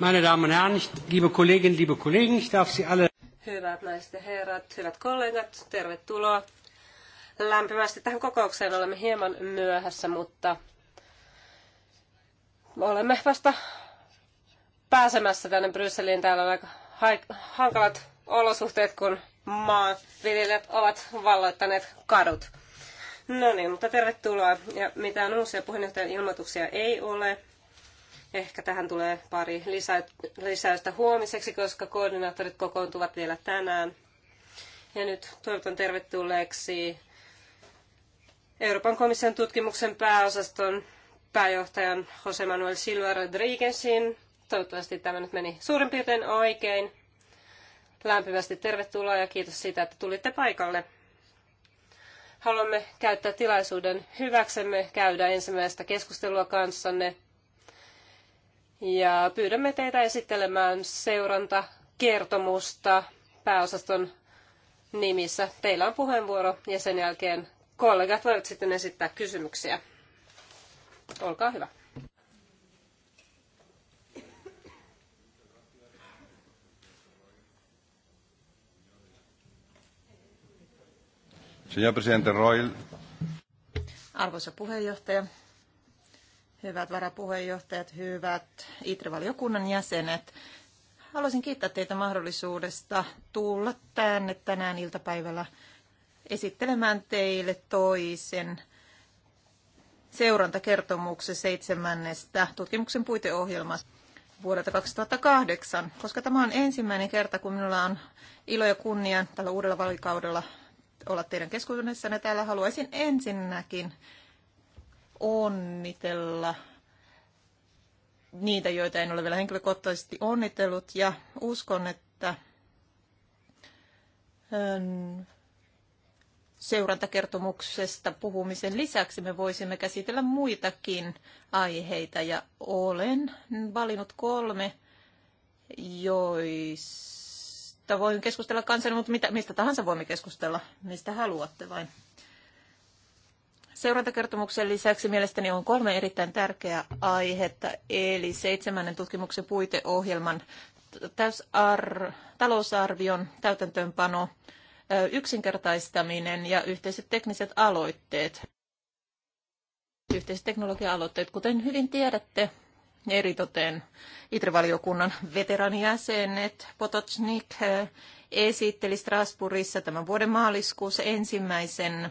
Meine Damen und Herren, liebe Kolleginnen, liebe Kollegen, ich darf Sie alle... Hyvät naiset ja herrat, hyvät kollegat, tervetuloa lämpimästi tähän kokoukseen. Olemme hieman myöhässä, mutta olemme vasta pääsemässä tänne Brysseliin. Täällä on aika hankalat olosuhteet, kun maanviljelijät ovat valloittaneet kadut. No niin, mutta tervetuloa. Ja mitään uusia puheenjohtajan ilmoituksia ei ole. Ehkä tähän tulee pari lisäystä huomiseksi, koska koordinaattorit kokoontuvat vielä tänään. Ja nyt toivotan tervetulleeksi Euroopan komission tutkimuksen pääosaston pääjohtajan Jose Manuel Silva Rodriguezin. Toivottavasti tämä nyt meni suurin piirtein oikein. Lämpimästi tervetuloa ja kiitos siitä, että tulitte paikalle. Haluamme käyttää tilaisuuden hyväksemme käydä ensimmäistä keskustelua kanssanne – ja pyydämme teitä esittelemään seuranta kertomusta pääosaston nimissä. Teillä on puheenvuoro ja sen jälkeen kollegat voivat sitten esittää kysymyksiä. Olkaa hyvä. Señor presidente Arvoisa puheenjohtaja, hyvät varapuheenjohtajat, hyvät ITRE-valiokunnan jäsenet. Haluaisin kiittää teitä mahdollisuudesta tulla tänne tänään iltapäivällä esittelemään teille toisen seurantakertomuksen seitsemännestä tutkimuksen puiteohjelmasta vuodelta 2008, koska tämä on ensimmäinen kerta, kun minulla on ilo ja kunnia tällä uudella valikaudella olla teidän keskuudessanne täällä. Haluaisin ensinnäkin onnitella niitä, joita en ole vielä henkilökohtaisesti onnitellut. Ja uskon, että ähm, seurantakertomuksesta puhumisen lisäksi me voisimme käsitellä muitakin aiheita. Ja olen valinnut kolme, joista voin keskustella kanssani, mutta mitä, mistä tahansa voimme keskustella, mistä haluatte vain. Seurantakertomuksen lisäksi mielestäni on kolme erittäin tärkeää aihetta, eli seitsemännen tutkimuksen puiteohjelman täysar- talousarvion täytäntöönpano, yksinkertaistaminen ja yhteiset tekniset aloitteet. Yhteiset teknologia-aloitteet, kuten hyvin tiedätte, eritoten ITRE-valiokunnan veteranijäsenet Potocnik esitteli Strasbourgissa tämän vuoden maaliskuussa ensimmäisen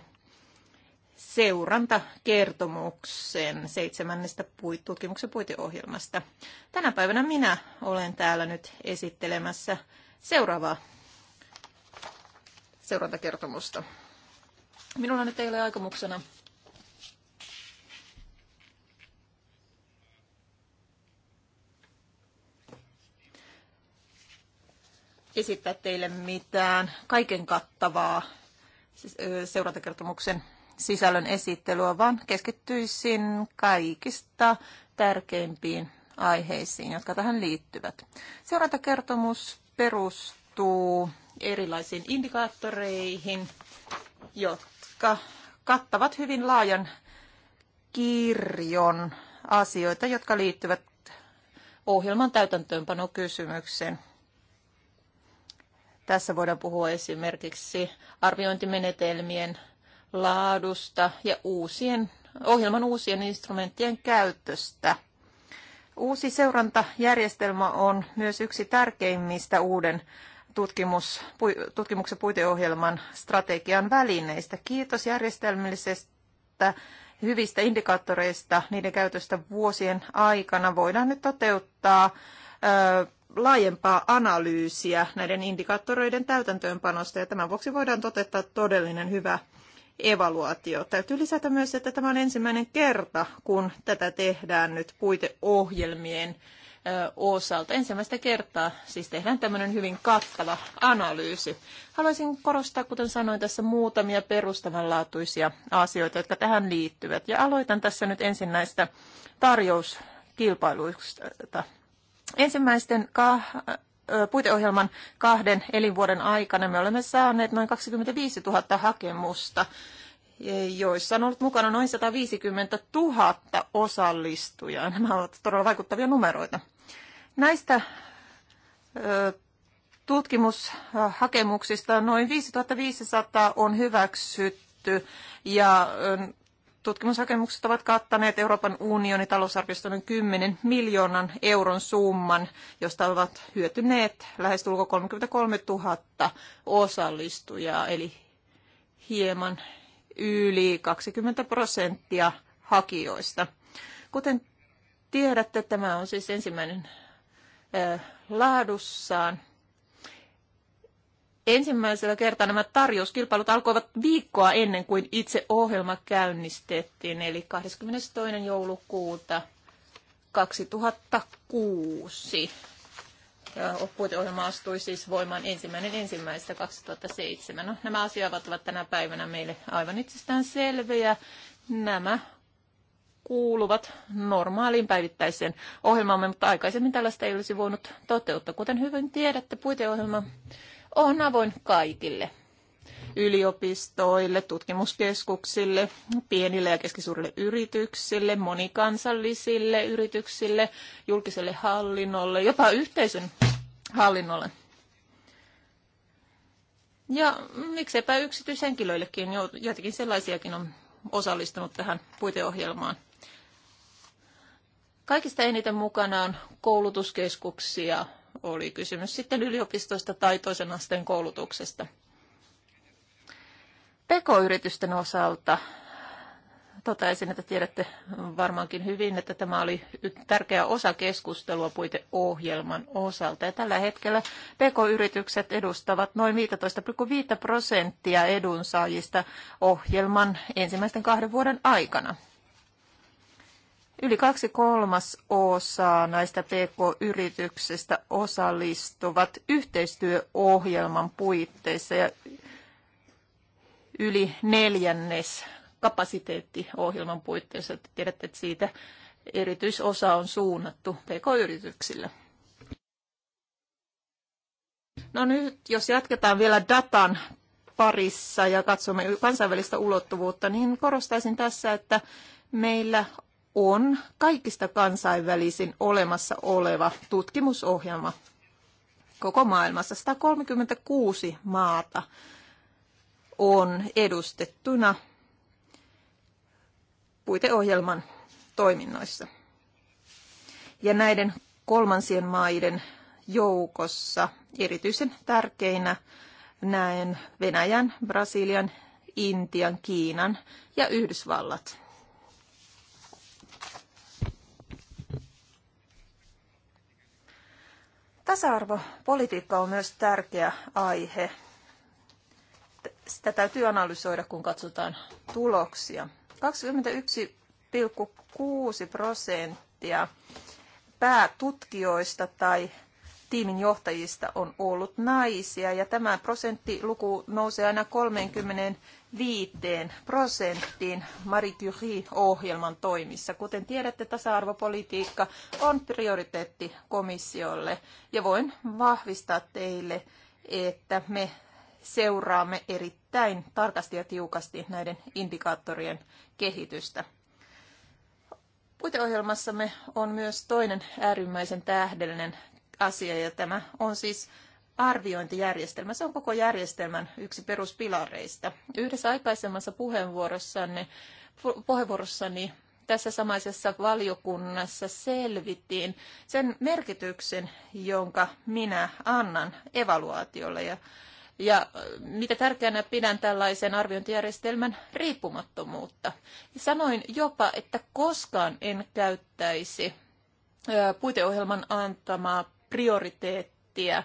seurantakertomuksen seitsemännestä tutkimuksen puiteohjelmasta. Tänä päivänä minä olen täällä nyt esittelemässä seuraavaa seurantakertomusta. Minulla nyt ei ole aikomuksena esittää teille mitään kaiken kattavaa siis, seurantakertomuksen sisällön esittelyä, vaan keskittyisin kaikista tärkeimpiin aiheisiin, jotka tähän liittyvät. kertomus perustuu erilaisiin indikaattoreihin, jotka kattavat hyvin laajan kirjon asioita, jotka liittyvät ohjelman täytäntöönpanokysymykseen. Tässä voidaan puhua esimerkiksi arviointimenetelmien laadusta ja uusien, ohjelman uusien instrumenttien käytöstä. Uusi seurantajärjestelmä on myös yksi tärkeimmistä uuden tutkimus, tutkimuksen puiteohjelman strategian välineistä. Kiitos järjestelmällisestä hyvistä indikaattoreista, niiden käytöstä vuosien aikana voidaan nyt toteuttaa ö, laajempaa analyysiä näiden indikaattoreiden täytäntöönpanosta ja tämän vuoksi voidaan toteuttaa todellinen hyvä evaluaatio. Täytyy lisätä myös, että tämä on ensimmäinen kerta, kun tätä tehdään nyt puiteohjelmien osalta. Ensimmäistä kertaa siis tehdään tämmöinen hyvin kattava analyysi. Haluaisin korostaa, kuten sanoin, tässä muutamia perustavanlaatuisia asioita, jotka tähän liittyvät. Ja aloitan tässä nyt ensin näistä tarjouskilpailuista. Ensimmäisten kah- puiteohjelman kahden elinvuoden aikana me olemme saaneet noin 25 000 hakemusta, e, joissa on ollut mukana noin 150 000 osallistujaa. Nämä ovat todella vaikuttavia numeroita. Näistä tutkimushakemuksista noin 5500 on hyväksytty ja tutkimushakemukset ovat kattaneet Euroopan unionin talousarviosta noin 10 miljoonan euron summan, josta ovat hyötyneet lähes ulko 33 000 osallistujaa, eli hieman yli 20 prosenttia hakijoista. Kuten tiedätte, tämä on siis ensimmäinen eh, laadussaan ensimmäisellä kertaa nämä tarjouskilpailut alkoivat viikkoa ennen kuin itse ohjelma käynnistettiin, eli 22. joulukuuta 2006. Puiteohjelma astui siis voimaan ensimmäinen ensimmäistä 2007. No, nämä asiat ovat tänä päivänä meille aivan itsestään selviä. Nämä kuuluvat normaaliin päivittäiseen ohjelmaamme, mutta aikaisemmin tällaista ei olisi voinut toteuttaa. Kuten hyvin tiedätte, puiteohjelma on avoin kaikille yliopistoille, tutkimuskeskuksille, pienille ja keskisuurille yrityksille, monikansallisille yrityksille, julkiselle hallinnolle, jopa yhteisön hallinnolle. Ja mikseipä yksityishenkilöillekin, joitakin sellaisiakin on osallistunut tähän puiteohjelmaan. Kaikista eniten mukana on koulutuskeskuksia, oli kysymys sitten yliopistoista tai toisen asteen koulutuksesta. PK-yritysten osalta totesin, että tiedätte varmaankin hyvin, että tämä oli tärkeä osa keskustelua puiteohjelman osalta. Ja tällä hetkellä PK-yritykset edustavat noin 15,5 prosenttia edunsaajista ohjelman ensimmäisten kahden vuoden aikana. Yli kaksi kolmas osaa näistä PK-yrityksistä osallistuvat yhteistyöohjelman puitteissa ja yli neljännes kapasiteettiohjelman puitteissa. Tiedätte, että siitä erityisosa on suunnattu PK-yrityksille. No nyt, jos jatketaan vielä datan parissa ja katsomme kansainvälistä ulottuvuutta, niin korostaisin tässä, että meillä on kaikista kansainvälisin olemassa oleva tutkimusohjelma koko maailmassa. 136 maata on edustettuna puiteohjelman toiminnoissa. Ja näiden kolmansien maiden joukossa erityisen tärkeinä näen Venäjän, Brasilian, Intian, Kiinan ja Yhdysvallat. Tasa-arvopolitiikka on myös tärkeä aihe. Sitä täytyy analysoida, kun katsotaan tuloksia. 21,6 prosenttia päätutkijoista tai tiimin johtajista on ollut naisia ja tämä prosenttiluku nousee aina 30 viiteen prosenttiin Marie Curie-ohjelman toimissa. Kuten tiedätte, tasa-arvopolitiikka on prioriteetti komissiolle ja voin vahvistaa teille, että me seuraamme erittäin tarkasti ja tiukasti näiden indikaattorien kehitystä. Puiteohjelmassamme on myös toinen äärimmäisen tähdellinen asia ja tämä on siis arviointijärjestelmä. Se on koko järjestelmän yksi peruspilareista. Yhdessä aikaisemmassa puheenvuorossani, puheenvuorossani tässä samaisessa valiokunnassa selvitin sen merkityksen, jonka minä annan evaluaatiolle ja, ja äh, mitä tärkeänä pidän tällaisen arviointijärjestelmän riippumattomuutta. Sanoin jopa, että koskaan en käyttäisi äh, puiteohjelman antamaa prioriteettia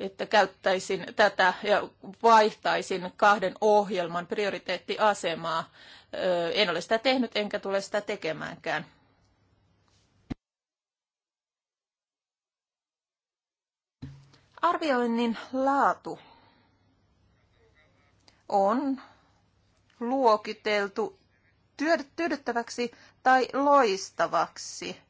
että käyttäisin tätä ja vaihtaisin kahden ohjelman prioriteettiasemaa. En ole sitä tehnyt enkä tule sitä tekemäänkään. Arvioinnin laatu on luokiteltu tyydyttäväksi tai loistavaksi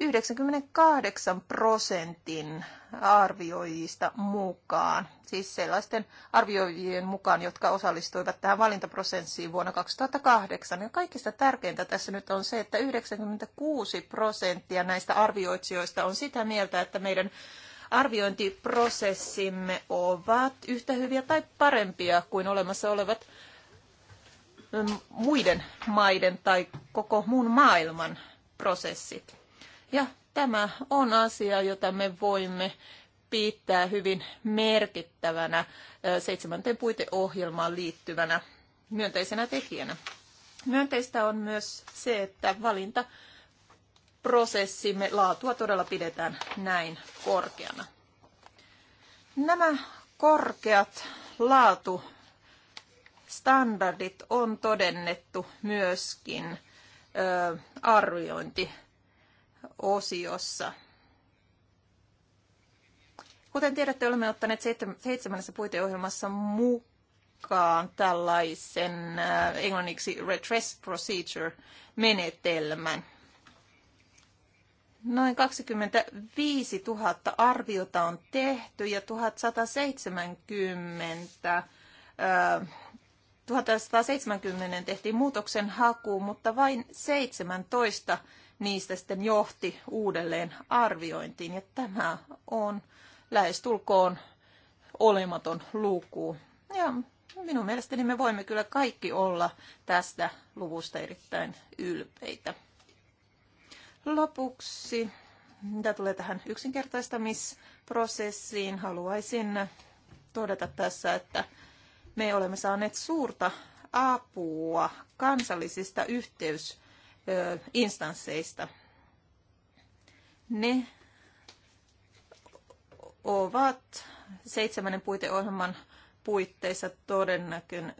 98 prosentin arvioijista mukaan, siis sellaisten arvioijien mukaan, jotka osallistuivat tähän valintaprosessiin vuonna 2008. Ja kaikista tärkeintä tässä nyt on se, että 96 prosenttia näistä arvioitsijoista on sitä mieltä, että meidän arviointiprosessimme ovat yhtä hyviä tai parempia kuin olemassa olevat mm, muiden maiden tai koko muun maailman prosessit. Ja tämä on asia, jota me voimme pitää hyvin merkittävänä seitsemänteen puiteohjelmaan liittyvänä myönteisenä tekijänä. Myönteistä on myös se, että valinta prosessimme laatua todella pidetään näin korkeana. Nämä korkeat laatu standardit on todennettu myöskin ö, arviointi osiossa. Kuten tiedätte, olemme ottaneet seitsemännessä puiteohjelmassa mukaan tällaisen äh, englanniksi redress procedure-menetelmän. Noin 25 000 arviota on tehty ja 1170 1170 äh, tehtiin muutoksen haku, mutta vain 17 niistä sitten johti uudelleen arviointiin. Ja tämä on lähestulkoon olematon luku. Ja minun mielestäni me voimme kyllä kaikki olla tästä luvusta erittäin ylpeitä. Lopuksi, mitä tulee tähän yksinkertaistamisprosessiin, haluaisin todeta tässä, että me olemme saaneet suurta apua kansallisista yhteys instansseista. Ne ovat seitsemännen puiteohjelman puitteissa todennäkön,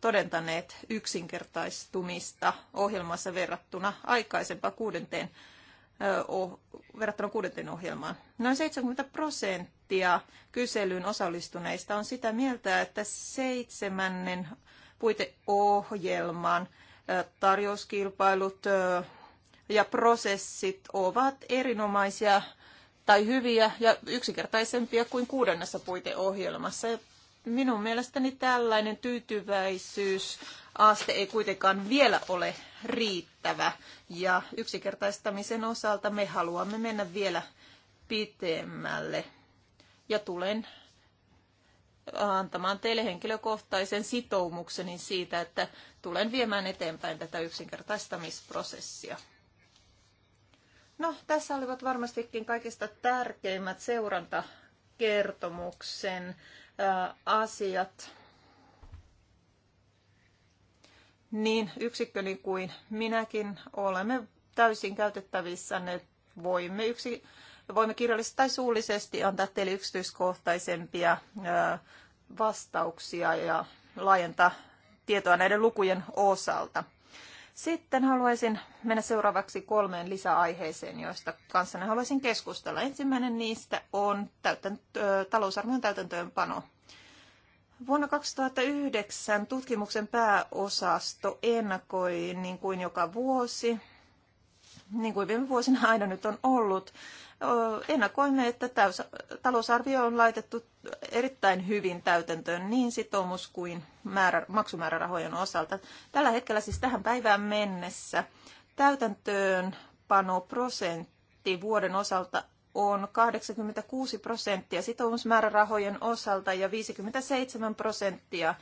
todentaneet yksinkertaistumista ohjelmassa verrattuna aikaisempaan kuudenteen, verrattuna kuudenteen ohjelmaan. Noin 70 prosenttia kyselyyn osallistuneista on sitä mieltä, että seitsemännen puiteohjelman tarjouskilpailut ja prosessit ovat erinomaisia tai hyviä ja yksinkertaisempia kuin kuudennessa puiteohjelmassa. Minun mielestäni tällainen tyytyväisyysaste ei kuitenkaan vielä ole riittävä. Ja yksinkertaistamisen osalta me haluamme mennä vielä pitemmälle. Ja tulen antamaan teille henkilökohtaisen sitoumukseni siitä, että tulen viemään eteenpäin tätä yksinkertaistamisprosessia. No, tässä olivat varmastikin kaikista tärkeimmät seurantakertomuksen asiat. Niin yksikköni kuin minäkin olemme täysin käytettävissä. Ne voimme yksi Voimme kirjallisesti tai suullisesti antaa teille yksityiskohtaisempia vastauksia ja laajentaa tietoa näiden lukujen osalta. Sitten haluaisin mennä seuraavaksi kolmeen lisäaiheeseen, joista kanssanne haluaisin keskustella. Ensimmäinen niistä on talousarvion täytäntöönpano. Vuonna 2009 tutkimuksen pääosasto ennakoi niin kuin joka vuosi niin kuin viime vuosina aina nyt on ollut, ennakoimme, että täys, talousarvio on laitettu erittäin hyvin täytäntöön niin sitoumus kuin määrä, maksumäärärahojen osalta. Tällä hetkellä siis tähän päivään mennessä panoprosentti vuoden osalta on 86 prosenttia sitoumusmäärärahojen osalta ja 57 prosenttia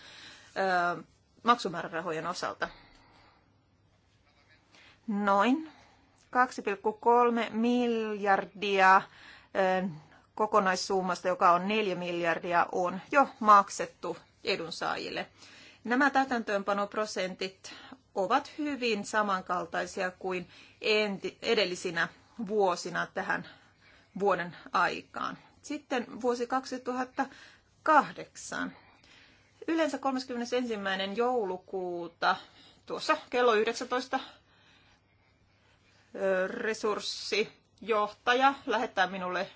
maksumäärärahojen osalta. Noin 2,3 miljardia kokonaissummasta, joka on 4 miljardia, on jo maksettu edunsaajille. Nämä täytäntöönpanoprosentit ovat hyvin samankaltaisia kuin edellisinä vuosina tähän vuoden aikaan. Sitten vuosi 2008. Yleensä 31. joulukuuta tuossa kello 19 resurssijohtaja lähettää minulle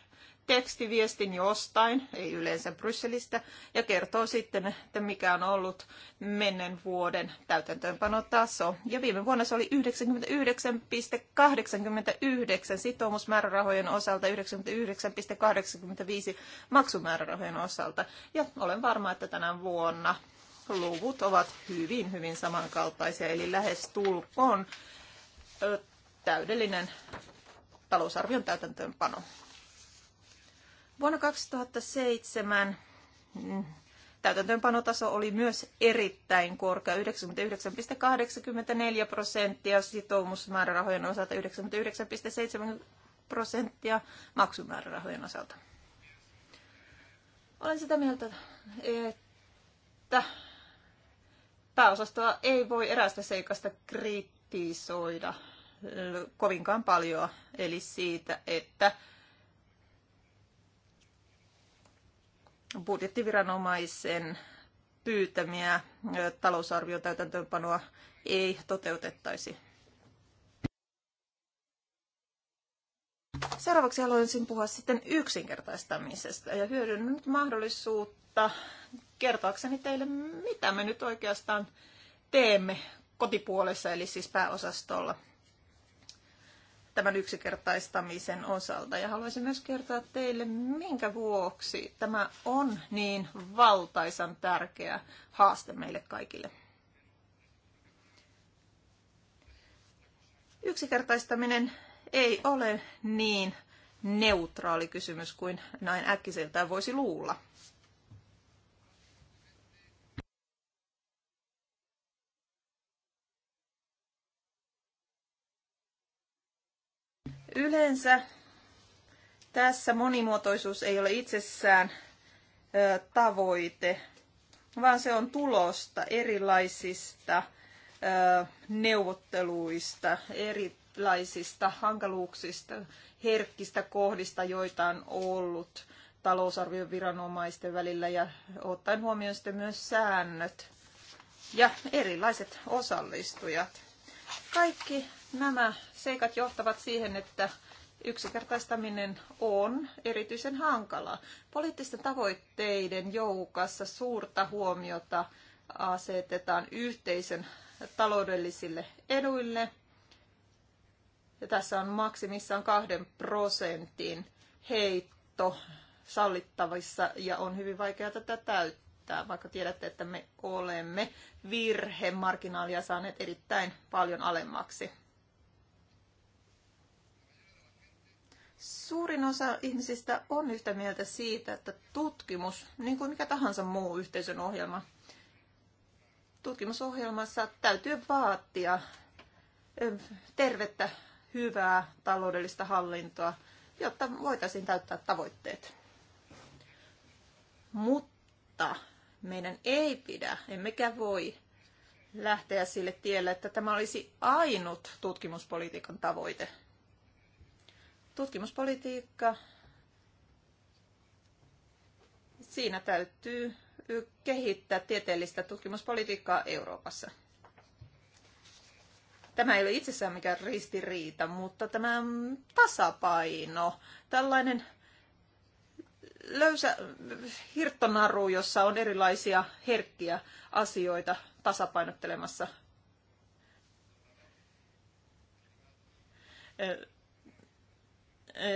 tekstiviestin jostain, ei yleensä Brysselistä, ja kertoo sitten, että mikä on ollut menneen vuoden täytäntöönpanotaso. Ja viime vuonna se oli 99,89 sitoumusmäärärahojen osalta, 99,85 maksumäärärahojen osalta. Ja olen varma, että tänä vuonna luvut ovat hyvin, hyvin samankaltaisia, eli lähes tulkoon täydellinen talousarvion täytäntöönpano. Vuonna 2007 mm, täytäntöönpanotaso oli myös erittäin korkea, 99,84 prosenttia sitoumusmäärärahojen osalta, 99,7 prosenttia maksumäärärahojen osalta. Olen sitä mieltä, että pääosastoa ei voi eräästä seikasta kritisoida kovinkaan paljon, eli siitä, että budjettiviranomaisen pyytämiä talousarviotäytäntöönpanoa ei toteutettaisi. Seuraavaksi haluaisin puhua sitten yksinkertaistamisesta ja hyödynnän nyt mahdollisuutta kertoakseni teille, mitä me nyt oikeastaan teemme kotipuolessa, eli siis pääosastolla – tämän yksinkertaistamisen osalta. Ja haluaisin myös kertoa teille, minkä vuoksi tämä on niin valtaisan tärkeä haaste meille kaikille. Yksinkertaistaminen ei ole niin neutraali kysymys kuin näin äkkiseltään voisi luulla. Yleensä tässä monimuotoisuus ei ole itsessään tavoite, vaan se on tulosta erilaisista neuvotteluista, erilaisista hankaluuksista, herkkistä kohdista, joita on ollut talousarvion viranomaisten välillä ja ottaen huomioon sitten myös säännöt ja erilaiset osallistujat. Kaikki Nämä seikat johtavat siihen, että yksinkertaistaminen on erityisen hankalaa. Poliittisten tavoitteiden joukassa suurta huomiota asetetaan yhteisen taloudellisille eduille. Ja tässä on maksimissaan kahden prosentin heitto sallittavissa ja on hyvin vaikea tätä täyttää, vaikka tiedätte, että me olemme virhemarginaalia saaneet erittäin paljon alemmaksi. Suurin osa ihmisistä on yhtä mieltä siitä, että tutkimus, niin kuin mikä tahansa muu yhteisön ohjelma, tutkimusohjelmassa täytyy vaatia tervettä, hyvää taloudellista hallintoa, jotta voitaisiin täyttää tavoitteet. Mutta meidän ei pidä, emmekä voi lähteä sille tielle, että tämä olisi ainut tutkimuspolitiikan tavoite – tutkimuspolitiikka, siinä täytyy kehittää tieteellistä tutkimuspolitiikkaa Euroopassa. Tämä ei ole itsessään mikään ristiriita, mutta tämä tasapaino, tällainen löysä hirttonaru, jossa on erilaisia herkkiä asioita tasapainottelemassa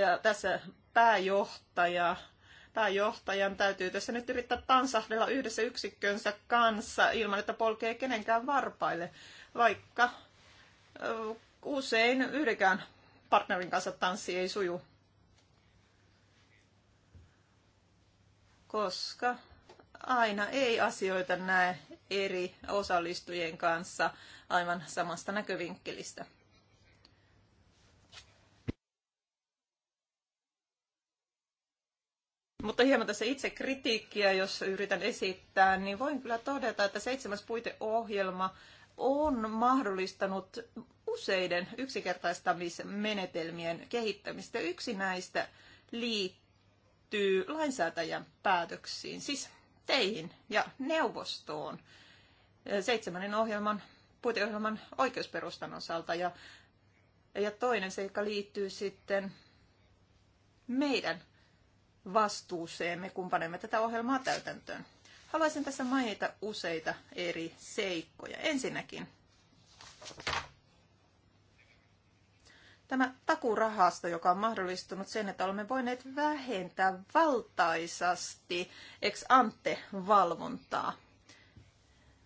ja tässä pääjohtaja, pääjohtajan täytyy tässä nyt yrittää tansahdella yhdessä yksikkönsä kanssa ilman, että polkee kenenkään varpaille, vaikka usein yhdenkään partnerin kanssa tanssi ei suju. Koska aina ei asioita näe eri osallistujien kanssa aivan samasta näkövinkkelistä. mutta hieman tässä itse kritiikkiä, jos yritän esittää, niin voin kyllä todeta, että seitsemäs puiteohjelma on mahdollistanut useiden yksinkertaistamismenetelmien kehittämistä. Yksi näistä liittyy lainsäätäjän päätöksiin, siis teihin ja neuvostoon eh, seitsemännen ohjelman, puiteohjelman oikeusperustan osalta. Ja, ja toinen seikka liittyy sitten meidän vastuuseemme, kun panemme tätä ohjelmaa täytäntöön. Haluaisin tässä mainita useita eri seikkoja. Ensinnäkin tämä takurahasto, joka on mahdollistunut sen, että olemme voineet vähentää valtaisasti ex ante valvontaa.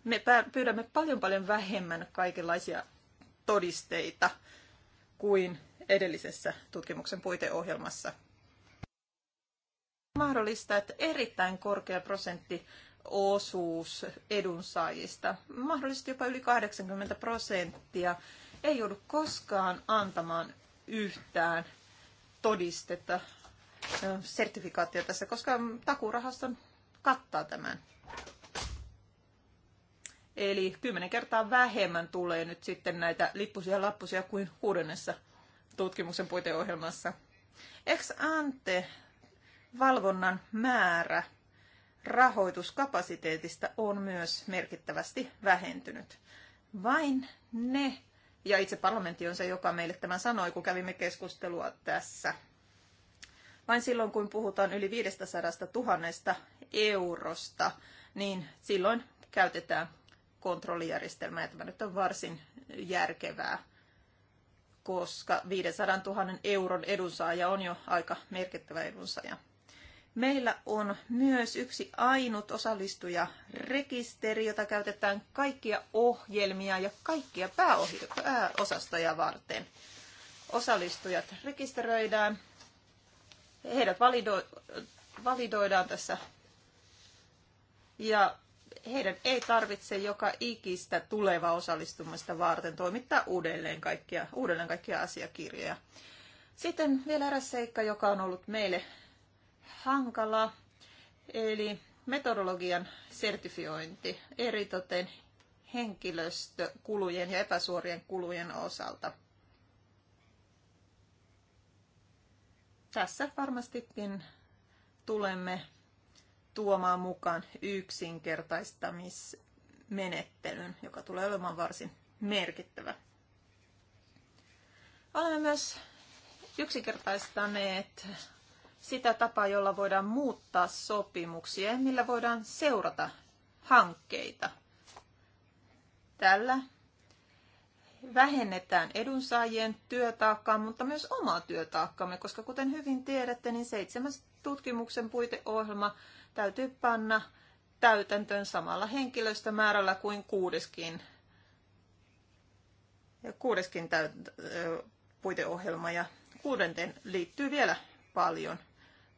Me pyydämme paljon paljon vähemmän kaikenlaisia todisteita kuin edellisessä tutkimuksen puiteohjelmassa – mahdollista, että erittäin korkea prosentti osuus edunsaajista, mahdollisesti jopa yli 80 prosenttia, ei joudu koskaan antamaan yhtään todistetta, sertifikaattia tässä, koska takurahaston kattaa tämän. Eli kymmenen kertaa vähemmän tulee nyt sitten näitä lippusia ja lappusia kuin kuudennessa tutkimuksen puiteohjelmassa. Ex ante valvonnan määrä rahoituskapasiteetista on myös merkittävästi vähentynyt. Vain ne, ja itse parlamentti on se, joka meille tämän sanoi, kun kävimme keskustelua tässä. Vain silloin, kun puhutaan yli 500 000 eurosta, niin silloin käytetään kontrollijärjestelmää, ja tämä nyt on varsin järkevää koska 500 000 euron edunsaaja on jo aika merkittävä edunsaaja. Meillä on myös yksi ainut osallistujarekisteri, jota käytetään kaikkia ohjelmia ja kaikkia pääosastajia varten. Osallistujat rekisteröidään, heidät valido- validoidaan tässä ja heidän ei tarvitse joka ikistä tulevaa osallistumista varten toimittaa uudelleen kaikkia, uudelleen kaikkia asiakirjoja. Sitten vielä eräs seikka, joka on ollut meille hankala, eli metodologian sertifiointi eritoten henkilöstökulujen ja epäsuorien kulujen osalta. Tässä varmastikin tulemme tuomaan mukaan yksinkertaistamismenettelyn, joka tulee olemaan varsin merkittävä. Olemme myös yksinkertaistaneet sitä tapaa, jolla voidaan muuttaa sopimuksia ja millä voidaan seurata hankkeita. Tällä vähennetään edunsaajien työtaakkaa, mutta myös omaa työtaakkaamme, koska kuten hyvin tiedätte, niin seitsemäs tutkimuksen puiteohjelma täytyy panna täytäntöön samalla henkilöstömäärällä kuin kuudeskin, ja kuudeskin täyt, puiteohjelma ja kuudenteen liittyy vielä paljon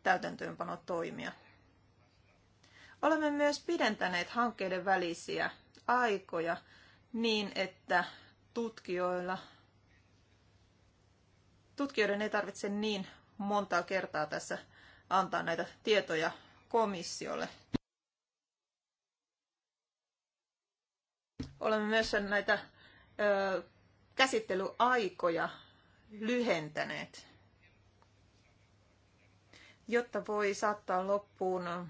täytäntöönpanotoimia. Olemme myös pidentäneet hankkeiden välisiä aikoja niin, että tutkijoilla, tutkijoiden ei tarvitse niin montaa kertaa tässä antaa näitä tietoja komissiolle. Olemme myös näitä ö, käsittelyaikoja lyhentäneet jotta voi saattaa loppuun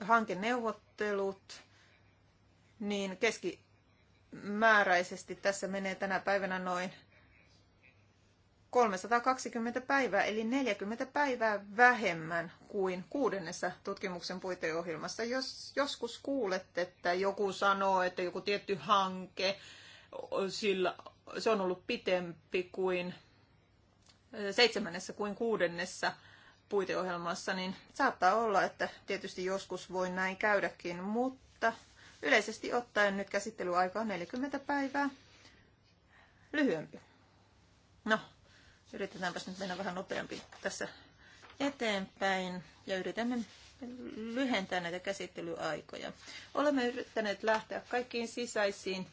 hankeneuvottelut, niin keskimääräisesti tässä menee tänä päivänä noin 320 päivää, eli 40 päivää vähemmän kuin kuudennessa tutkimuksen puiteohjelmassa. Jos joskus kuulet, että joku sanoo, että joku tietty hanke, sillä se on ollut pitempi kuin seitsemännessä kuin kuudennessa puiteohjelmassa, niin saattaa olla, että tietysti joskus voi näin käydäkin, mutta yleisesti ottaen nyt käsittelyaika on 40 päivää lyhyempi. No, yritetäänpäs nyt mennä vähän nopeampi tässä eteenpäin ja yritämme lyhentää näitä käsittelyaikoja. Olemme yrittäneet lähteä kaikkiin sisäisiin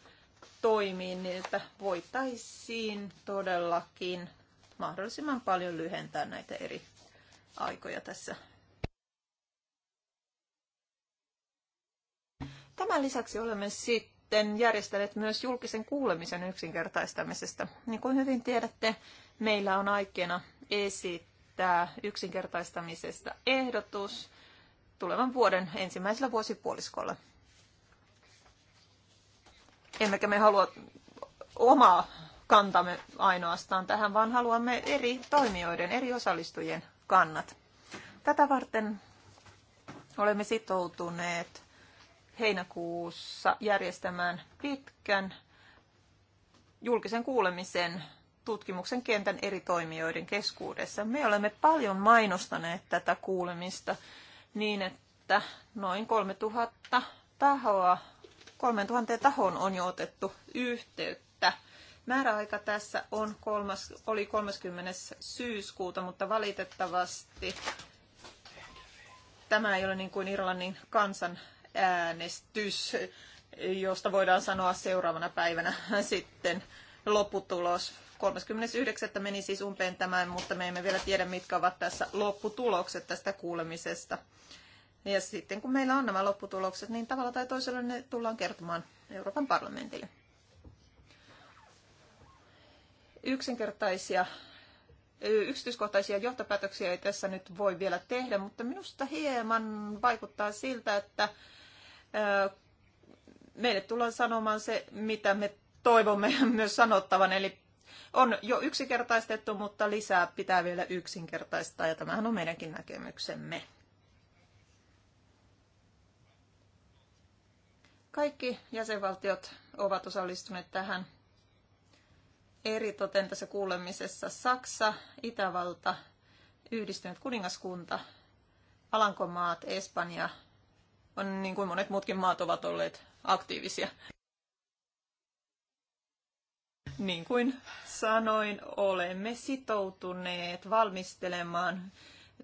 toimiin niin, että voitaisiin todellakin mahdollisimman paljon lyhentää näitä eri aikoja tässä. Tämän lisäksi olemme sitten järjestäneet myös julkisen kuulemisen yksinkertaistamisesta. Niin kuin hyvin tiedätte, meillä on aikeena esittää yksinkertaistamisesta ehdotus tulevan vuoden ensimmäisellä vuosipuoliskolla. Emmekä me halua omaa kantamme ainoastaan tähän, vaan haluamme eri toimijoiden, eri osallistujien kannat. Tätä varten olemme sitoutuneet heinäkuussa järjestämään pitkän julkisen kuulemisen tutkimuksen kentän eri toimijoiden keskuudessa. Me olemme paljon mainostaneet tätä kuulemista niin, että noin 3000 tahoa, 3000 tahoon on jo otettu yhteyttä Määräaika tässä on kolmas, oli 30. syyskuuta, mutta valitettavasti tämä ei ole niin kuin Irlannin kansanäänestys, josta voidaan sanoa seuraavana päivänä sitten lopputulos. 39. meni siis umpeen tämän, mutta me emme vielä tiedä, mitkä ovat tässä lopputulokset tästä kuulemisesta. Ja sitten kun meillä on nämä lopputulokset, niin tavalla tai toisella ne tullaan kertomaan Euroopan parlamentille yksinkertaisia yksityiskohtaisia johtopäätöksiä ei tässä nyt voi vielä tehdä, mutta minusta hieman vaikuttaa siltä, että meille tullaan sanomaan se, mitä me toivomme myös sanottavan, eli on jo yksinkertaistettu, mutta lisää pitää vielä yksinkertaistaa, ja tämähän on meidänkin näkemyksemme. Kaikki jäsenvaltiot ovat osallistuneet tähän eritoten tässä kuulemisessa Saksa, Itävalta, Yhdistynyt kuningaskunta, Alankomaat, Espanja, on niin kuin monet muutkin maat ovat olleet aktiivisia. Niin kuin sanoin, olemme sitoutuneet valmistelemaan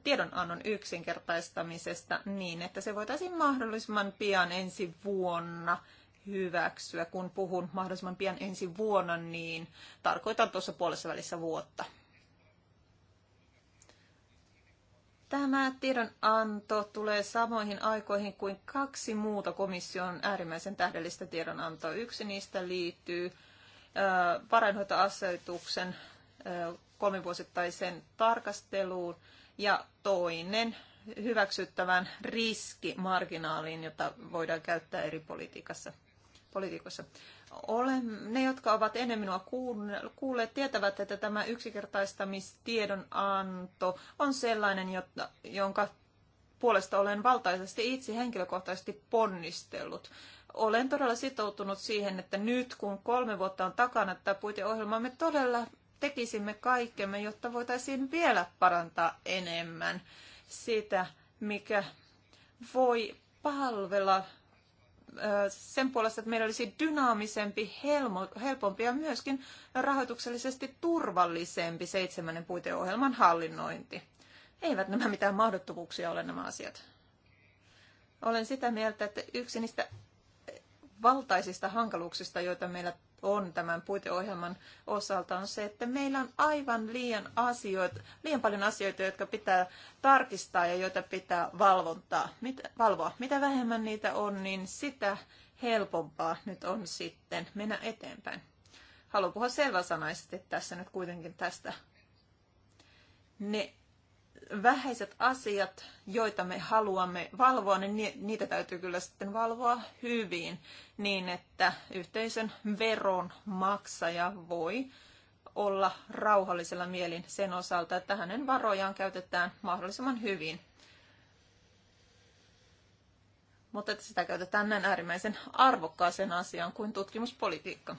tiedonannon yksinkertaistamisesta niin, että se voitaisiin mahdollisimman pian ensi vuonna hyväksyä. Kun puhun mahdollisimman pian ensi vuonna, niin tarkoitan tuossa puolessa välissä vuotta. Tämä tiedonanto tulee samoihin aikoihin kuin kaksi muuta komission äärimmäisen tähdellistä tiedonantoa. Yksi niistä liittyy varainhoitoasetuksen kolmivuosittaiseen tarkasteluun ja toinen hyväksyttävän riskimarginaalin, jota voidaan käyttää eri politiikassa politiikoissa. Olen, ne, jotka ovat ennen minua kuulleet, tietävät, että tämä anto on sellainen, jota, jonka puolesta olen valtaisesti itse henkilökohtaisesti ponnistellut. Olen todella sitoutunut siihen, että nyt kun kolme vuotta on takana tätä puiteohjelmaa, me todella tekisimme kaikkemme, jotta voitaisiin vielä parantaa enemmän sitä, mikä voi palvella sen puolesta, että meillä olisi dynaamisempi, helpompi ja myöskin rahoituksellisesti turvallisempi seitsemännen puiteohjelman hallinnointi. Eivät nämä mitään mahdottomuuksia ole nämä asiat. Olen sitä mieltä, että yksi niistä valtaisista hankaluuksista, joita meillä on tämän puiteohjelman osalta on se, että meillä on aivan liian, asioita, liian paljon asioita, jotka pitää tarkistaa ja joita pitää valvontaa, mit, valvoa. Mitä vähemmän niitä on, niin sitä helpompaa nyt on sitten mennä eteenpäin. Haluan puhua selväsanaisesti tässä nyt kuitenkin tästä. Ne vähäiset asiat, joita me haluamme valvoa, niin niitä täytyy kyllä sitten valvoa hyvin niin, että yhteisön veron maksaja voi olla rauhallisella mielin sen osalta, että hänen varojaan käytetään mahdollisimman hyvin. Mutta että sitä käytetään näin äärimmäisen arvokkaaseen asiaan kuin tutkimuspolitiikka.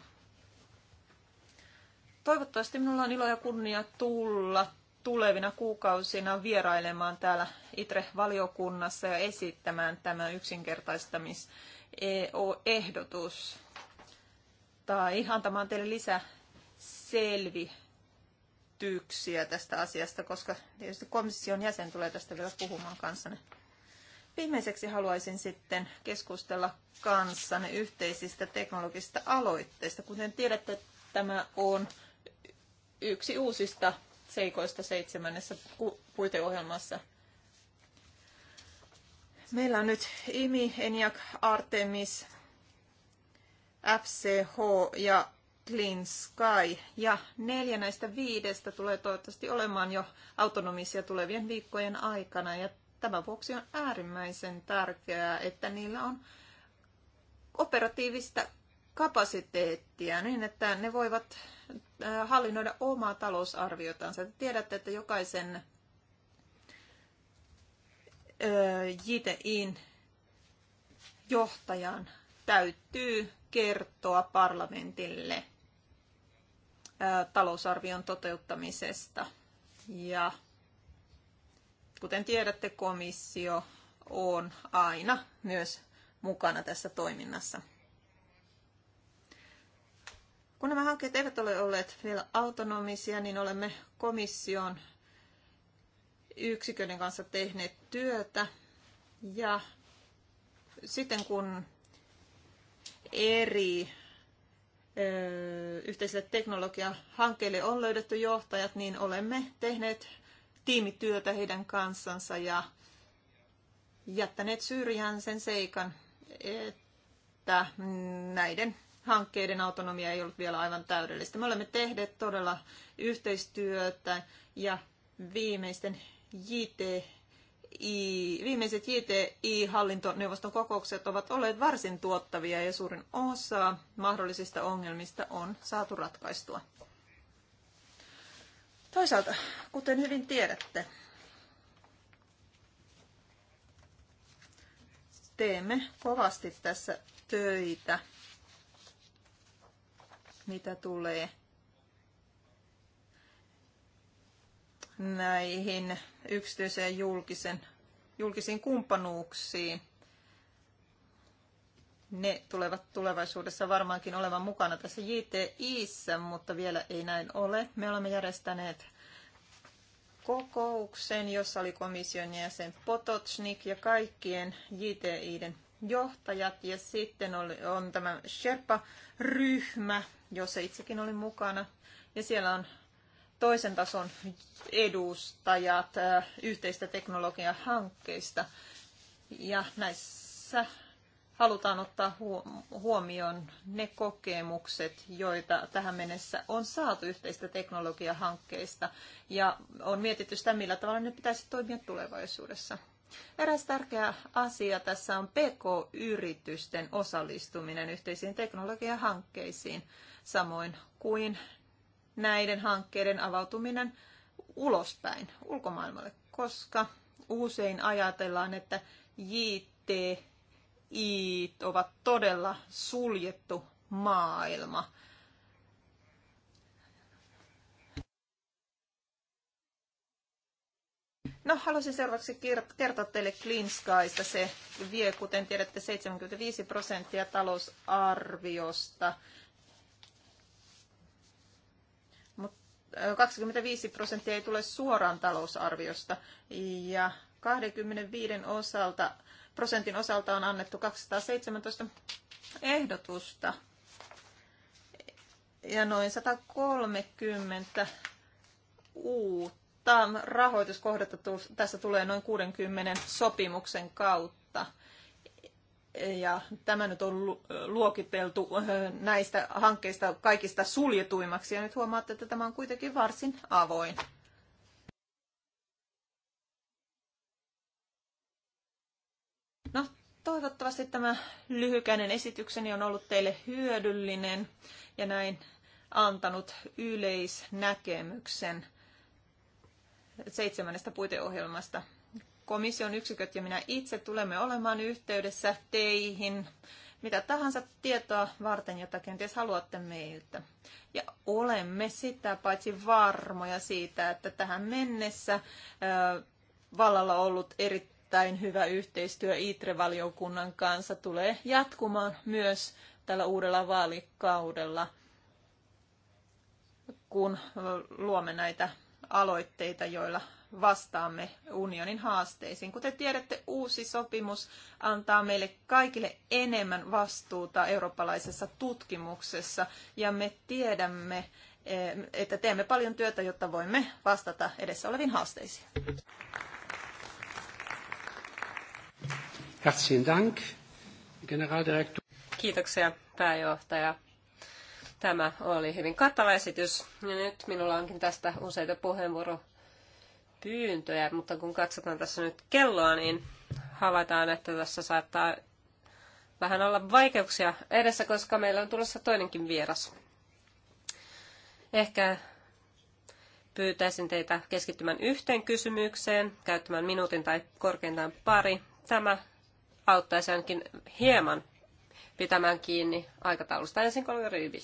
Toivottavasti minulla on ilo ja kunnia tulla tulevina kuukausina vierailemaan täällä ITRE-valiokunnassa ja esittämään tämä yksinkertaistamis ehdotus, tai antamaan teille lisää selvityksiä tästä asiasta, koska tietysti komission jäsen tulee tästä vielä puhumaan kanssanne. Viimeiseksi haluaisin sitten keskustella kanssanne yhteisistä teknologisista aloitteista. Kuten tiedätte, tämä on yksi uusista seikoista seitsemännessä puiteohjelmassa. Meillä on nyt IMI, ENIAC, Artemis, FCH ja Clean Sky. Ja neljä näistä viidestä tulee toivottavasti olemaan jo autonomisia tulevien viikkojen aikana. Ja tämän vuoksi on äärimmäisen tärkeää, että niillä on operatiivista kapasiteettia niin, että ne voivat äh, hallinnoida omaa talousarviotansa. Tiedätte, että jokaisen äh, JTIin johtajan täytyy kertoa parlamentille äh, talousarvion toteuttamisesta. Ja kuten tiedätte, komissio on aina myös mukana tässä toiminnassa. Kun nämä hankkeet eivät ole olleet vielä autonomisia, niin olemme komission yksiköiden kanssa tehneet työtä. Ja sitten kun eri ö, yhteisille teknologiahankkeille on löydetty johtajat, niin olemme tehneet tiimityötä heidän kanssansa ja jättäneet syrjään sen seikan, että näiden hankkeiden autonomia ei ollut vielä aivan täydellistä. Me olemme tehneet todella yhteistyötä ja viimeisten JT I, viimeiset JTI-hallintoneuvoston kokoukset ovat olleet varsin tuottavia ja suurin osa mahdollisista ongelmista on saatu ratkaistua. Toisaalta, kuten hyvin tiedätte, teemme kovasti tässä töitä mitä tulee näihin yksityiseen julkisen, julkisiin kumppanuuksiin. Ne tulevat tulevaisuudessa varmaankin olevan mukana tässä JTIssä, mutta vielä ei näin ole. Me olemme järjestäneet kokouksen, jossa oli komission jäsen Potocnik ja kaikkien JTIden johtajat ja sitten oli, on tämä Sherpa-ryhmä, jossa itsekin olin mukana. Ja siellä on toisen tason edustajat yhteistä teknologiahankkeista. Ja näissä halutaan ottaa huomioon ne kokemukset, joita tähän mennessä on saatu yhteistä teknologiahankkeista. Ja on mietitty sitä, millä tavalla ne pitäisi toimia tulevaisuudessa. Eräs tärkeä asia tässä on PK-yritysten osallistuminen yhteisiin teknologiahankkeisiin, samoin kuin näiden hankkeiden avautuminen ulospäin ulkomaailmalle, koska usein ajatellaan, että JTI ovat todella suljettu maailma. No, haluaisin seuraavaksi kertoa teille Clean Skysta. Se vie, kuten tiedätte, 75 prosenttia talousarviosta. 25 prosenttia ei tule suoraan talousarviosta ja 25 osalta, prosentin osalta on annettu 217 ehdotusta ja noin 130 uutta uutta rahoituskohdetta tässä tulee noin 60 sopimuksen kautta. Ja tämä nyt on luokiteltu äh, näistä hankkeista kaikista suljetuimmaksi. Ja nyt huomaatte, että tämä on kuitenkin varsin avoin. No, toivottavasti tämä lyhykäinen esitykseni on ollut teille hyödyllinen ja näin antanut yleisnäkemyksen seitsemännestä puiteohjelmasta. Komission yksiköt ja minä itse tulemme olemaan yhteydessä teihin mitä tahansa tietoa varten, jota kenties haluatte meiltä. Ja olemme sitä paitsi varmoja siitä, että tähän mennessä vallalla ollut erittäin hyvä yhteistyö ITRE-valiokunnan kanssa tulee jatkumaan myös tällä uudella vaalikaudella, kun luomme näitä aloitteita, joilla vastaamme unionin haasteisiin. Kuten tiedätte, uusi sopimus antaa meille kaikille enemmän vastuuta eurooppalaisessa tutkimuksessa ja me tiedämme, eh, että teemme paljon työtä, jotta voimme vastata edessä oleviin haasteisiin. Herzlichen Dank, Generaldirektor. Kiitoksia pääjohtaja. Tämä oli hyvin kattava esitys ja nyt minulla onkin tästä useita puheenvuoropyyntöjä, mutta kun katsotaan tässä nyt kelloa, niin havaitaan, että tässä saattaa vähän olla vaikeuksia edessä, koska meillä on tulossa toinenkin vieras. Ehkä pyytäisin teitä keskittymään yhteen kysymykseen, käyttämään minuutin tai korkeintaan pari. Tämä auttaisi ainakin hieman pitämään kiinni aikataulusta. Ensin kolme Ryby.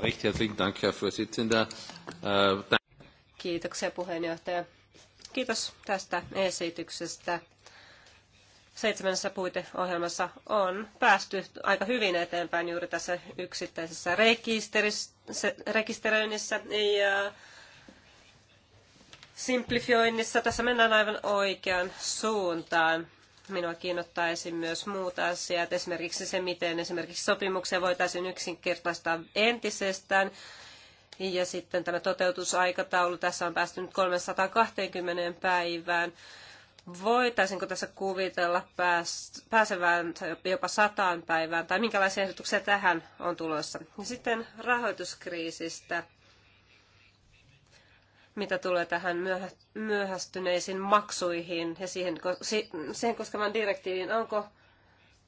Recht herzlichen äh, Kiitoksia puheenjohtaja. Kiitos tästä esityksestä. Seitsemännessä puiteohjelmassa on päästy aika hyvin eteenpäin juuri tässä yksittäisessä rekisteröinnissä ja simplifioinnissa. Tässä mennään aivan oikeaan suuntaan minua esim. myös muut asiat, esimerkiksi se, miten esimerkiksi sopimuksia voitaisiin yksinkertaistaa entisestään. Ja sitten tämä toteutusaikataulu, tässä on päästy nyt 320 päivään. Voitaisinko tässä kuvitella pääsevään jopa sataan päivään, tai minkälaisia ehdotuksia tähän on tulossa? Ja sitten rahoituskriisistä mitä tulee tähän myöhästyneisiin maksuihin ja siihen, siihen koskevan direktiiviin onko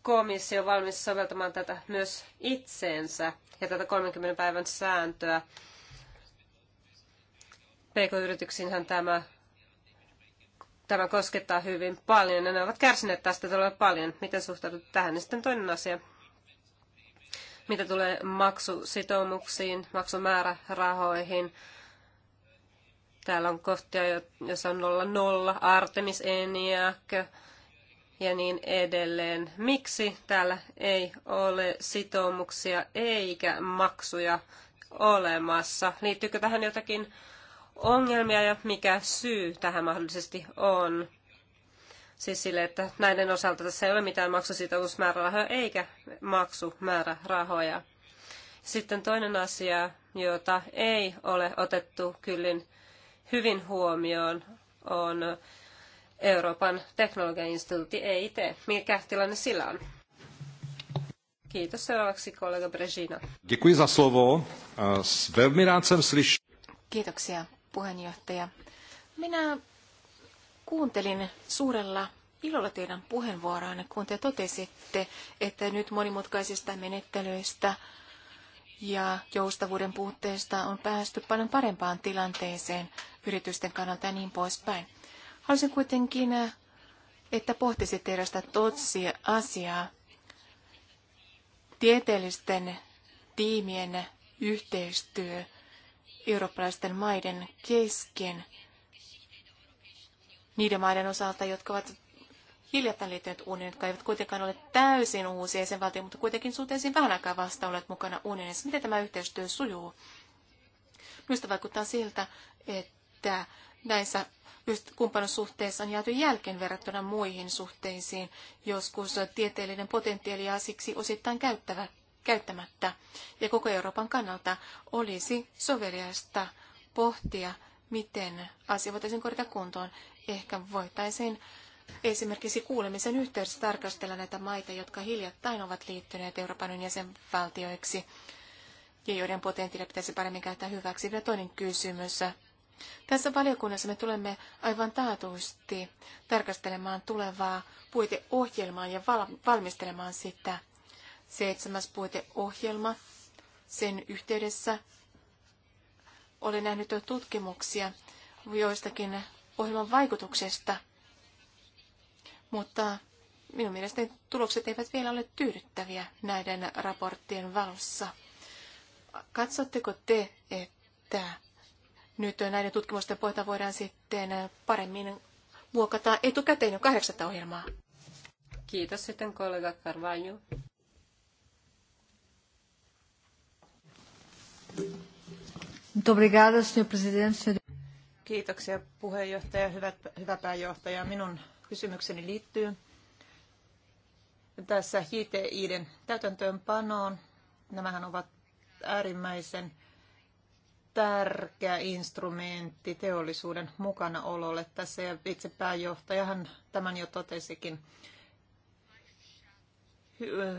komissio valmis soveltamaan tätä myös itseensä ja tätä 30 päivän sääntöä. PK-yrityksiinhän tämä, tämä koskettaa hyvin paljon ja ne ovat kärsineet tästä todella paljon. Miten suhtaudut tähän? Ja sitten toinen asia, mitä tulee maksusitoumuksiin, maksumäärärahoihin, Täällä on kohtia, jossa on nolla nolla, Artemis Eniak ja niin edelleen. Miksi täällä ei ole sitoumuksia eikä maksuja olemassa? Liittyykö tähän jotakin ongelmia ja mikä syy tähän mahdollisesti on? Siis sille, että näiden osalta tässä ei ole mitään maksusitoumusmäärärahoja eikä maksumäärärahoja. Sitten toinen asia, jota ei ole otettu kyllin hyvin huomioon, on Euroopan teknologian instituutti EIT. Mikä tilanne sillä on? Kiitos. Seuraavaksi kollega Brezina. za slovo. E, Kiitoksia puheenjohtaja. Minä kuuntelin suurella ilolla teidän puheenvuoroanne, kun te totesitte, että nyt monimutkaisista menettelyistä – ja joustavuuden puutteesta on päästy paljon parempaan tilanteeseen yritysten kannalta ja niin poispäin. Haluaisin kuitenkin, että pohtisitte erästä totsia asiaa. Tieteellisten tiimien yhteistyö eurooppalaisten maiden kesken niiden maiden osalta, jotka ovat hiljattain liittyneet unioniin, jotka eivät kuitenkaan ole täysin uusia jäsenvaltioita, mutta kuitenkin suhteellisen vähän aikaa vasta olleet mukana unionissa. Miten tämä yhteistyö sujuu? Minusta vaikuttaa siltä, että näissä kumppanussuhteissa on jääty jälkeen verrattuna muihin suhteisiin, joskus tieteellinen potentiaali ja siksi osittain käyttävä, käyttämättä. Ja koko Euroopan kannalta olisi soveliaista pohtia, miten asia voitaisiin korjata kuntoon. Ehkä voitaisiin Esimerkiksi kuulemisen yhteydessä tarkastella näitä maita, jotka hiljattain ovat liittyneet Euroopan jäsenvaltioiksi ja joiden potentiaalia pitäisi paremmin käyttää hyväksi. Vielä toinen kysymys. Tässä valiokunnassa me tulemme aivan taatusti tarkastelemaan tulevaa puiteohjelmaa ja valmistelemaan sitä. Seitsemäs puiteohjelma sen yhteydessä olen nähnyt tutkimuksia joistakin ohjelman vaikutuksesta – mutta minun mielestäni tulokset eivät vielä ole tyydyttäviä näiden raporttien valossa. Katsotteko te, että nyt näiden tutkimusten pohjalta voidaan sitten paremmin muokata etukäteen jo kahdeksatta ohjelmaa? Kiitos sitten kollega Carvalho. Kiitoksia puheenjohtaja, hyvät, hyvä pääjohtaja. Minun Kysymykseni liittyy tässä JTIiden täytäntöönpanoon. Nämähän ovat äärimmäisen tärkeä instrumentti teollisuuden mukanaololle tässä ja itse pääjohtajahan tämän jo totesikin.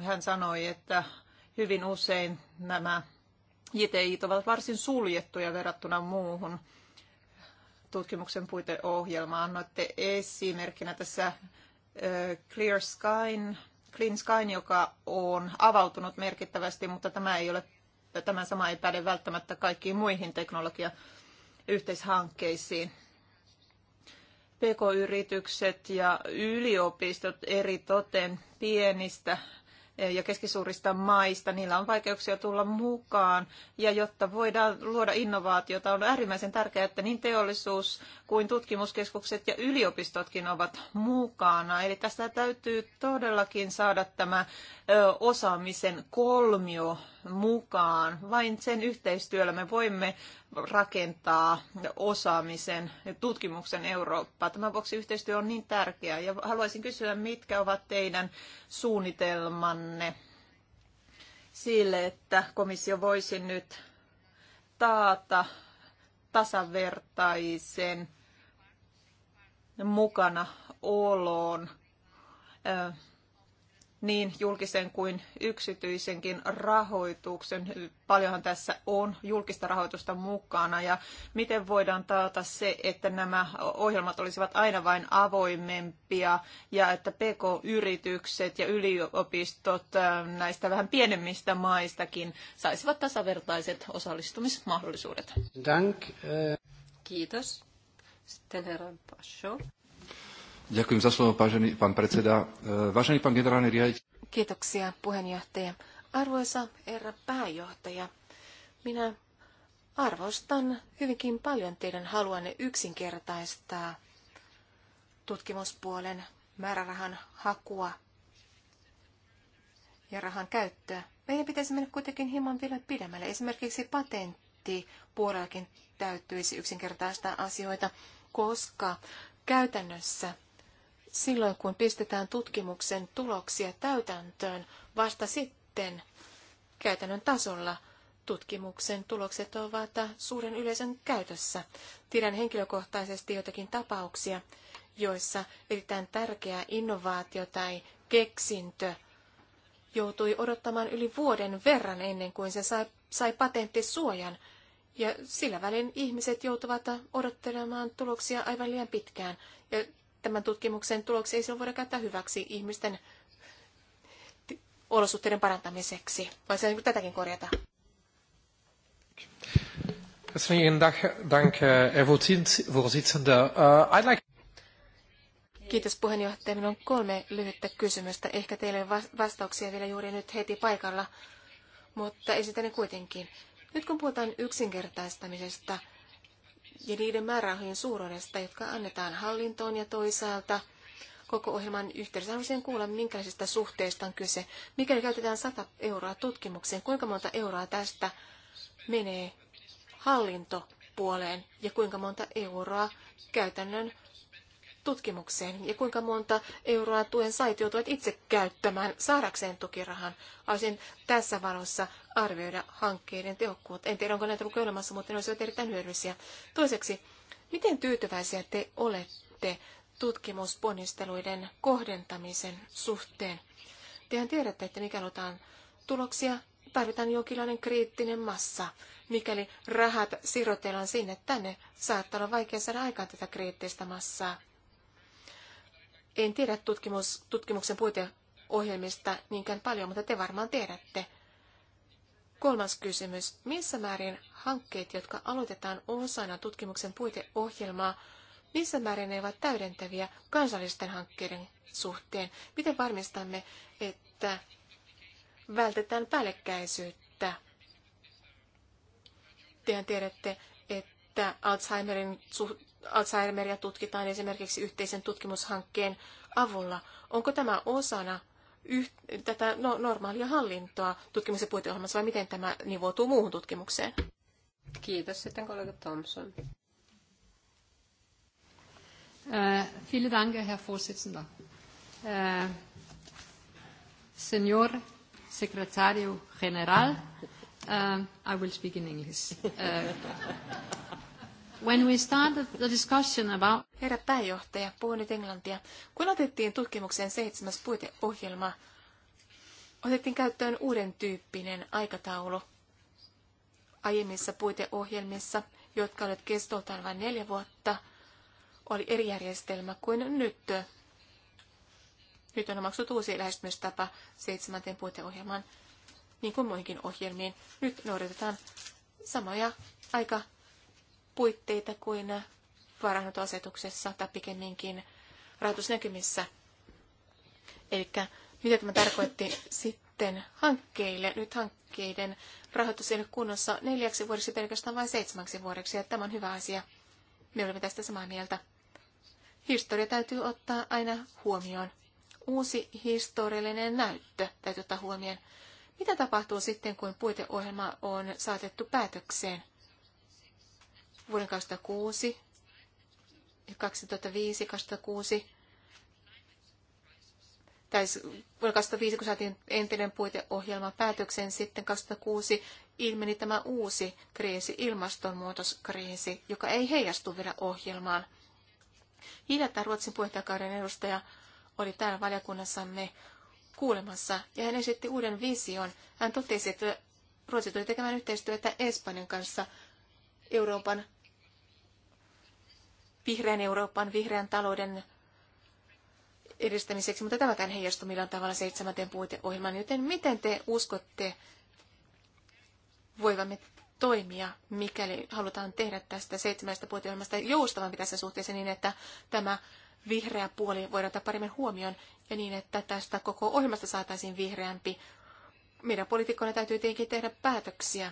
Hän sanoi, että hyvin usein nämä JTIt ovat varsin suljettuja verrattuna muuhun tutkimuksen puiteohjelma. Annoitte esimerkkinä tässä Clear Sky, Clean Sky, joka on avautunut merkittävästi, mutta tämä ei ole tämä sama ei päde välttämättä kaikkiin muihin teknologiayhteishankkeisiin. PK-yritykset ja yliopistot eri toten pienistä Eh, ja keskisuurista maista. Niillä on vaikeuksia tulla mukaan ja jotta voidaan luoda innovaatiota, on äärimmäisen tärkeää, että niin teollisuus kuin tutkimuskeskukset ja yliopistotkin ovat mukana. Eli tästä täytyy todellakin saada tämä osaamisen kolmio mukaan. Vain sen yhteistyöllä me voimme rakentaa osaamisen ja tutkimuksen Eurooppaa. Tämän vuoksi yhteistyö on niin tärkeää ja haluaisin kysyä, mitkä ovat teidän suunnitelmanne sille, että komissio voisi nyt taata tasavertaisen mukana oloon niin julkisen kuin yksityisenkin rahoituksen. Paljonhan tässä on julkista rahoitusta mukana ja miten voidaan taata se, että nämä ohjelmat olisivat aina vain avoimempia ja että PK-yritykset ja yliopistot äh, näistä vähän pienemmistä maistakin saisivat tasavertaiset osallistumismahdollisuudet. Dank. Äh. Kiitos. Sitten herra Pasho. Ďakujem za slovo, pážený pán predseda. E, vážený pán generálny riaditeľ. Kiitoksia, puheenjohtaja. Arvoisa herra pääjohtaja, minä arvostan hyvinkin paljon teidän haluanne yksinkertaistaa tutkimuspuolen määrärahan hakua ja rahan käyttöä. Meidän pitäisi mennä kuitenkin hieman vielä pidemmälle. Esimerkiksi patenttipuolellakin täytyisi yksinkertaistaa asioita, koska käytännössä silloin, kun pistetään tutkimuksen tuloksia täytäntöön, vasta sitten käytännön tasolla tutkimuksen tulokset ovat suuren yleisön käytössä. Tiedän henkilökohtaisesti jotakin tapauksia, joissa erittäin tärkeä innovaatio tai keksintö joutui odottamaan yli vuoden verran ennen kuin se sai, sai patenttisuojan. Ja sillä välin ihmiset joutuvat odottelemaan tuloksia aivan liian pitkään. Ja tämän tutkimuksen tuloksia ei silloin voida käyttää hyväksi ihmisten olosuhteiden parantamiseksi. Vai se tätäkin korjata? Eh, eh, Kiitos puheenjohtaja. Minulla on kolme lyhyttä kysymystä. Ehkä teille on vastauksia vielä juuri nyt heti paikalla, mutta esitän ne kuitenkin. Nyt kun puhutaan yksinkertaistamisesta, ja niiden määrärahojen suuruudesta, jotka annetaan hallintoon ja toisaalta koko ohjelman yhteydessä. Haluaisin kuulla, minkälaisista suhteista on kyse. Mikäli käytetään 100 euroa tutkimukseen, kuinka monta euroa tästä menee hallintopuoleen ja kuinka monta euroa käytännön tutkimukseen ja kuinka monta euroa tuen sait joutuvat itse käyttämään saadakseen tukirahan. Haluaisin tässä valossa arvioida hankkeiden tehokkuutta. En tiedä, onko näitä lukuja olemassa, mutta ne olisivat erittäin hyödyllisiä. Toiseksi, miten tyytyväisiä te olette tutkimusponnisteluiden kohdentamisen suhteen? Tehän tiedätte, että mikä otetaan tuloksia, tarvitaan jonkinlainen kriittinen massa. Mikäli rahat sirotellaan sinne tänne, saattaa olla vaikea saada aikaan tätä kriittistä massaa. En tiedä tutkimus, tutkimuksen puiteohjelmista niinkään paljon, mutta te varmaan tiedätte. Kolmas kysymys. Missä määrin hankkeet, jotka aloitetaan osana tutkimuksen puiteohjelmaa, missä määrin ne ovat täydentäviä kansallisten hankkeiden suhteen? Miten varmistamme, että vältetään päällekkäisyyttä? Tehän tiedätte, että Alzheimerin suht- Alzheimeria tutkitaan esimerkiksi yhteisen tutkimushankkeen avulla. Onko tämä osana yh, tätä no, normaalia hallintoa tutkimus- ja puiteohjelmassa vai miten tämä nivoutuu muuhun tutkimukseen? Kiitos sitten kollega Thompson. Äh, vielen Dank, Herr Vorsitzender. Äh, Senior Secretario General, äh, I will speak in English. Äh, When we started the discussion about... Herra pääjohtaja, puhun nyt englantia. Kun otettiin tutkimuksen seitsemäs puiteohjelma, otettiin käyttöön uuden tyyppinen aikataulu. Aiemmissa puiteohjelmissa, jotka olivat kestoltaan vain neljä vuotta, oli eri järjestelmä kuin nyt. Nyt on omaksuttu uusi lähestymistapa seitsemänteen puiteohjelmaan, niin kuin muihinkin ohjelmiin. Nyt noudatetaan samoja aika puitteita kuin varainhoitoasetuksessa tai pikemminkin rahoitusnäkymissä. Eli mitä tämä tarkoitti sitten hankkeille? Nyt hankkeiden rahoitus ei ole kunnossa neljäksi vuodeksi pelkästään vain seitsemäksi vuodeksi, ja tämä on hyvä asia. Me olemme tästä samaa mieltä. Historia täytyy ottaa aina huomioon. Uusi historiallinen näyttö täytyy ottaa huomioon. Mitä tapahtuu sitten, kun puiteohjelma on saatettu päätökseen? vuoden 2006 ja 2005-2006 tai vuonna 2005, kun saatiin entinen puiteohjelma päätöksen sitten 2006 ilmeni tämä uusi kriisi, ilmastonmuutoskriisi, joka ei heijastu vielä ohjelmaan. Hiljattain Ruotsin puheenjohtajakauden edustaja oli täällä valiokunnassamme kuulemassa, ja hän esitti uuden vision. Hän totesi, että Ruotsi tuli tekemään yhteistyötä Espanjan kanssa Euroopan vihreän Euroopan, vihreän talouden edistämiseksi, mutta tämän heijastui millään tavalla seitsemänteen puiteohjelman. Joten miten te uskotte voivamme toimia, mikäli halutaan tehdä tästä seitsemästä puiteohjelmasta joustavan tässä suhteessa niin, että tämä vihreä puoli voidaan ottaa paremmin huomioon ja niin, että tästä koko ohjelmasta saataisiin vihreämpi. Meidän poliitikkoina täytyy tietenkin tehdä päätöksiä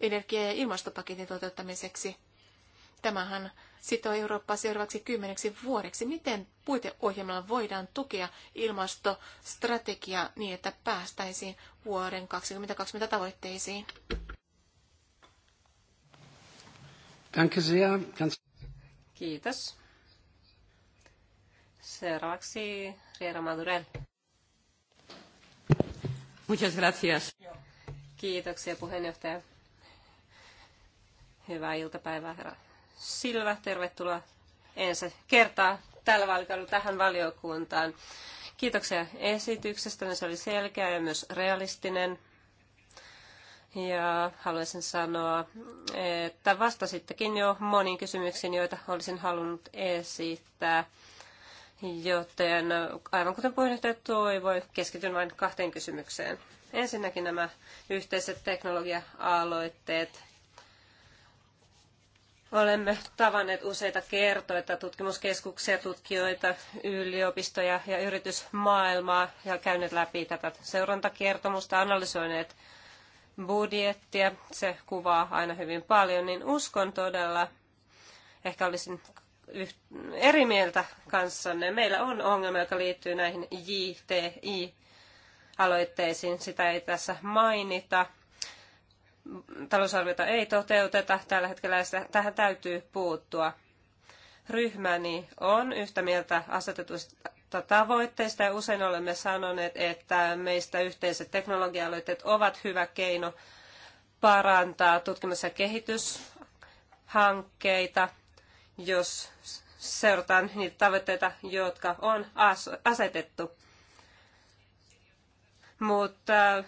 energia- ja ilmastopaketin toteuttamiseksi. Tämähän sitoo Eurooppaa seuraavaksi kymmeneksi vuodeksi. Miten puiteohjelmalla voidaan tukea ilmastostrategiaa niin, että päästäisiin vuoden 2020 tavoitteisiin? Kiitos. Seuraavaksi Riera Madurel. Muchas gracias. Kiitoksia puheenjohtaja. Hyvää iltapäivää, herra Silvä, tervetuloa ensi kertaa tällä vaalikaudella tähän valiokuntaan. Kiitoksia esityksestä. Se oli selkeä ja myös realistinen. Ja haluaisin sanoa, että vastasittekin jo moniin kysymyksiin, joita olisin halunnut esittää. Joten aivan kuten puheenjohtaja toivoi, keskityn vain kahteen kysymykseen. Ensinnäkin nämä yhteiset teknologia-aloitteet Olemme tavanneet useita kertoja tutkimuskeskuksia, tutkijoita, yliopistoja ja yritysmaailmaa ja käyneet läpi tätä seurantakertomusta, analysoineet budjettia. Se kuvaa aina hyvin paljon, niin uskon todella, ehkä olisin eri mieltä kanssanne. Meillä on ongelma, joka liittyy näihin JTI-aloitteisiin. Sitä ei tässä mainita talousarviota ei toteuteta tällä hetkellä, ja tähän täytyy puuttua. Ryhmäni on yhtä mieltä asetetuista tavoitteista ja usein olemme sanoneet, että meistä yhteiset teknologia-aloitteet ovat hyvä keino parantaa tutkimus- ja kehityshankkeita, jos seurataan niitä tavoitteita, jotka on asetettu. Mutta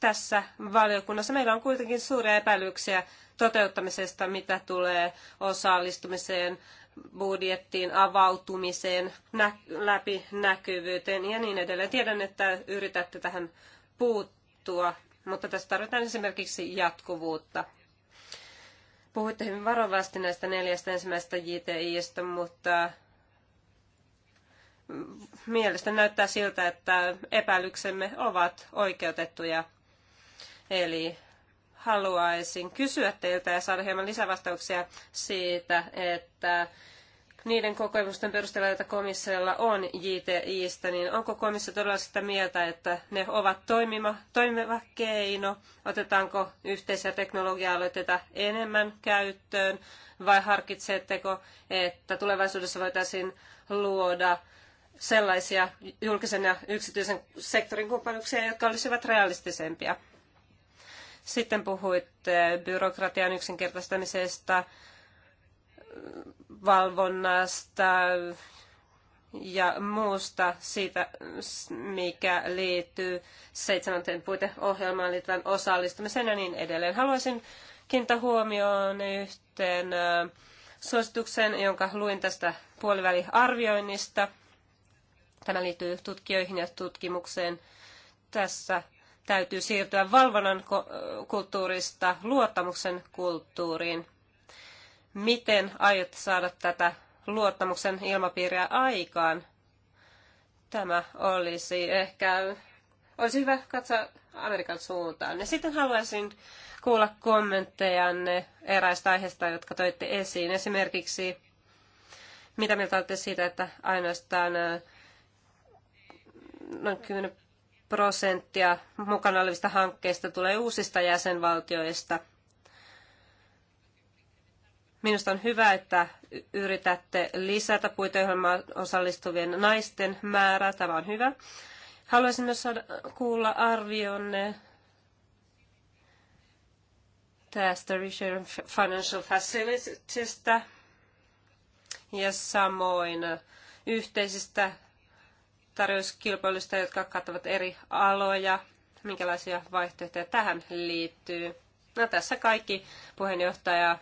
tässä valiokunnassa meillä on kuitenkin suuria epäilyksiä toteuttamisesta, mitä tulee osallistumiseen, budjettiin, avautumiseen, nä- läpinäkyvyyteen ja niin edelleen. Tiedän, että yritätte tähän puuttua, mutta tässä tarvitaan esimerkiksi jatkuvuutta. Puhuitte hyvin varovasti näistä neljästä ensimmäisestä JTIstä, mutta mielestäni näyttää siltä, että epäilyksemme ovat oikeutettuja. Eli haluaisin kysyä teiltä ja saada hieman lisävastauksia siitä, että niiden kokemusten perusteella, joita komissiolla on JTIstä, niin onko komissio todella sitä mieltä, että ne ovat toimiva, toimiva keino? Otetaanko yhteisiä teknologia-aloitteita enemmän käyttöön vai harkitsetteko, että tulevaisuudessa voitaisiin luoda sellaisia julkisen ja yksityisen sektorin kumppanuuksia, jotka olisivat realistisempia? Sitten puhuit byrokratian yksinkertaistamisesta, valvonnasta ja muusta siitä, mikä liittyy seitsemänteen puiteohjelmaan liittyvän osallistumiseen ja niin edelleen. Haluaisin kiinnittää huomioon yhteen suosituksen, jonka luin tästä puoliväliarvioinnista. Tämä liittyy tutkijoihin ja tutkimukseen. Tässä täytyy siirtyä valvonnan kulttuurista luottamuksen kulttuuriin. Miten aiot saada tätä luottamuksen ilmapiiriä aikaan? Tämä olisi ehkä, olisi hyvä katsoa Amerikan suuntaan. Ja sitten haluaisin kuulla kommenttejanne eräistä aiheista, jotka toitte esiin. Esimerkiksi, mitä mieltä olette siitä, että ainoastaan äh, noin 10 prosenttia mukana olevista hankkeista tulee uusista jäsenvaltioista. Minusta on hyvä, että yritätte lisätä puiteohjelmaan osallistuvien naisten määrää. Tämä on hyvä. Haluaisin myös saada kuulla arvionne tästä Richard Financial Facilitystä ja samoin yhteisistä tarjouskilpailuista, jotka kattavat eri aloja, minkälaisia vaihtoehtoja tähän liittyy. No tässä kaikki puheenjohtaja.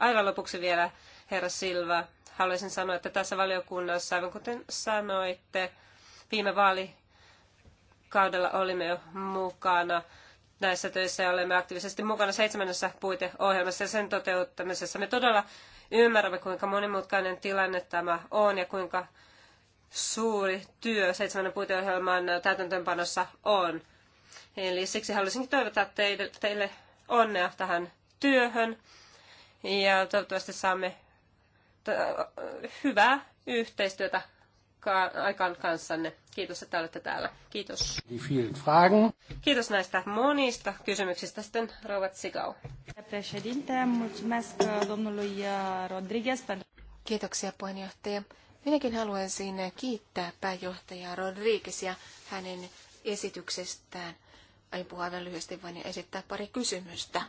Aivan lopuksi vielä herra Silva. Haluaisin sanoa, että tässä valiokunnassa, aivan kuten sanoitte, viime vaalikaudella olimme jo mukana näissä töissä ja olemme aktiivisesti mukana seitsemännessä puiteohjelmassa ja sen toteuttamisessa. Me todella ymmärrämme, kuinka monimutkainen tilanne tämä on ja kuinka suuri työ seitsemän puiteohjelman täytäntöönpanossa on. Eli siksi haluaisinkin toivottaa teille, teille onnea tähän työhön ja toivottavasti saamme hyvää yhteistyötä aikaan kanssanne. Kiitos, että olette täällä. Kiitos. Kiitos näistä monista kysymyksistä sitten, Rouva Sigau. Kiitoksia puheenjohtaja. Minäkin haluaisin kiittää pääjohtajaa Rodriguezia hänen esityksestään. Aion puhua aivan lyhyesti vain ja esittää pari kysymystä.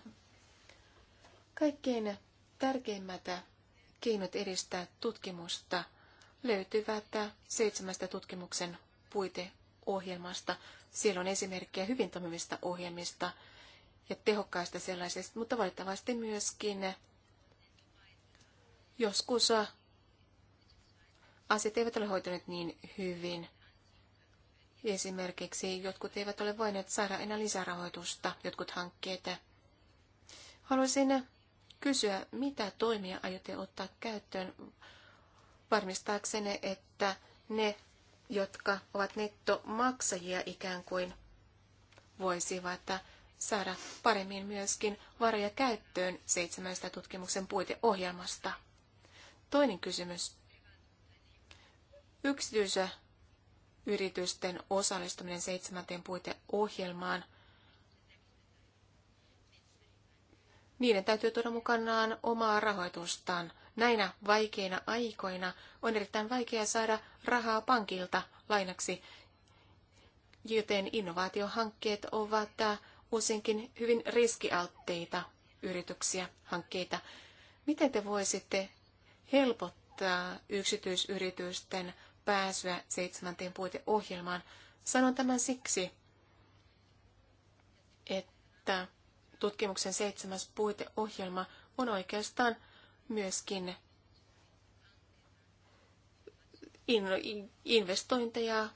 Kaikkein tärkeimmät keinot edistää tutkimusta löytyvät seitsemästä tutkimuksen puiteohjelmasta. Siellä on esimerkkejä hyvin toimivista ohjelmista ja tehokkaista sellaisista, mutta valitettavasti myöskin joskus asiat eivät ole hoitaneet niin hyvin. Esimerkiksi jotkut eivät ole voineet saada enää lisärahoitusta, jotkut hankkeet. Haluaisin kysyä, mitä toimia aiotte ottaa käyttöön varmistaaksenne, että ne, jotka ovat nettomaksajia ikään kuin, voisivat saada paremmin myöskin varoja käyttöön seitsemästä tutkimuksen puiteohjelmasta. Toinen kysymys. Yksityisyritysten osallistuminen seitsemänteen puiteohjelmaan – Niiden täytyy tuoda mukanaan omaa rahoitustaan. Näinä vaikeina aikoina on erittäin vaikea saada rahaa pankilta lainaksi, joten innovaatiohankkeet ovat äh, useinkin hyvin riskialtteita yrityksiä, hankkeita. Miten te voisitte helpottaa yksityisyritysten pääsyä seitsemänteen puiteohjelmaan. Sanon tämän siksi, että tutkimuksen seitsemäs puiteohjelma on oikeastaan myöskin investointeja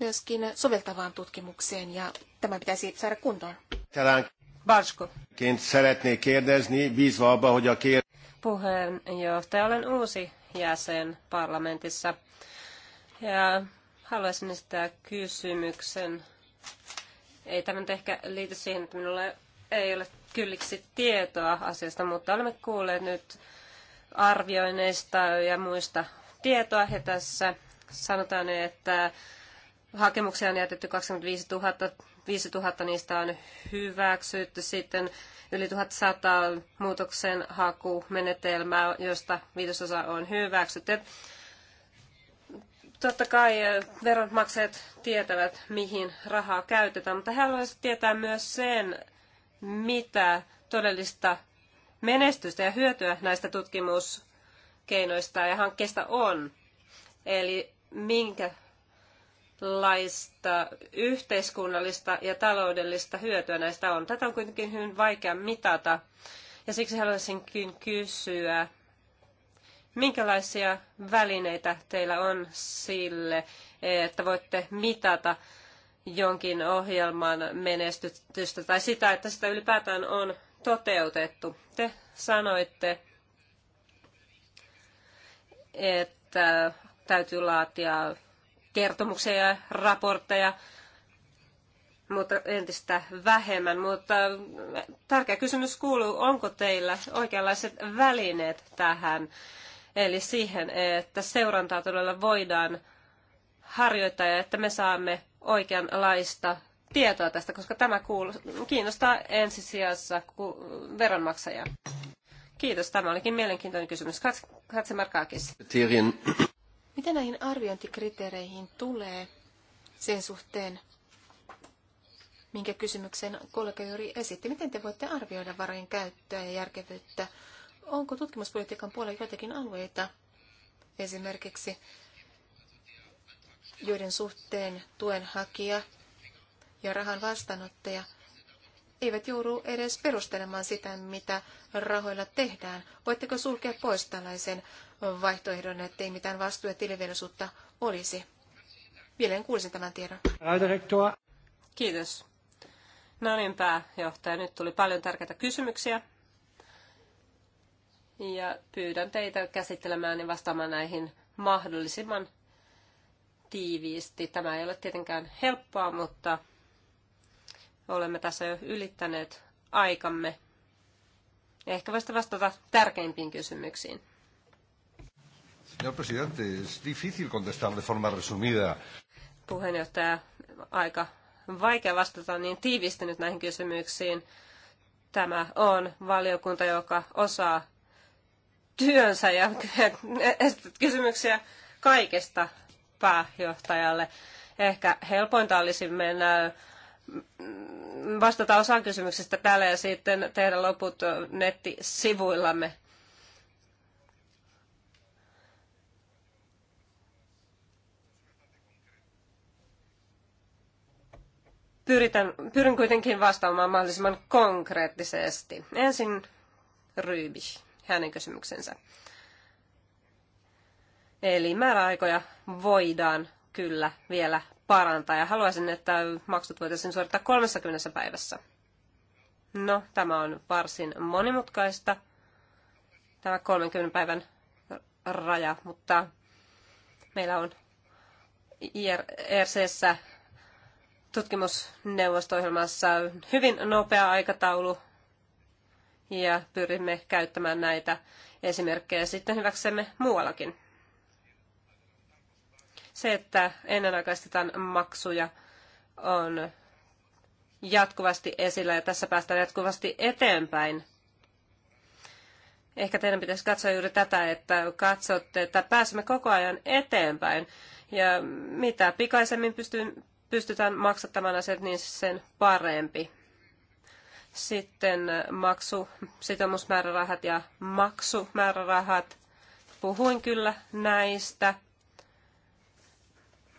myöskin soveltavaan tutkimukseen ja tämä pitäisi saada kuntoon. Tänään Puheenjohtaja, olen uusi jäsen parlamentissa ja haluaisin esittää kysymyksen. Ei tämä nyt ehkä liity siihen, että minulla ei ole kylliksi tietoa asiasta, mutta olemme kuulleet nyt arvioineista ja muista tietoa. Ja tässä sanotaan, että hakemuksia on jätetty 25 000, 5 000 niistä on hyväksytty. Sitten yli 1100 muutoksen hakumenetelmää, josta viidesosa on hyväksytty. Totta kai eh, veronmaksajat tietävät, mihin rahaa käytetään, mutta he haluaisivat tietää myös sen, mitä todellista menestystä ja hyötyä näistä tutkimuskeinoista ja hankkeista on. Eli minkälaista yhteiskunnallista ja taloudellista hyötyä näistä on. Tätä on kuitenkin hyvin vaikea mitata. Ja siksi haluaisinkin kysyä, Minkälaisia välineitä teillä on sille, että voitte mitata jonkin ohjelman menestystä tai sitä, että sitä ylipäätään on toteutettu? Te sanoitte, että täytyy laatia kertomuksia ja raportteja, mutta entistä vähemmän. Mutta äh, tärkeä kysymys kuuluu, onko teillä oikeanlaiset välineet tähän? eli siihen, että seurantaa todella voidaan harjoittaa ja että me saamme oikeanlaista tietoa tästä, koska tämä kiinnostaa ensisijassa veronmaksajaa. Kiitos, tämä olikin mielenkiintoinen kysymys. Katse Markaakis. Mitä näihin arviointikriteereihin tulee sen suhteen, minkä kysymyksen kollega juuri esitti? Miten te voitte arvioida varojen käyttöä ja järkevyyttä? Onko tutkimuspolitiikan puolella joitakin alueita, esimerkiksi joiden suhteen tuen hakija ja rahan vastaanottaja eivät joudu edes perustelemaan sitä, mitä rahoilla tehdään. Voitteko sulkea pois tällaisen vaihtoehdon, ettei mitään vastuu- ja tilivelvollisuutta olisi? en kuulisin tämän tiedon. Kiitos. No niin, pääjohtaja. Nyt tuli paljon tärkeitä kysymyksiä ja pyydän teitä käsittelemään ja vastaamaan näihin mahdollisimman tiiviisti. Tämä ei ole tietenkään helppoa, mutta olemme tässä jo ylittäneet aikamme. Ehkä voisitte vastata tärkeimpiin kysymyksiin. Señor presidente, es difícil contestar de forma resumida. Puheenjohtaja, aika vaikea vastata niin tiivistynyt näihin kysymyksiin. Tämä on valiokunta, joka osaa työnsä ja kysymyksiä kaikesta pääjohtajalle. Ehkä helpointa olisi mennä mm, vastata osaan kysymyksistä täällä ja sitten tehdä loput nettisivuillamme. Pyritän, pyrin kuitenkin vastaamaan mahdollisimman konkreettisesti. Ensin Ryybisch hänen kysymyksensä. Eli määräaikoja voidaan kyllä vielä parantaa ja haluaisin, että maksut voitaisiin suorittaa 30 päivässä. No, tämä on varsin monimutkaista, tämä 30 päivän raja, mutta meillä on IRCssä tutkimusneuvosto-ohjelmassa hyvin nopea aikataulu ja pyrimme käyttämään näitä esimerkkejä sitten hyväksemme muuallakin. Se, että ennenaikaistetaan maksuja, on jatkuvasti esillä ja tässä päästään jatkuvasti eteenpäin. Ehkä teidän pitäisi katsoa juuri tätä, että katsotte, että pääsemme koko ajan eteenpäin. Ja mitä pikaisemmin pystytään maksattamaan asiat, niin sen parempi. Sitten maksu sitomusmäärärahat ja maksumäärärahat. Puhuin kyllä näistä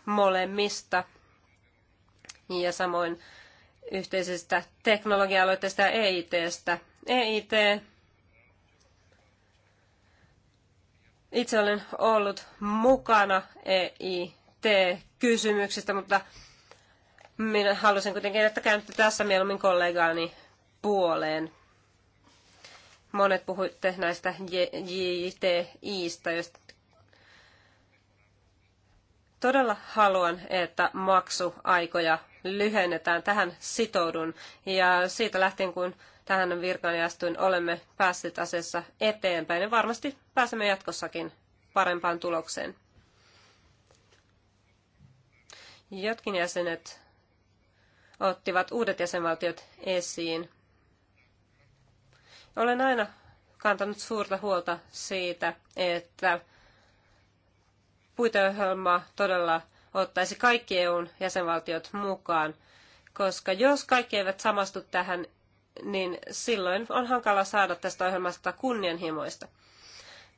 molemmista ja samoin yhteisestä teknologia-aloitteesta ja EITstä. EIT Itse olen ollut mukana EIT-kysymyksistä, mutta minä halusin kuitenkin, että käynyt tässä mieluummin kollegaani puoleen. Monet puhuitte näistä JTIstä, joista todella haluan, että maksuaikoja lyhennetään. Tähän sitoudun. Ja siitä lähtien, kun tähän virkaan astuin, olemme päässeet asiassa eteenpäin. Ja niin varmasti pääsemme jatkossakin parempaan tulokseen. Jotkin jäsenet ottivat uudet jäsenvaltiot esiin. Olen aina kantanut suurta huolta siitä, että puiteohjelma todella ottaisi kaikki EUn jäsenvaltiot mukaan, koska jos kaikki eivät samastu tähän, niin silloin on hankala saada tästä ohjelmasta kunnianhimoista.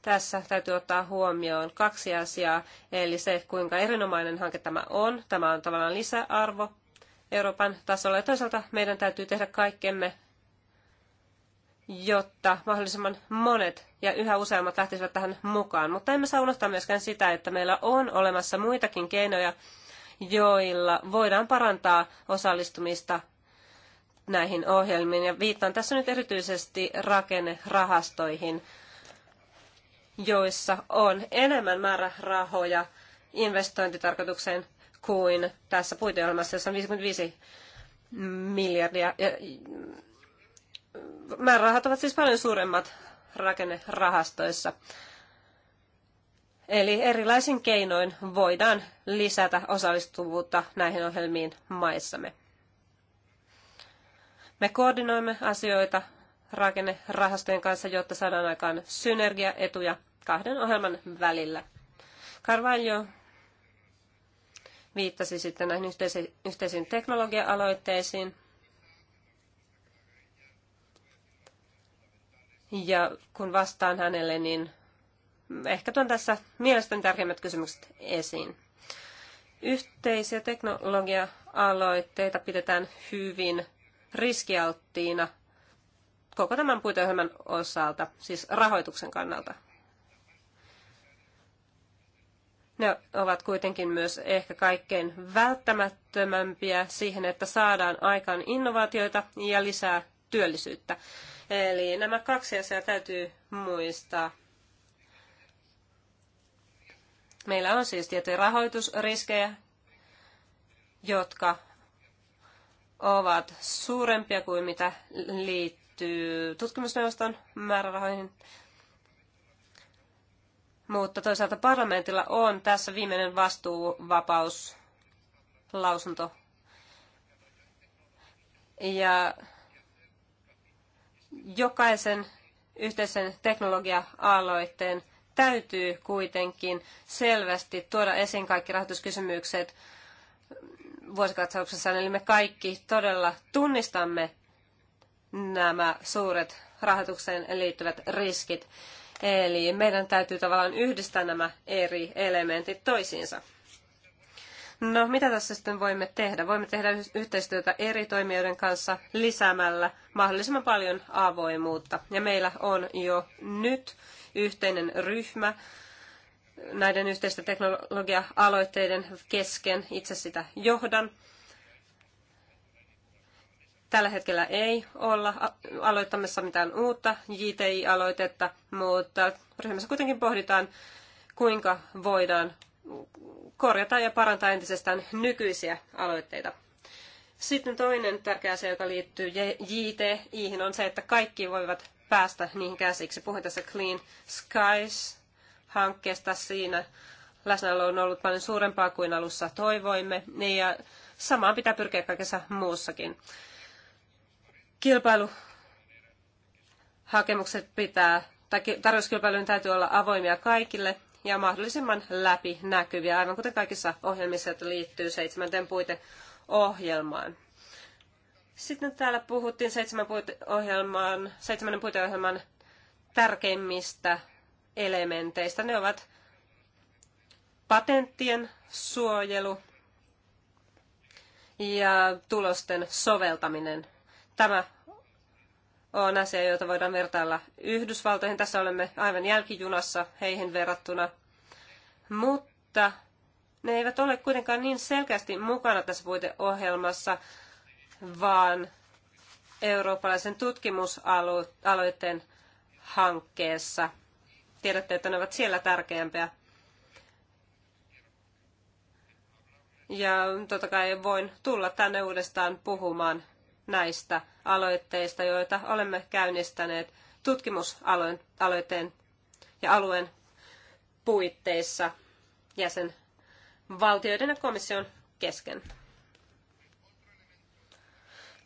Tässä täytyy ottaa huomioon kaksi asiaa, eli se, kuinka erinomainen hanke tämä on. Tämä on tavallaan lisäarvo Euroopan tasolla ja toisaalta meidän täytyy tehdä kaikkemme, jotta mahdollisimman monet ja yhä useammat lähtisivät tähän mukaan. Mutta emme saa unohtaa myöskään sitä, että meillä on olemassa muitakin keinoja, joilla voidaan parantaa osallistumista näihin ohjelmiin. Ja viittaan tässä nyt erityisesti rakennerahastoihin, joissa on enemmän määrä rahoja investointitarkoitukseen kuin tässä puiteohjelmassa, jossa on 55 miljardia määrärahat ovat siis paljon suuremmat rakennerahastoissa. Eli erilaisin keinoin voidaan lisätä osallistuvuutta näihin ohjelmiin maissamme. Me koordinoimme asioita rakennerahastojen kanssa, jotta saadaan aikaan synergiaetuja kahden ohjelman välillä. Carvalho viittasi sitten näihin yhteisiin teknologia-aloitteisiin. Ja kun vastaan hänelle, niin ehkä tuon tässä mielestäni tärkeimmät kysymykset esiin. Yhteisiä teknologia-aloitteita pidetään hyvin riskialttiina koko tämän puiteohjelman osalta, siis rahoituksen kannalta. Ne ovat kuitenkin myös ehkä kaikkein välttämättömämpiä siihen, että saadaan aikaan innovaatioita ja lisää työllisyyttä. Eli nämä kaksi asiaa täytyy muistaa. Meillä on siis tiettyjä rahoitusriskejä, jotka ovat suurempia kuin mitä liittyy tutkimusneuvoston määrärahoihin. Mutta toisaalta parlamentilla on tässä viimeinen vastuuvapauslausunto. Ja jokaisen yhteisen teknologia-aloitteen täytyy kuitenkin selvästi tuoda esiin kaikki rahoituskysymykset vuosikatsauksessa, eli me kaikki todella tunnistamme nämä suuret rahoitukseen liittyvät riskit. Eli meidän täytyy tavallaan yhdistää nämä eri elementit toisiinsa. No, mitä tässä sitten voimme tehdä? Voimme tehdä yhteistyötä eri toimijoiden kanssa lisäämällä mahdollisimman paljon avoimuutta. Ja meillä on jo nyt yhteinen ryhmä näiden yhteisten teknologia-aloitteiden kesken. Itse sitä johdan. Tällä hetkellä ei olla aloittamassa mitään uutta JTI-aloitetta, mutta ryhmässä kuitenkin pohditaan, kuinka voidaan korjata ja parantaa entisestään nykyisiä aloitteita. Sitten toinen tärkeä asia, joka liittyy JTIhin, on se, että kaikki voivat päästä niihin käsiksi. Puhuin tässä Clean Skies-hankkeesta siinä. Läsnäolo on ollut paljon suurempaa kuin alussa toivoimme, ja samaan pitää pyrkiä kaikessa muussakin. hakemukset pitää, tai tarjouskilpailujen täytyy olla avoimia kaikille, ja mahdollisimman läpinäkyviä, aivan kuten kaikissa ohjelmissa, jotka liittyy seitsemänteen puiteohjelmaan. Sitten täällä puhuttiin seitsemän puiteohjelman, seitsemän puiteohjelman tärkeimmistä elementeistä. Ne ovat patenttien suojelu ja tulosten soveltaminen. Tämä on asia, jota voidaan vertailla Yhdysvaltoihin. Tässä olemme aivan jälkijunassa heihin verrattuna. Mutta ne eivät ole kuitenkaan niin selkeästi mukana tässä puiteohjelmassa, vaan eurooppalaisen tutkimusaloitteen hankkeessa. Tiedätte, että ne ovat siellä tärkeämpiä. Ja totta kai voin tulla tänne uudestaan puhumaan näistä aloitteista, joita olemme käynnistäneet tutkimusaloitteen ja alueen puitteissa jäsenvaltioiden ja komission kesken.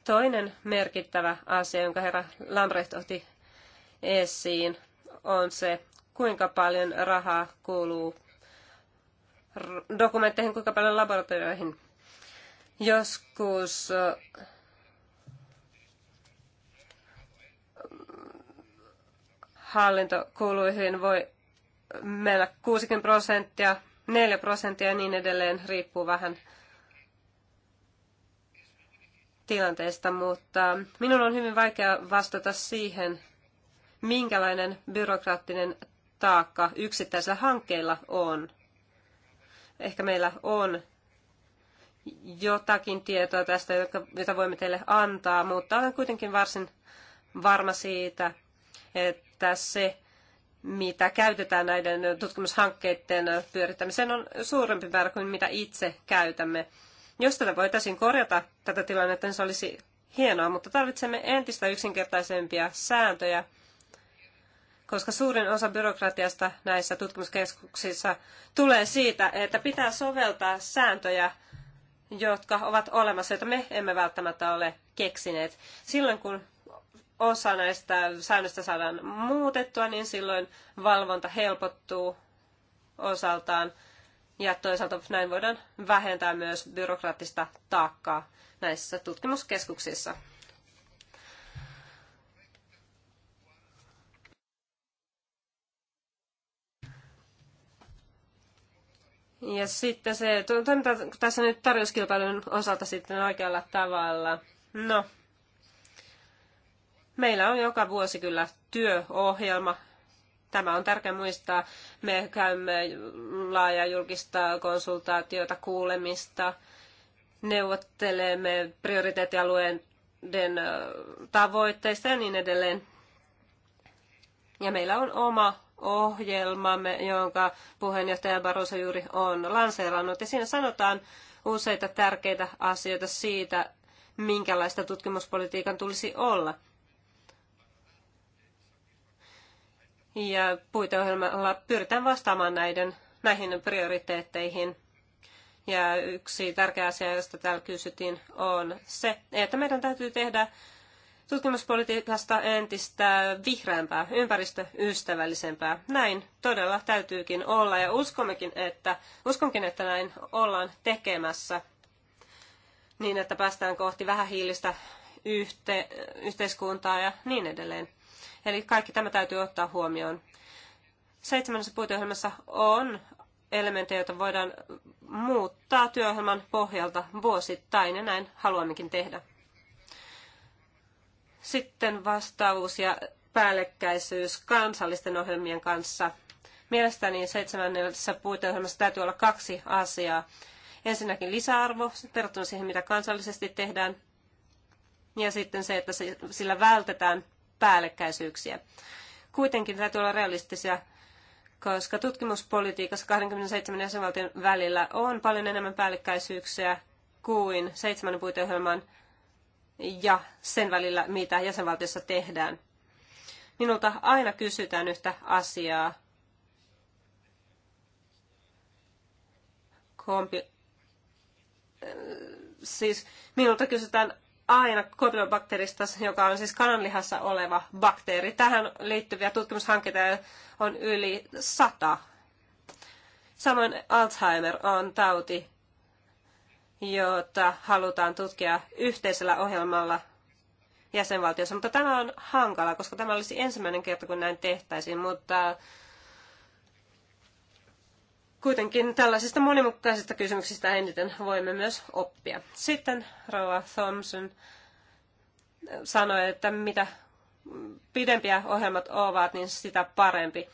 Toinen merkittävä asia, jonka herra Lambrecht otti esiin, on se, kuinka paljon rahaa kuuluu dokumentteihin, kuinka paljon laboratorioihin. Joskus hallintokuluihin voi mennä 60 prosenttia, 4 prosenttia ja niin edelleen, riippuu vähän tilanteesta, mutta minun on hyvin vaikea vastata siihen, minkälainen byrokraattinen taakka yksittäisillä hankkeilla on. Ehkä meillä on jotakin tietoa tästä, jota voimme teille antaa, mutta olen kuitenkin varsin varma siitä, että että se, mitä käytetään näiden tutkimushankkeiden pyörittämiseen, on suurempi määrä kuin mitä itse käytämme. Jos tätä voitaisiin korjata, tätä tilannetta, niin se olisi hienoa, mutta tarvitsemme entistä yksinkertaisempia sääntöjä, koska suurin osa byrokratiasta näissä tutkimuskeskuksissa tulee siitä, että pitää soveltaa sääntöjä, jotka ovat olemassa, joita me emme välttämättä ole keksineet. Silloin kun osa näistä säännöistä saadaan muutettua, niin silloin valvonta helpottuu osaltaan. Ja toisaalta näin voidaan vähentää myös byrokraattista taakkaa näissä tutkimuskeskuksissa. Ja sitten se, tässä nyt tarjouskilpailun osalta sitten oikealla tavalla? No, Meillä on joka vuosi kyllä työohjelma. Tämä on tärkeää muistaa. Me käymme laajaa julkista konsultaatiota, kuulemista, neuvottelemme prioriteettialueiden tavoitteista ja niin edelleen. Ja meillä on oma ohjelmamme, jonka puheenjohtaja Barroso juuri on lanseerannut. Ja siinä sanotaan useita tärkeitä asioita siitä, minkälaista tutkimuspolitiikan tulisi olla – Ja puiteohjelmalla pyritään vastaamaan näiden, näihin prioriteetteihin. Ja yksi tärkeä asia, josta täällä kysyttiin, on se, että meidän täytyy tehdä tutkimuspolitiikasta entistä vihreämpää, ympäristöystävällisempää. Näin todella täytyykin olla ja uskommekin, että, uskonkin, että näin ollaan tekemässä niin, että päästään kohti vähähiilistä yhte, yhteiskuntaa ja niin edelleen. Eli kaikki tämä täytyy ottaa huomioon. Seitsemännessä puiteohjelmassa on elementtejä, joita voidaan muuttaa työohjelman pohjalta vuosittain, ja näin haluammekin tehdä. Sitten vastaavuus ja päällekkäisyys kansallisten ohjelmien kanssa. Mielestäni seitsemännessä puiteohjelmassa täytyy olla kaksi asiaa. Ensinnäkin lisäarvo verrattuna siihen, mitä kansallisesti tehdään, ja sitten se, että sillä vältetään päällekkäisyyksiä. Kuitenkin täytyy olla realistisia, koska tutkimuspolitiikassa 27 jäsenvaltion välillä on paljon enemmän päällekkäisyyksiä kuin seitsemän puiteohjelman ja sen välillä, mitä jäsenvaltiossa tehdään. Minulta aina kysytään yhtä asiaa, kompi... Siis minulta kysytään aina Corynebakterista, joka on siis kananlihassa oleva bakteeri. Tähän liittyviä tutkimushankkeita on yli sata. Samoin Alzheimer on tauti, jota halutaan tutkia yhteisellä ohjelmalla jäsenvaltiossa. Mutta tämä on hankala, koska tämä olisi ensimmäinen kerta, kun näin tehtäisiin, mutta Kuitenkin tällaisista monimutkaisista kysymyksistä eniten voimme myös oppia. Sitten Rova Thompson sanoi, että mitä pidempiä ohjelmat ovat, niin sitä parempi.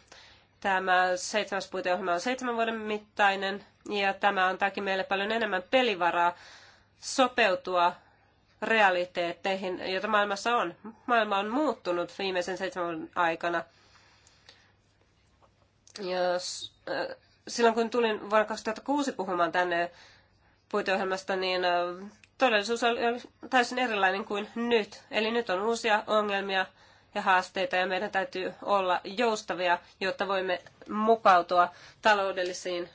Tämä seitsemäs puiteohjelma on seitsemän vuoden mittainen ja tämä antaakin meille paljon enemmän pelivaraa sopeutua realiteetteihin, joita maailmassa on. Maailma on muuttunut viimeisen seitsemän vuoden aikana. Jos, äh, silloin kun tulin vuonna 2006 puhumaan tänne puiteohjelmasta, niin todellisuus oli täysin erilainen kuin nyt. Eli nyt on uusia ongelmia ja haasteita ja meidän täytyy olla joustavia, jotta voimme mukautua taloudellisiin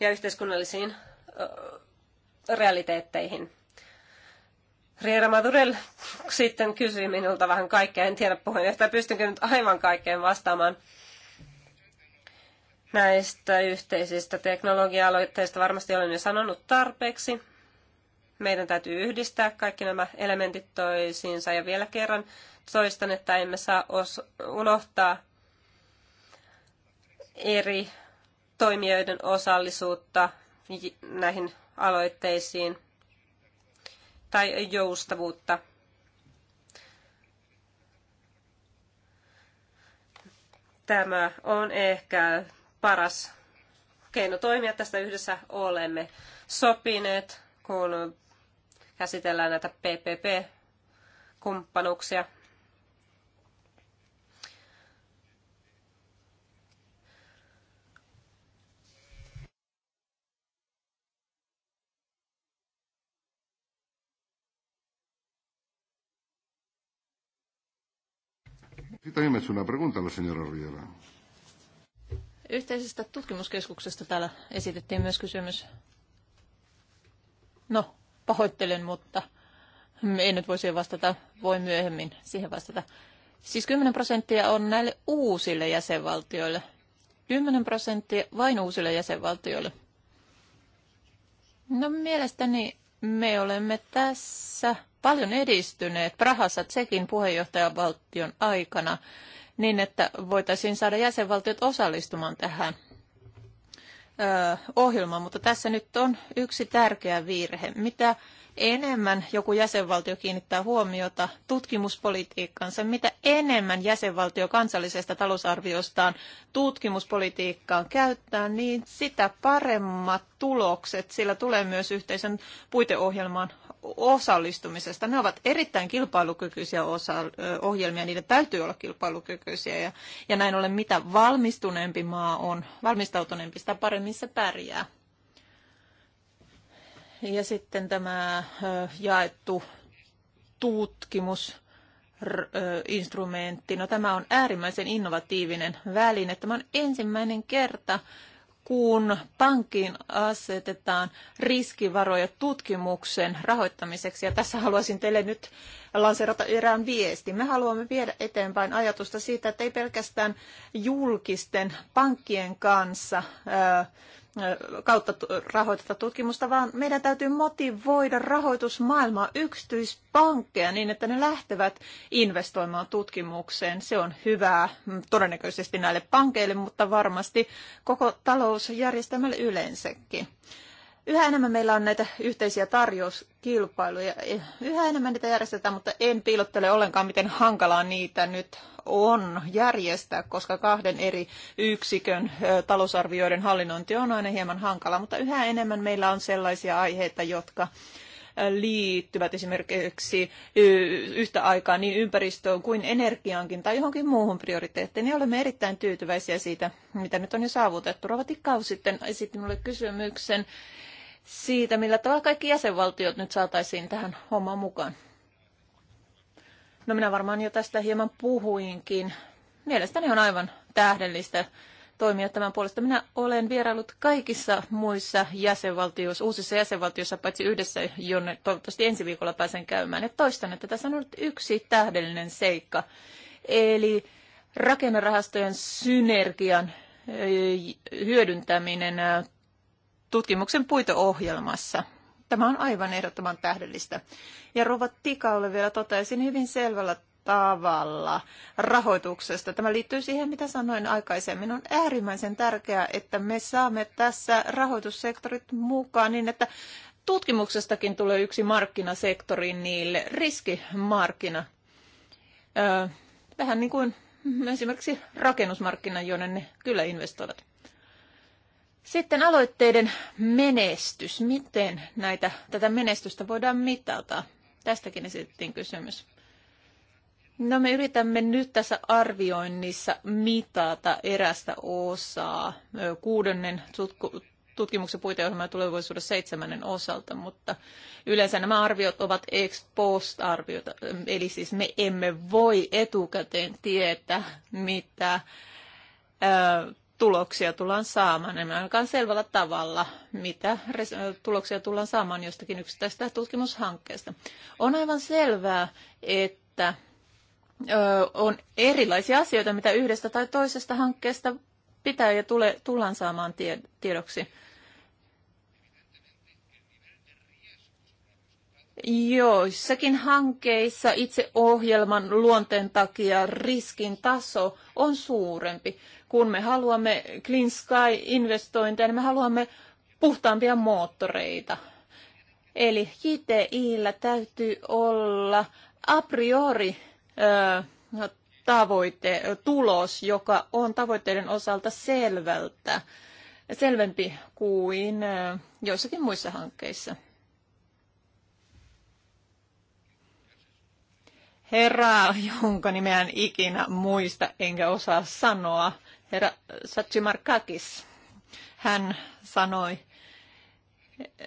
ja yhteiskunnallisiin realiteetteihin. Riera Madurel sitten kysyi minulta vähän kaikkea. En tiedä puheenjohtaja, pystynkö nyt aivan kaikkeen vastaamaan. Näistä yhteisistä teknologia-aloitteista varmasti olen jo sanonut tarpeeksi. Meidän täytyy yhdistää kaikki nämä elementit toisiinsa ja vielä kerran toistan, että emme saa unohtaa eri toimijoiden osallisuutta näihin aloitteisiin tai joustavuutta. Tämä on ehkä paras keino toimia. Tästä yhdessä olemme sopineet, kun käsitellään näitä PPP-kumppanuuksia. Sí, también me kysymys, una pregunta la señora Rivera. Yhteisestä tutkimuskeskuksesta täällä esitettiin myös kysymys. No, pahoittelen, mutta en nyt voi siihen vastata. Voi myöhemmin siihen vastata. Siis 10 prosenttia on näille uusille jäsenvaltioille. 10 prosenttia vain uusille jäsenvaltioille. No mielestäni me olemme tässä paljon edistyneet Prahassa Tsekin puheenjohtajavaltion aikana niin, että voitaisiin saada jäsenvaltiot osallistumaan tähän ohjelmaan, mutta tässä nyt on yksi tärkeä virhe. Mitä enemmän joku jäsenvaltio kiinnittää huomiota tutkimuspolitiikkansa, mitä enemmän jäsenvaltio kansallisesta talousarviostaan tutkimuspolitiikkaan käyttää, niin sitä paremmat tulokset sillä tulee myös yhteisen puiteohjelmaan osallistumisesta. Ne ovat erittäin kilpailukykyisiä osa, ohjelmia, niiden täytyy olla kilpailukykyisiä ja, ja näin ollen mitä valmistuneempi maa on, valmistautuneempi, sitä paremmin se pärjää. Ja sitten tämä jaettu tutkimus instrumentti. No, tämä on äärimmäisen innovatiivinen väline. Tämä on ensimmäinen kerta, kun pankkiin asetetaan riskivaroja tutkimuksen rahoittamiseksi. Ja tässä haluaisin teille nyt lanseerata erään viesti. Me haluamme viedä eteenpäin ajatusta siitä, että ei pelkästään julkisten pankkien kanssa kautta rahoiteta tutkimusta, vaan meidän täytyy motivoida rahoitusmaailmaa yksityispankkeja niin, että ne lähtevät investoimaan tutkimukseen. Se on hyvää mm, todennäköisesti näille pankeille, mutta varmasti koko talousjärjestelmälle yleensäkin. Yhä enemmän meillä on näitä yhteisiä tarjouskilpailuja. Yhä enemmän niitä järjestetään, mutta en piilottele ollenkaan, miten hankalaa niitä nyt on järjestää, koska kahden eri yksikön talousarvioiden hallinnointi on aina hieman hankalaa, mutta yhä enemmän meillä on sellaisia aiheita, jotka liittyvät esimerkiksi yhtä aikaa niin ympäristöön kuin energiaankin tai johonkin muuhun prioriteettiin, niin olemme erittäin tyytyväisiä siitä, mitä nyt on jo saavutettu. Rova Tikkaus sitten esitti minulle kysymyksen siitä, millä tavalla kaikki jäsenvaltiot nyt saataisiin tähän hommaan mukaan. No minä varmaan jo tästä hieman puhuinkin. Mielestäni on aivan tähdellistä toimia tämän puolesta. Minä olen vierailut kaikissa muissa jäsenvaltioissa, uusissa jäsenvaltioissa, paitsi yhdessä, jonne toivottavasti ensi viikolla pääsen käymään. Ja toistan, että tässä on ollut yksi tähdellinen seikka. Eli rakennerahastojen synergian hyödyntäminen tutkimuksen puiteohjelmassa. Tämä on aivan ehdottoman tähdellistä. Ja Rova Tikalle vielä totesin hyvin selvällä tavalla rahoituksesta. Tämä liittyy siihen, mitä sanoin aikaisemmin. On äärimmäisen tärkeää, että me saamme tässä rahoitussektorit mukaan niin, että tutkimuksestakin tulee yksi markkinasektori niille, riskimarkkina. Öö, vähän niin kuin esimerkiksi rakennusmarkkina, jonne ne kyllä investoivat. Sitten aloitteiden menestys. Miten näitä, tätä menestystä voidaan mitata? Tästäkin esitettiin kysymys. No me yritämme nyt tässä arvioinnissa mitata erästä osaa kuudennen tutkimuksen puiteohjelman tulevaisuuden seitsemännen osalta, mutta yleensä nämä arviot ovat ex post arviota, eli siis me emme voi etukäteen tietää, mitä tuloksia tullaan saamaan. En ainakaan selvällä tavalla, mitä tuloksia tullaan saamaan jostakin yksittäisestä tutkimushankkeesta. On aivan selvää, että on erilaisia asioita, mitä yhdestä tai toisesta hankkeesta pitää ja tule, tullaan saamaan tie, tiedoksi. Joissakin hankkeissa itse ohjelman luonteen takia riskin taso on suurempi. Kun me haluamme Clean Sky-investointeja, niin me haluamme puhtaampia moottoreita. Eli JTIllä täytyy olla a priori ö, tavoite, tulos, joka on tavoitteiden osalta selvältä, selvempi kuin ö, joissakin muissa hankkeissa. Herra, jonka nimeä en ikinä muista enkä osaa sanoa, herra Satsimarkakis. Hän sanoi,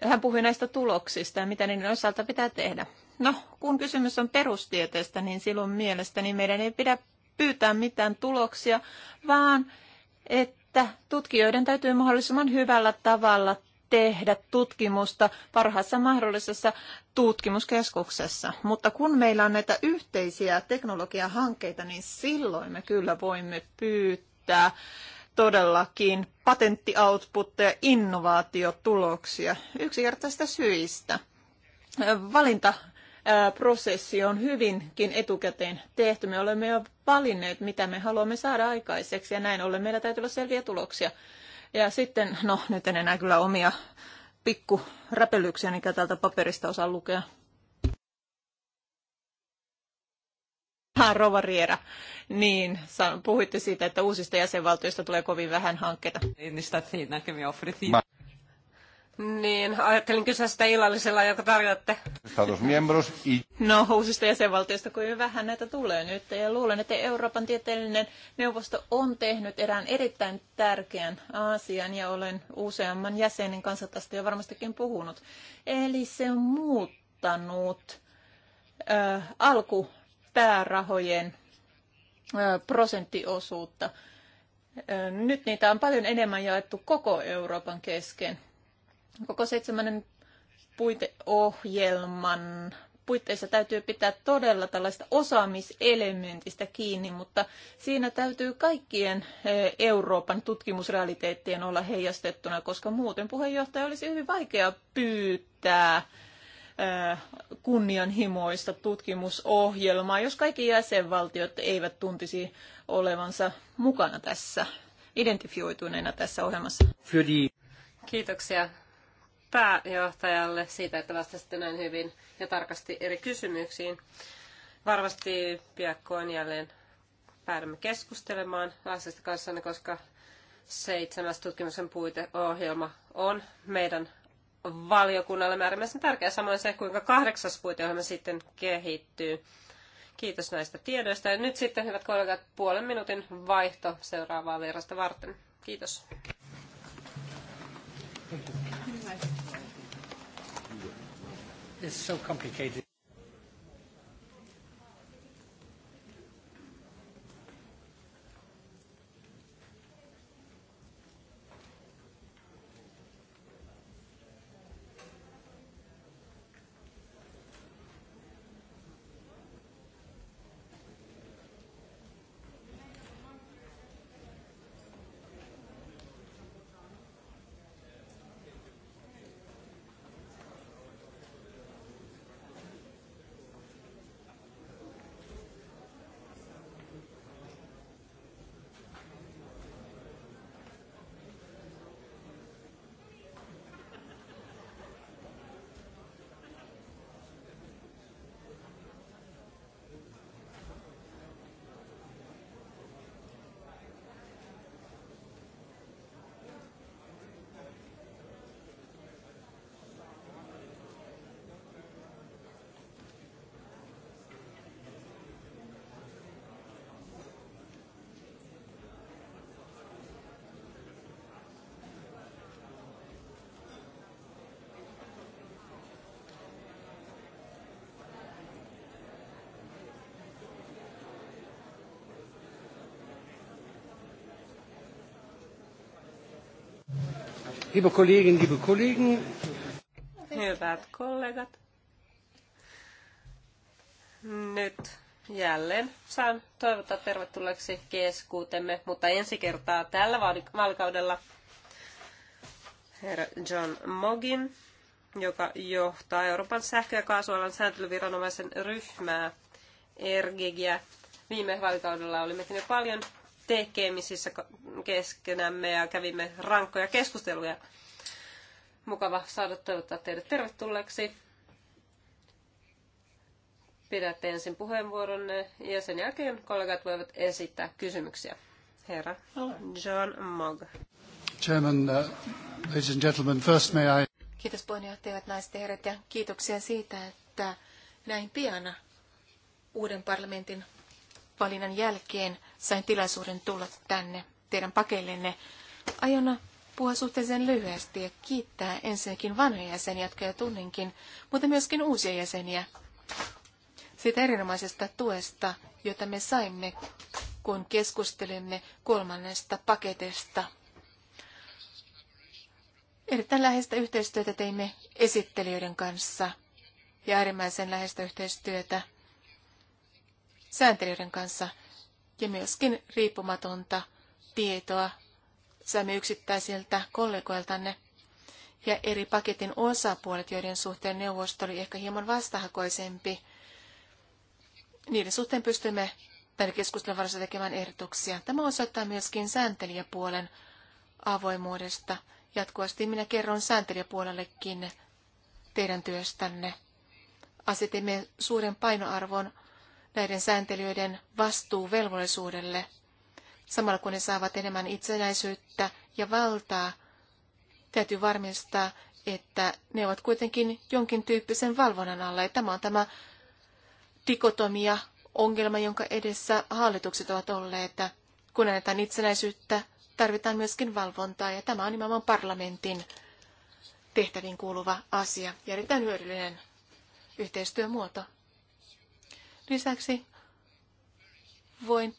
hän puhui näistä tuloksista ja mitä niiden osalta pitää tehdä. No, kun kysymys on perustieteestä, niin silloin mielestäni meidän ei pidä pyytää mitään tuloksia, vaan että tutkijoiden täytyy mahdollisimman hyvällä tavalla tehdä tutkimusta parhaassa mahdollisessa tutkimuskeskuksessa. Mutta kun meillä on näitä yhteisiä teknologiahankkeita, niin silloin me kyllä voimme pyytää käyttää todellakin patenttioutputteja, innovaatiotuloksia yksinkertaisista syistä. Valinta prosessi on hyvinkin etukäteen tehty. Me olemme jo valinneet, mitä me haluamme saada aikaiseksi, ja näin ollen meillä täytyy olla selviä tuloksia. Ja sitten, no nyt en enää kyllä omia pikku räpelyksiä, mikä täältä paperista osaa lukea. Rova Riera, niin puhuitte siitä, että uusista jäsenvaltioista tulee kovin vähän hankkeita. Niin, ajattelin kysyä sitä illallisella, joka tarjoatte. No, uusista jäsenvaltioista kuin vähän näitä tulee nyt. Ja luulen, että Euroopan tieteellinen neuvosto on tehnyt erään erittäin tärkeän asian ja olen useamman jäsenen kanssa tästä jo varmastikin puhunut. Eli se on muuttanut äh, alku päärahojen prosenttiosuutta. Nyt niitä on paljon enemmän jaettu koko Euroopan kesken. Koko seitsemännen puiteohjelman puitteissa täytyy pitää todella tällaista osaamiselementistä kiinni, mutta siinä täytyy kaikkien Euroopan tutkimusrealiteettien olla heijastettuna, koska muuten puheenjohtaja olisi hyvin vaikea pyytää kunnianhimoista tutkimusohjelmaa, jos kaikki jäsenvaltiot eivät tuntisi olevansa mukana tässä, identifioituneena tässä ohjelmassa. Kiitoksia pääjohtajalle siitä, että vastasitte näin hyvin ja tarkasti eri kysymyksiin. Varmasti piakkoon jälleen päädymme keskustelemaan asiasta kanssanne, koska seitsemäs tutkimuksen puiteohjelma on meidän valiokunnalle määrimmäisen tärkeä, samoin se, kuinka kahdeksas puiteohjelma sitten kehittyy. Kiitos näistä tiedoista. Ja nyt sitten, hyvät kollegat, puolen minuutin vaihto seuraavaa vierasta varten. Kiitos. It's so complicated. Liebe Kolleginnen, liebe Kollegen. Hyvät kollegat. Nyt jälleen saan toivottaa tervetulleeksi keskuutemme, mutta ensi kertaa tällä vaalikaudella herra John Mogin, joka johtaa Euroopan sähkö- ja kaasualan sääntelyviranomaisen ryhmää, ERGIGiä. Viime vaalikaudella oli mekin jo paljon tekemisissä keskenämme ja kävimme rankkoja keskusteluja. Mukava saada toivottaa teidät tervetulleeksi. Pidätte ensin puheenvuoronne ja sen jälkeen kollegat voivat esittää kysymyksiä. Herra John Mogg. Chairman, uh, ladies and gentlemen, first may I... Kiitos puheenjohtajat, naiset ja herrat, ja kiitoksia siitä, että näin pian uuden parlamentin valinnan jälkeen – sain tilaisuuden tulla tänne teidän pakeillenne. Aion puhua suhteellisen lyhyesti ja kiittää ensinnäkin vanhoja jäseniä, jotka jo tunninkin, mutta myöskin uusia jäseniä siitä erinomaisesta tuesta, jota me saimme, kun keskustelimme kolmannesta paketista. Erittäin läheistä yhteistyötä teimme esittelijöiden kanssa ja äärimmäisen läheistä yhteistyötä sääntelijöiden kanssa ja myöskin riippumatonta tietoa saamme yksittäisiltä kollegoiltanne ja eri paketin osapuolet, joiden suhteen neuvosto oli ehkä hieman vastahakoisempi. Niiden suhteen pystymme tänne keskustelun varassa tekemään ehdotuksia. Tämä osoittaa myöskin sääntelijäpuolen avoimuudesta. Jatkuvasti minä kerron sääntelijäpuolellekin teidän työstänne. Asetimme suuren painoarvon näiden sääntelyiden vastuuvelvollisuudelle, samalla kun ne saavat enemmän itsenäisyyttä ja valtaa, täytyy varmistaa, että ne ovat kuitenkin jonkin tyyppisen valvonnan alla. Ja tämä on tämä dikotomia ongelma, jonka edessä hallitukset ovat olleet. että Kun annetaan itsenäisyyttä, tarvitaan myöskin valvontaa, ja tämä on nimenomaan parlamentin tehtäviin kuuluva asia ja erittäin hyödyllinen yhteistyömuoto. Lisäksi voin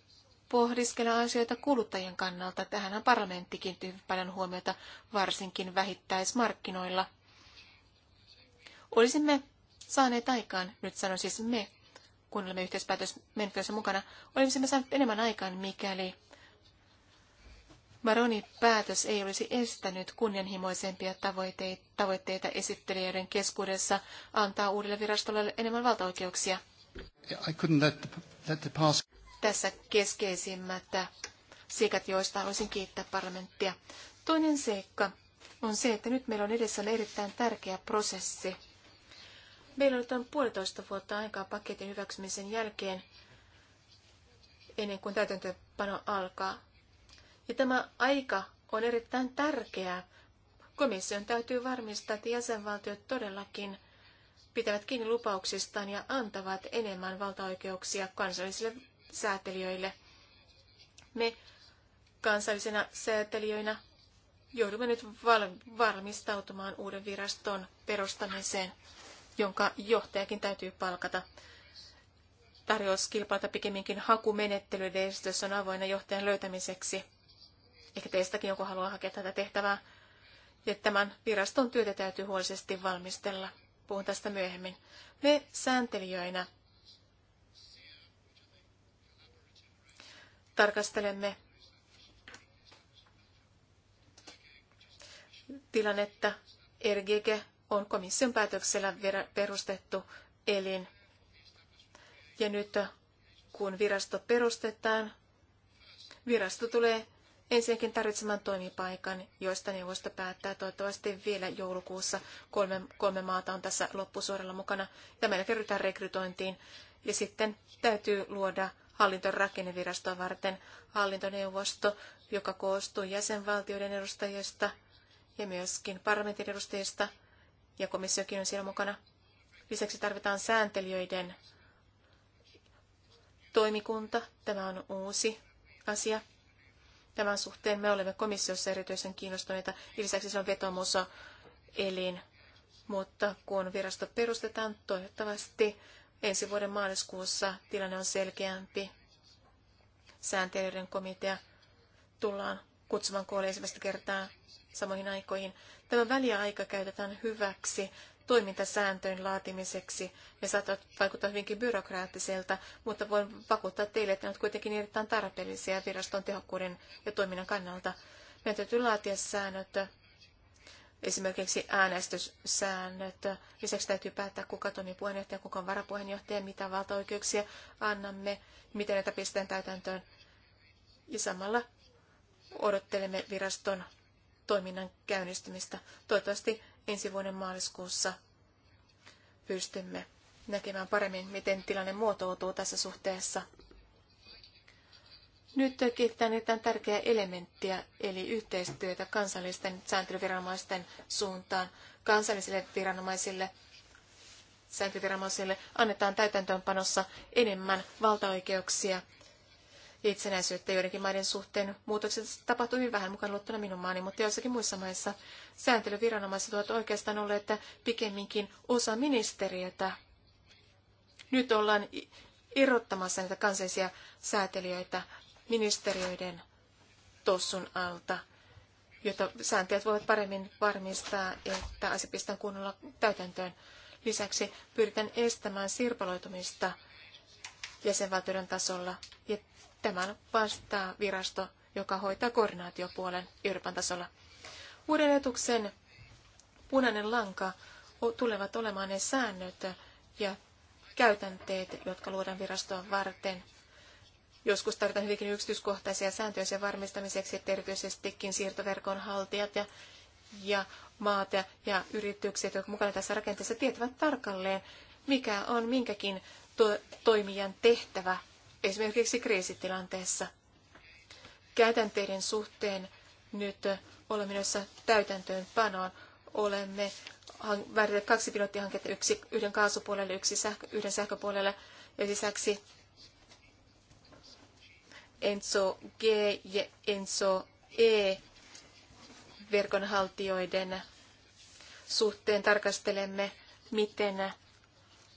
pohdiskella asioita kuluttajien kannalta. Tähän parlamentti kiinnitti paljon huomiota, varsinkin vähittäismarkkinoilla. Olisimme saaneet aikaan, nyt sanon siis me, kun olemme yhteispäätösmenettelyssä mukana, olisimme saaneet enemmän aikaan, mikäli Maronin päätös ei olisi estänyt kunnianhimoisempia tavoitteita esittelijöiden keskuudessa antaa uudelle virastolle enemmän valtaoikeuksia – I couldn't let the, let the pass. Tässä keskeisimmät seikat, joista haluaisin kiittää parlamenttia. Toinen seikka on se, että nyt meillä on edessä erittäin tärkeä prosessi. Meillä on tämän puolitoista vuotta aikaa paketin hyväksymisen jälkeen, ennen kuin täytäntöpano alkaa. Ja tämä aika on erittäin tärkeää. Komission täytyy varmistaa, että jäsenvaltiot todellakin – pitävät kiinni lupauksistaan ja antavat enemmän valtaoikeuksia kansallisille säätelijöille. Me kansallisena säätelijöinä joudumme nyt val- varmistautumaan uuden viraston perustamiseen, jonka johtajakin täytyy palkata. Tarjouskilpailta pikemminkin hakumenettelyiden esitys on avoinna johtajan löytämiseksi. Ehkä teistäkin joku haluaa hakea tätä tehtävää. Ja tämän viraston työtä täytyy huolisesti valmistella. Puhun tästä myöhemmin. Me sääntelijöinä tarkastelemme tilannetta. RGG on komission päätöksellä perustettu elin. Ja nyt kun virasto perustetaan, virasto tulee ensinnäkin tarvitsemaan toimipaikan, joista neuvosto päättää toivottavasti vielä joulukuussa. Kolme, kolme maata on tässä loppusuoralla mukana ja meillä kerrytään rekrytointiin. Ja sitten täytyy luoda hallintorakennevirastoa varten hallintoneuvosto, joka koostuu jäsenvaltioiden edustajista ja myöskin parlamentin edustajista, ja komissiokin on siellä mukana. Lisäksi tarvitaan sääntelijöiden toimikunta. Tämä on uusi asia. Tämän suhteen me olemme komissiossa erityisen kiinnostuneita. Lisäksi se on vetomus elin. Mutta kun virasto perustetaan, toivottavasti ensi vuoden maaliskuussa tilanne on selkeämpi. Sääntelyiden komitea tullaan kutsumaan koolle ensimmäistä kertaa samoihin aikoihin. Tämä väliaika käytetään hyväksi toimintasääntöjen laatimiseksi. Ne saattavat vaikuttaa hyvinkin byrokraattiselta, mutta voin vakuuttaa teille, että ne ovat kuitenkin erittäin tarpeellisia viraston tehokkuuden ja toiminnan kannalta. Meidän täytyy laatia säännöt, esimerkiksi äänestyssäännöt. Lisäksi täytyy päättää, kuka toimii puheenjohtaja, kuka on varapuheenjohtaja, mitä valtaoikeuksia annamme, miten näitä pistetään täytäntöön. Ja samalla odottelemme viraston toiminnan käynnistymistä. Toivottavasti ensi vuoden maaliskuussa pystymme näkemään paremmin, miten tilanne muotoutuu tässä suhteessa. Nyt kiitetään erittäin tärkeää elementtiä, eli yhteistyötä kansallisten sääntelyviranomaisten suuntaan. Kansallisille viranomaisille sääntelyviranomaisille annetaan täytäntöönpanossa enemmän valtaoikeuksia itsenäisyyttä joidenkin maiden suhteen. Muutokset tapahtuu hyvin vähän mukaan luottuna minun maani, mutta joissakin muissa maissa sääntelyviranomaiset ovat oikeastaan olleet pikemminkin osa ministeriötä. Nyt ollaan irrottamassa näitä kansallisia säätelijöitä ministeriöiden tossun alta, jotta sääntelijät voivat paremmin varmistaa, että asia pistetään kunnolla täytäntöön. Lisäksi pyritään estämään sirpaloitumista jäsenvaltioiden tasolla. Ja tämän vastaa virasto, joka hoitaa koordinaatiopuolen Euroopan tasolla. Uuden etuksen punainen lanka tulevat olemaan ne säännöt ja käytänteet, jotka luodaan virastoa varten. Joskus tarvitaan hyvinkin yksityiskohtaisia sääntöjä sen varmistamiseksi, että erityisestikin siirtoverkon haltijat ja, ja maat ja, ja yritykset, jotka mukana tässä rakenteessa, tietävät tarkalleen, mikä on minkäkin to- toimijan tehtävä esimerkiksi kriisitilanteessa. Käytänteiden suhteen nyt olemme menossa täytäntöönpanoon. Olemme määritelleet kaksi pilottihanketta, yksi yhden kaasupuolelle, yksi sähkö, yhden sähköpuolelle ja lisäksi Enso G ja Enso E verkonhaltijoiden suhteen tarkastelemme, miten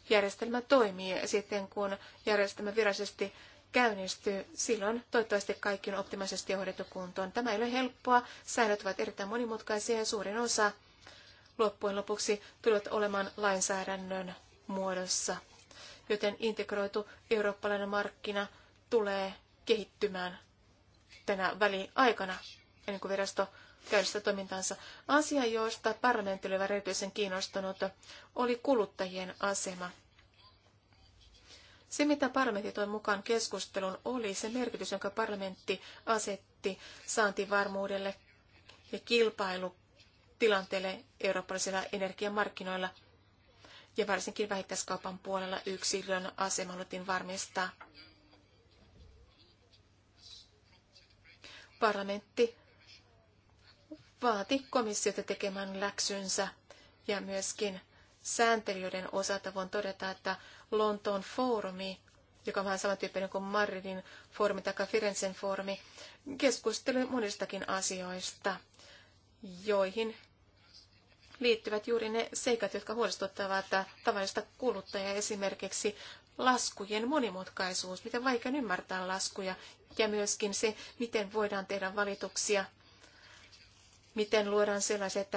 järjestelmä toimii sitten, kun järjestelmä virallisesti käynnistyy, silloin toivottavasti kaikki on optimaisesti johdettu kuntoon. Tämä ei ole helppoa, säännöt ovat erittäin monimutkaisia ja suurin osa loppujen lopuksi tulevat olemaan lainsäädännön muodossa. Joten integroitu eurooppalainen markkina tulee kehittymään tänä väliaikana, ennen kuin virasto käynnistä toimintansa. Asia, josta parlamentti oli erityisen kiinnostunut, oli kuluttajien asema. Se, mitä parlamentti toi mukaan keskustelun, oli se merkitys, jonka parlamentti asetti saantivarmuudelle ja kilpailutilanteelle eurooppalaisilla energiamarkkinoilla ja varsinkin vähittäiskaupan puolella yksilön asema haluttiin varmistaa. Parlamentti vaati komissiota tekemään läksynsä ja myöskin sääntelijöiden osalta voin todeta, että Lontoon foorumi, joka on vähän samantyyppinen kuin Madridin foorumi tai Firenzen foorumi, keskusteli monistakin asioista, joihin liittyvät juuri ne seikat, jotka huolestuttavat tavallista kuluttajaa, esimerkiksi laskujen monimutkaisuus, miten vaikea ymmärtää laskuja, ja myöskin se, miten voidaan tehdä valituksia miten luodaan sellaiset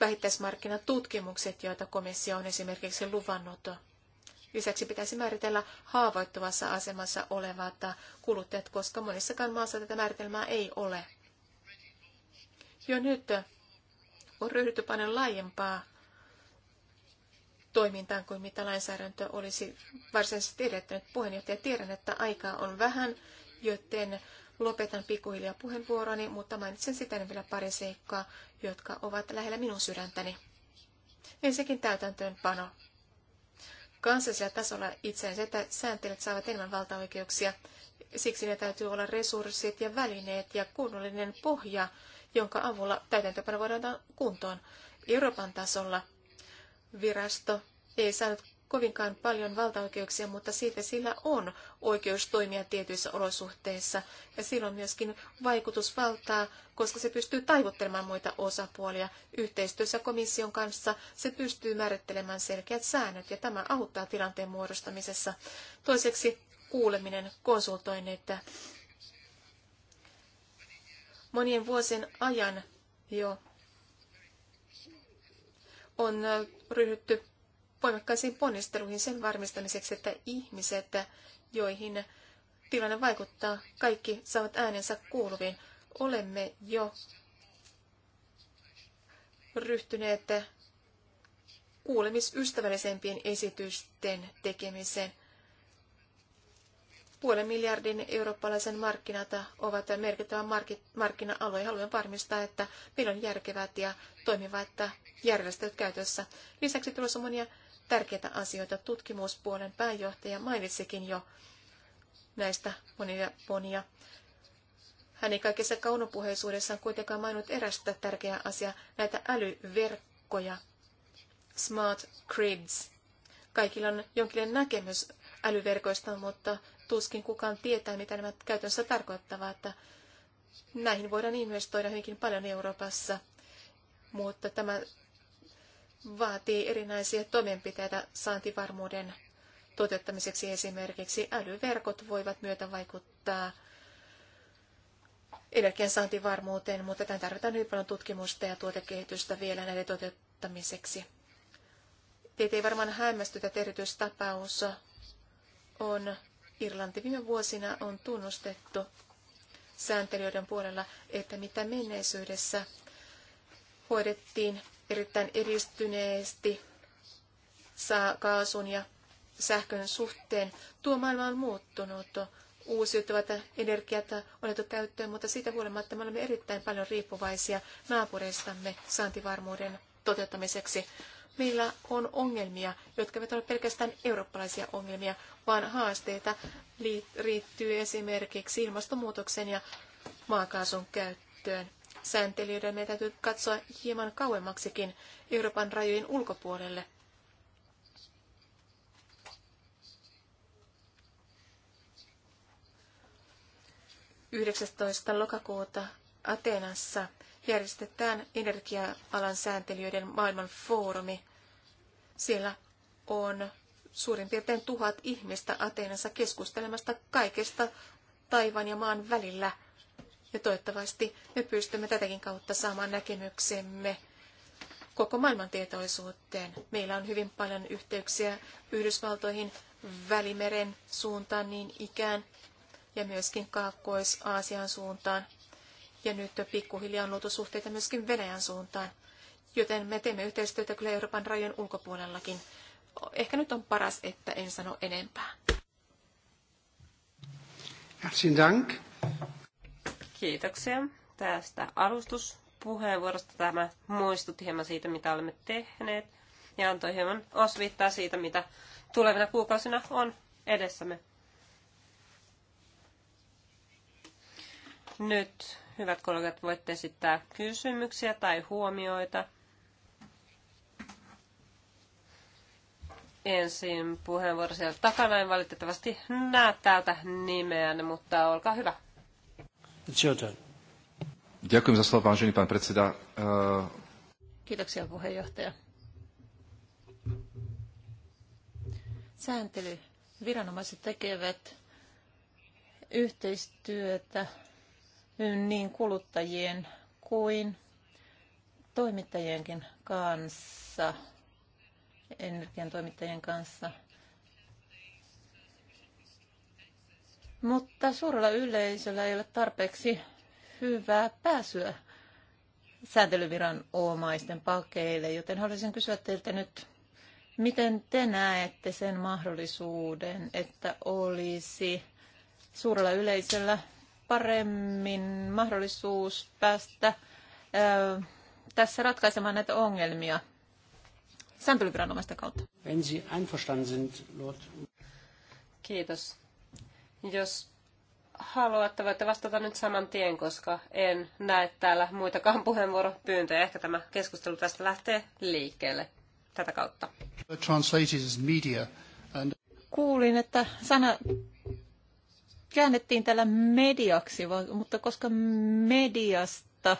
vähittäismarkkinatutkimukset, joita komissio on esimerkiksi luvannut. Lisäksi pitäisi määritellä haavoittuvassa asemassa olevat kuluttajat, koska monissakaan maassa tätä määritelmää ei ole. Jo nyt on ryhdytty paljon laajempaa toimintaan kuin mitä lainsäädäntö olisi varsinaisesti edellyttänyt. Puheenjohtaja tiedän, että aikaa on vähän, joten lopetan pikkuhiljaa puheenvuoroni, mutta mainitsen sitten vielä pari seikkaa, jotka ovat lähellä minun sydäntäni. Ensinnäkin täytäntöönpano. Kansallisella tasolla itse että sääntelijät saavat enemmän valtaoikeuksia. Siksi ne täytyy olla resurssit ja välineet ja kunnollinen pohja, jonka avulla täytäntöönpano voidaan kuntoon. Euroopan tasolla virasto ei saanut kovinkaan paljon valtaoikeuksia, mutta siitä sillä on oikeus toimia tietyissä olosuhteissa. Ja sillä on myöskin vaikutusvaltaa, koska se pystyy taivuttelemaan muita osapuolia. Yhteistyössä komission kanssa se pystyy määrittelemään selkeät säännöt, ja tämä auttaa tilanteen muodostamisessa. Toiseksi kuuleminen, konsultoinnit. Monien vuosien ajan jo on ryhdytty voimakkaisiin ponnisteluihin sen varmistamiseksi, että ihmiset, joihin tilanne vaikuttaa, kaikki saavat äänensä kuuluviin. Olemme jo ryhtyneet kuulemisystävällisempien esitysten tekemiseen. Puolen miljardin eurooppalaisen markkinat ovat merkittävä markkina-alue haluan varmistaa, että meillä on järkevät ja toimivat järjestöt käytössä. Lisäksi tulossa monia tärkeitä asioita. Tutkimuspuolen pääjohtaja mainitsikin jo näistä monia monia. Hän ei kaikessa kaunopuheisuudessaan kuitenkaan mainut erästä tärkeää asiaa, näitä älyverkkoja, smart grids. Kaikilla on jonkinlainen näkemys älyverkoista, mutta tuskin kukaan tietää, mitä nämä käytännössä tarkoittavat. Näihin voidaan investoida hyvinkin paljon Euroopassa, mutta tämä vaatii erinäisiä toimenpiteitä saantivarmuuden toteuttamiseksi esimerkiksi älyverkot voivat myötä vaikuttaa saantivarmuuteen, mutta tämän tarvitaan hyvin paljon tutkimusta ja tuotekehitystä vielä näiden toteuttamiseksi. Teitä ei varmaan hämmästytä, että erityistapaus on Irlanti viime vuosina on tunnustettu sääntelijöiden puolella, että mitä menneisyydessä hoidettiin erittäin edistyneesti saa kaasun ja sähkön suhteen. Tuo maailma on muuttunut. Uusiutuvat energiat on otettu käyttöön, mutta siitä huolimatta me olemme erittäin paljon riippuvaisia naapureistamme saantivarmuuden toteuttamiseksi. Meillä on ongelmia, jotka eivät ole pelkästään eurooppalaisia ongelmia, vaan haasteita liittyy esimerkiksi ilmastonmuutoksen ja maakaasun käyttöön sääntelijöiden meidän täytyy katsoa hieman kauemmaksikin Euroopan rajojen ulkopuolelle. Yhdeksästoista lokakuuta Atenassa järjestetään energia-alan sääntelijöiden maailman foorumi. Siellä on suurin piirtein tuhat ihmistä Ateenassa keskustelemasta kaikesta taivaan ja maan välillä – ja toivottavasti me pystymme tätäkin kautta saamaan näkemyksemme koko maailman tietoisuuteen. Meillä on hyvin paljon yhteyksiä Yhdysvaltoihin, Välimeren suuntaan niin ikään ja myöskin Kaakkois-Aasian suuntaan. Ja nyt pikkuhiljaa on luotu suhteita myöskin Venäjän suuntaan. Joten me teemme yhteistyötä kyllä Euroopan rajojen ulkopuolellakin. Ehkä nyt on paras, että en sano enempää. Herzlichen Dank. Kiitoksia tästä alustuspuheenvuorosta. Tämä muistutti hieman siitä, mitä olemme tehneet ja antoi hieman osviittaa siitä, mitä tulevina kuukausina on edessämme. Nyt, hyvät kollegat, voitte esittää kysymyksiä tai huomioita. Ensin puheenvuoro siellä takana. En valitettavasti näe täältä nimeänne, mutta olkaa hyvä. It's your turn. Ďakujem za slovo, vážený pán predseda. Uh, Kiitoksia puheenjohtaja. Sääntely. Viranomaiset tekevät yhteistyötä niin kuluttajien kuin toimittajienkin kanssa, energian toimittajien kanssa – mutta suurella yleisöllä ei ole tarpeeksi hyvää pääsyä omaisten pakeille, joten haluaisin kysyä teiltä nyt, miten te näette sen mahdollisuuden, että olisi suurella yleisöllä paremmin mahdollisuus päästä ö, tässä ratkaisemaan näitä ongelmia sääntelyviranomaisten kautta? Kiitos. Jos haluatte, voitte vastata nyt saman tien, koska en näe täällä muitakaan puheenvuoropyyntöjä. Ehkä tämä keskustelu tästä lähtee liikkeelle tätä kautta. Kuulin, että sana käännettiin täällä mediaksi, mutta koska mediasta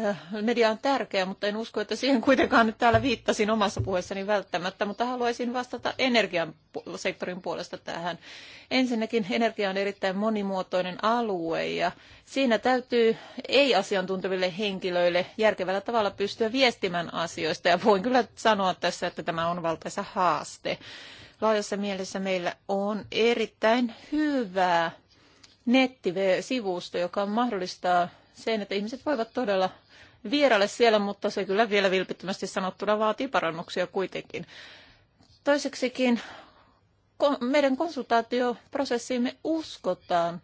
Äh, media on tärkeä, mutta en usko, että siihen kuitenkaan nyt täällä viittasin omassa puheessani välttämättä, mutta haluaisin vastata energian sektorin puolesta tähän. Ensinnäkin energia on erittäin monimuotoinen alue ja siinä täytyy ei-asiantunteville henkilöille järkevällä tavalla pystyä viestimään asioista ja voin kyllä sanoa tässä, että tämä on valtaisa haaste. Laajassa mielessä meillä on erittäin hyvä nettisivusto, joka mahdollistaa sen, että ihmiset voivat todella vieraille siellä, mutta se kyllä vielä vilpittömästi sanottuna vaatii parannuksia kuitenkin. Toiseksikin meidän konsultaatioprosessiimme uskotaan.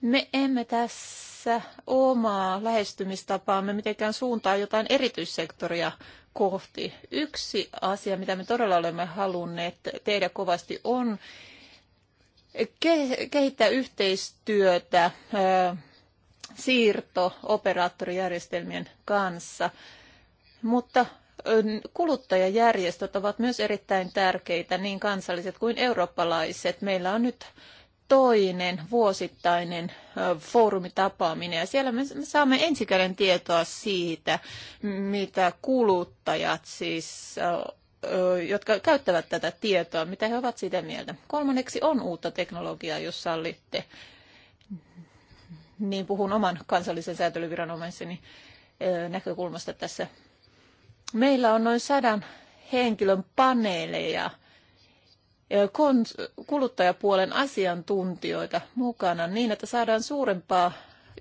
Me emme tässä omaa lähestymistapaamme mitenkään suuntaa jotain erityissektoria kohti. Yksi asia, mitä me todella olemme halunneet tehdä kovasti, on kehittää yhteistyötä siirto operaattorijärjestelmien kanssa. Mutta kuluttajajärjestöt ovat myös erittäin tärkeitä, niin kansalliset kuin eurooppalaiset. Meillä on nyt toinen vuosittainen foorumitapaaminen ja siellä me saamme ensikäden tietoa siitä, mitä kuluttajat siis jotka käyttävät tätä tietoa, mitä he ovat sitä mieltä. Kolmanneksi on uutta teknologiaa, jos sallitte niin puhun oman kansallisen säätelyviranomaiseni näkökulmasta tässä. Meillä on noin sadan henkilön paneeleja, kuluttajapuolen asiantuntijoita mukana niin, että saadaan suurempaa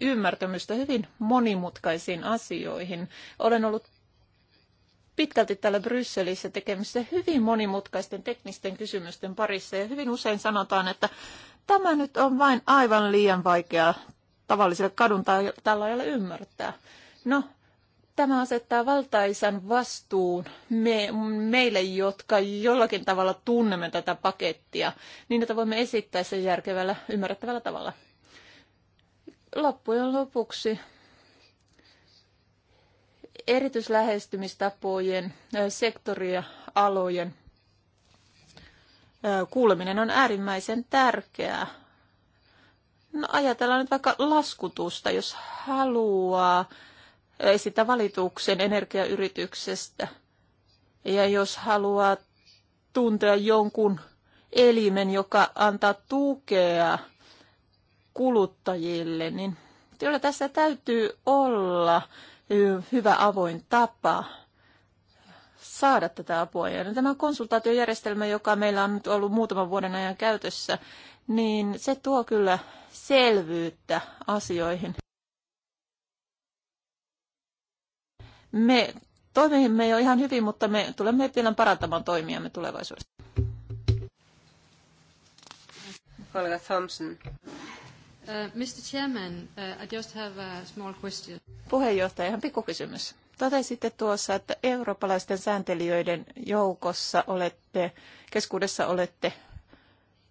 ymmärtämystä hyvin monimutkaisiin asioihin. Olen ollut pitkälti täällä Brysselissä tekemissä hyvin monimutkaisten teknisten kysymysten parissa ja hyvin usein sanotaan, että tämä nyt on vain aivan liian vaikeaa tavallisille kadun talajalle ymmärtää. No, tämä asettaa valtaisan vastuun me, meille, jotka jollakin tavalla tunnemme tätä pakettia, niin että voimme esittää sen järkevällä, ymmärrettävällä tavalla. Loppujen lopuksi erityislähestymistapojen, sektoria, alojen kuuleminen on äärimmäisen tärkeää No ajatellaan nyt vaikka laskutusta, jos haluaa esittää valituksen energiayrityksestä. Ja jos haluaa tuntea jonkun elimen, joka antaa tukea kuluttajille, niin kyllä tässä täytyy olla hyvä avoin tapa saada tätä apua. Ja tämä konsultaatiojärjestelmä, joka meillä on nyt ollut muutaman vuoden ajan käytössä, niin se tuo kyllä selvyyttä asioihin. Me toimimme jo ihan hyvin, mutta me tulemme vielä parantamaan toimiamme tulevaisuudessa. Olga Thompson. Uh, Mr. Chairman, uh, I just have a small question. Puheenjohtaja, ihan pikkukysymys. Totesitte tuossa, että eurooppalaisten sääntelijöiden joukossa olette, keskuudessa olette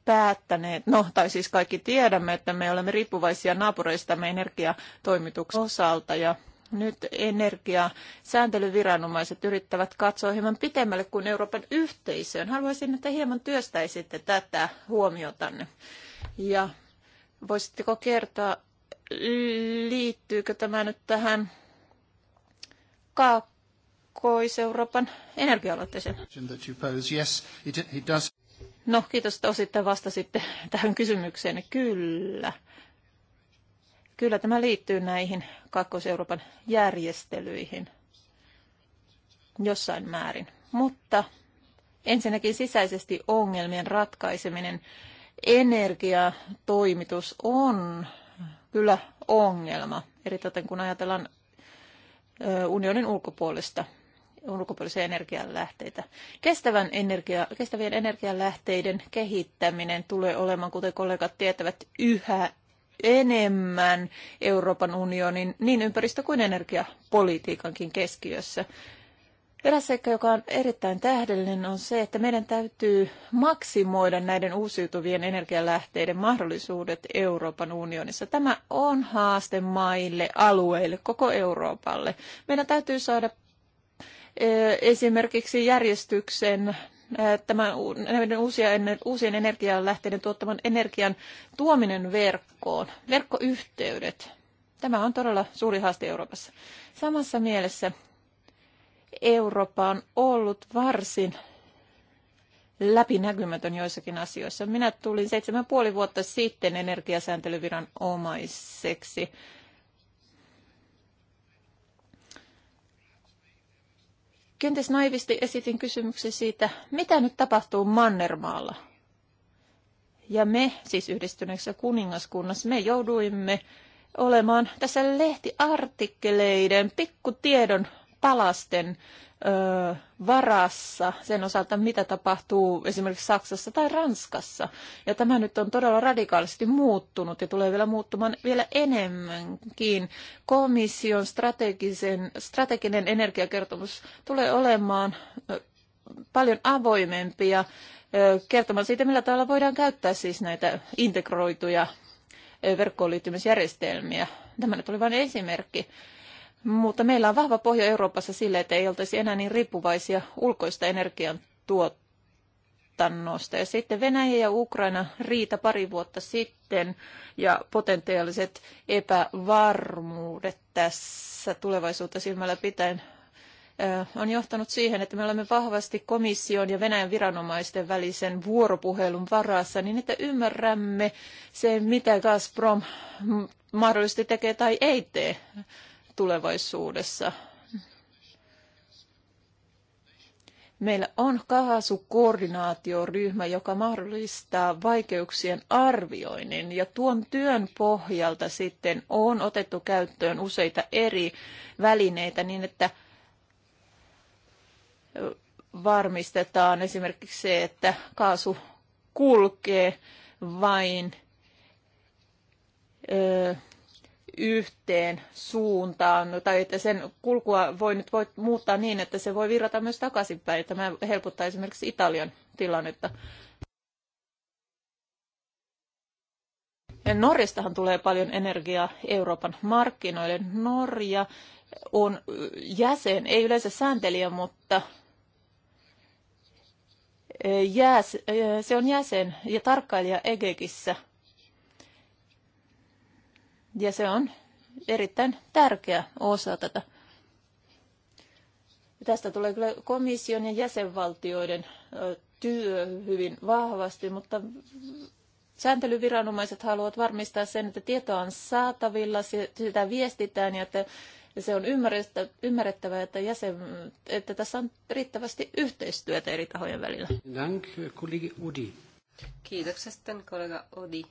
päättäneet, no tai siis kaikki tiedämme, että me olemme riippuvaisia naapureistamme energiatoimituksen osalta ja nyt energiasääntelyviranomaiset yrittävät katsoa hieman pitemmälle kuin Euroopan yhteisöön. Haluaisin, että hieman työstäisitte tätä huomiotanne. Ja voisitteko kertoa, liittyykö tämä nyt tähän Kaakkois-Euroopan energia-aloitteeseen? No kiitos, että osittain vastasitte tähän kysymykseen. Kyllä. Kyllä tämä liittyy näihin Kaakkois-Euroopan järjestelyihin jossain määrin. Mutta ensinnäkin sisäisesti ongelmien ratkaiseminen, energiatoimitus on kyllä ongelma, eritoten kun ajatellaan unionin ulkopuolista ulkopuolisia energianlähteitä. Kestävän energia, kestävien energianlähteiden kehittäminen tulee olemaan, kuten kollegat tietävät, yhä enemmän Euroopan unionin niin ympäristö- kuin energiapolitiikankin keskiössä. Eräs seikka, joka on erittäin tähdellinen, on se, että meidän täytyy maksimoida näiden uusiutuvien energialähteiden mahdollisuudet Euroopan unionissa. Tämä on haaste maille, alueille, koko Euroopalle. Meidän täytyy saada Eh, esimerkiksi järjestyksen eh, tämän näiden uusien energialähteiden tuottaman energian tuominen verkkoon, verkkoyhteydet. Tämä on todella suuri haaste Euroopassa. Samassa mielessä Eurooppa on ollut varsin läpinäkymätön joissakin asioissa. Minä tulin seitsemän puoli vuotta sitten energiasääntelyviranomaiseksi. omaiseksi. Kenties naivisti esitin kysymyksen siitä, mitä nyt tapahtuu Mannermaalla. Ja me, siis yhdistyneessä kuningaskunnassa, me jouduimme olemaan tässä lehtiartikkeleiden, pikkutiedon palasten ö, varassa sen osalta, mitä tapahtuu esimerkiksi Saksassa tai Ranskassa. Ja tämä nyt on todella radikaalisti muuttunut ja tulee vielä muuttumaan vielä enemmänkin. Komission strategisen, strateginen energiakertomus tulee olemaan ö, paljon avoimempi ja ö, kertomaan siitä, millä tavalla voidaan käyttää siis näitä integroituja verkkoon liittymisjärjestelmiä. Tämä nyt oli vain esimerkki. Mutta meillä on vahva pohja Euroopassa sille, että ei oltaisi enää niin riippuvaisia ulkoista energian tuotannosta. Ja sitten Venäjä ja Ukraina riita pari vuotta sitten ja potentiaaliset epävarmuudet tässä tulevaisuutta silmällä pitäen on johtanut siihen, että me olemme vahvasti komission ja Venäjän viranomaisten välisen vuoropuhelun varassa, niin että ymmärrämme sen, mitä Gazprom mahdollisesti tekee tai ei tee tulevaisuudessa. Meillä on kaasukoordinaatioryhmä, joka mahdollistaa vaikeuksien arvioinnin ja tuon työn pohjalta sitten on otettu käyttöön useita eri välineitä niin, että varmistetaan esimerkiksi se, että kaasu kulkee vain yhteen suuntaan, tai että sen kulkua voi nyt voi muuttaa niin, että se voi virrata myös takaisinpäin. Tämä helpottaa esimerkiksi Italian tilannetta. Norjastahan tulee paljon energiaa Euroopan markkinoille. Norja on jäsen, ei yleensä sääntelijä, mutta eh, jäs, eh, se on jäsen ja tarkkailija Egekissä – ja se on erittäin tärkeä osa tätä. Tästä tulee kyllä komission ja jäsenvaltioiden työ hyvin vahvasti, mutta sääntelyviranomaiset haluavat varmistaa sen, että tietoa on saatavilla, sitä viestitään ja että se on ymmärrettävää, että, jäsen, että tässä on riittävästi yhteistyötä eri tahojen välillä. Dank, kollega Odi. Kiitoksia sitten kollega Odi.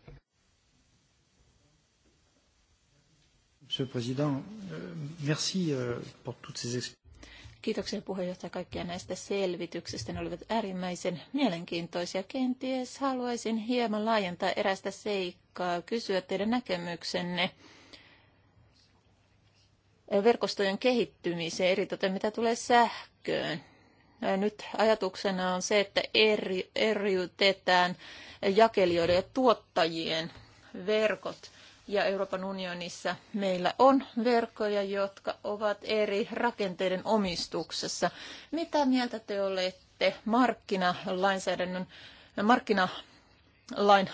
Monsieur Président, euh, merci euh, pour toutes ces explications. Kiitoksia puheenjohtaja kaikkia näistä selvityksistä. Ne olivat äärimmäisen mielenkiintoisia. Kenties haluaisin hieman laajentaa erästä seikkaa, kysyä teidän näkemyksenne verkostojen kehittymiseen, eritoten mitä tulee sähköön. Nyt ajatuksena on se, että eri, eriytetään jakelijoiden ja tuottajien verkot ja Euroopan unionissa meillä on verkkoja, jotka ovat eri rakenteiden omistuksessa. Mitä mieltä te olette markkinalainsäädännön, markkinalain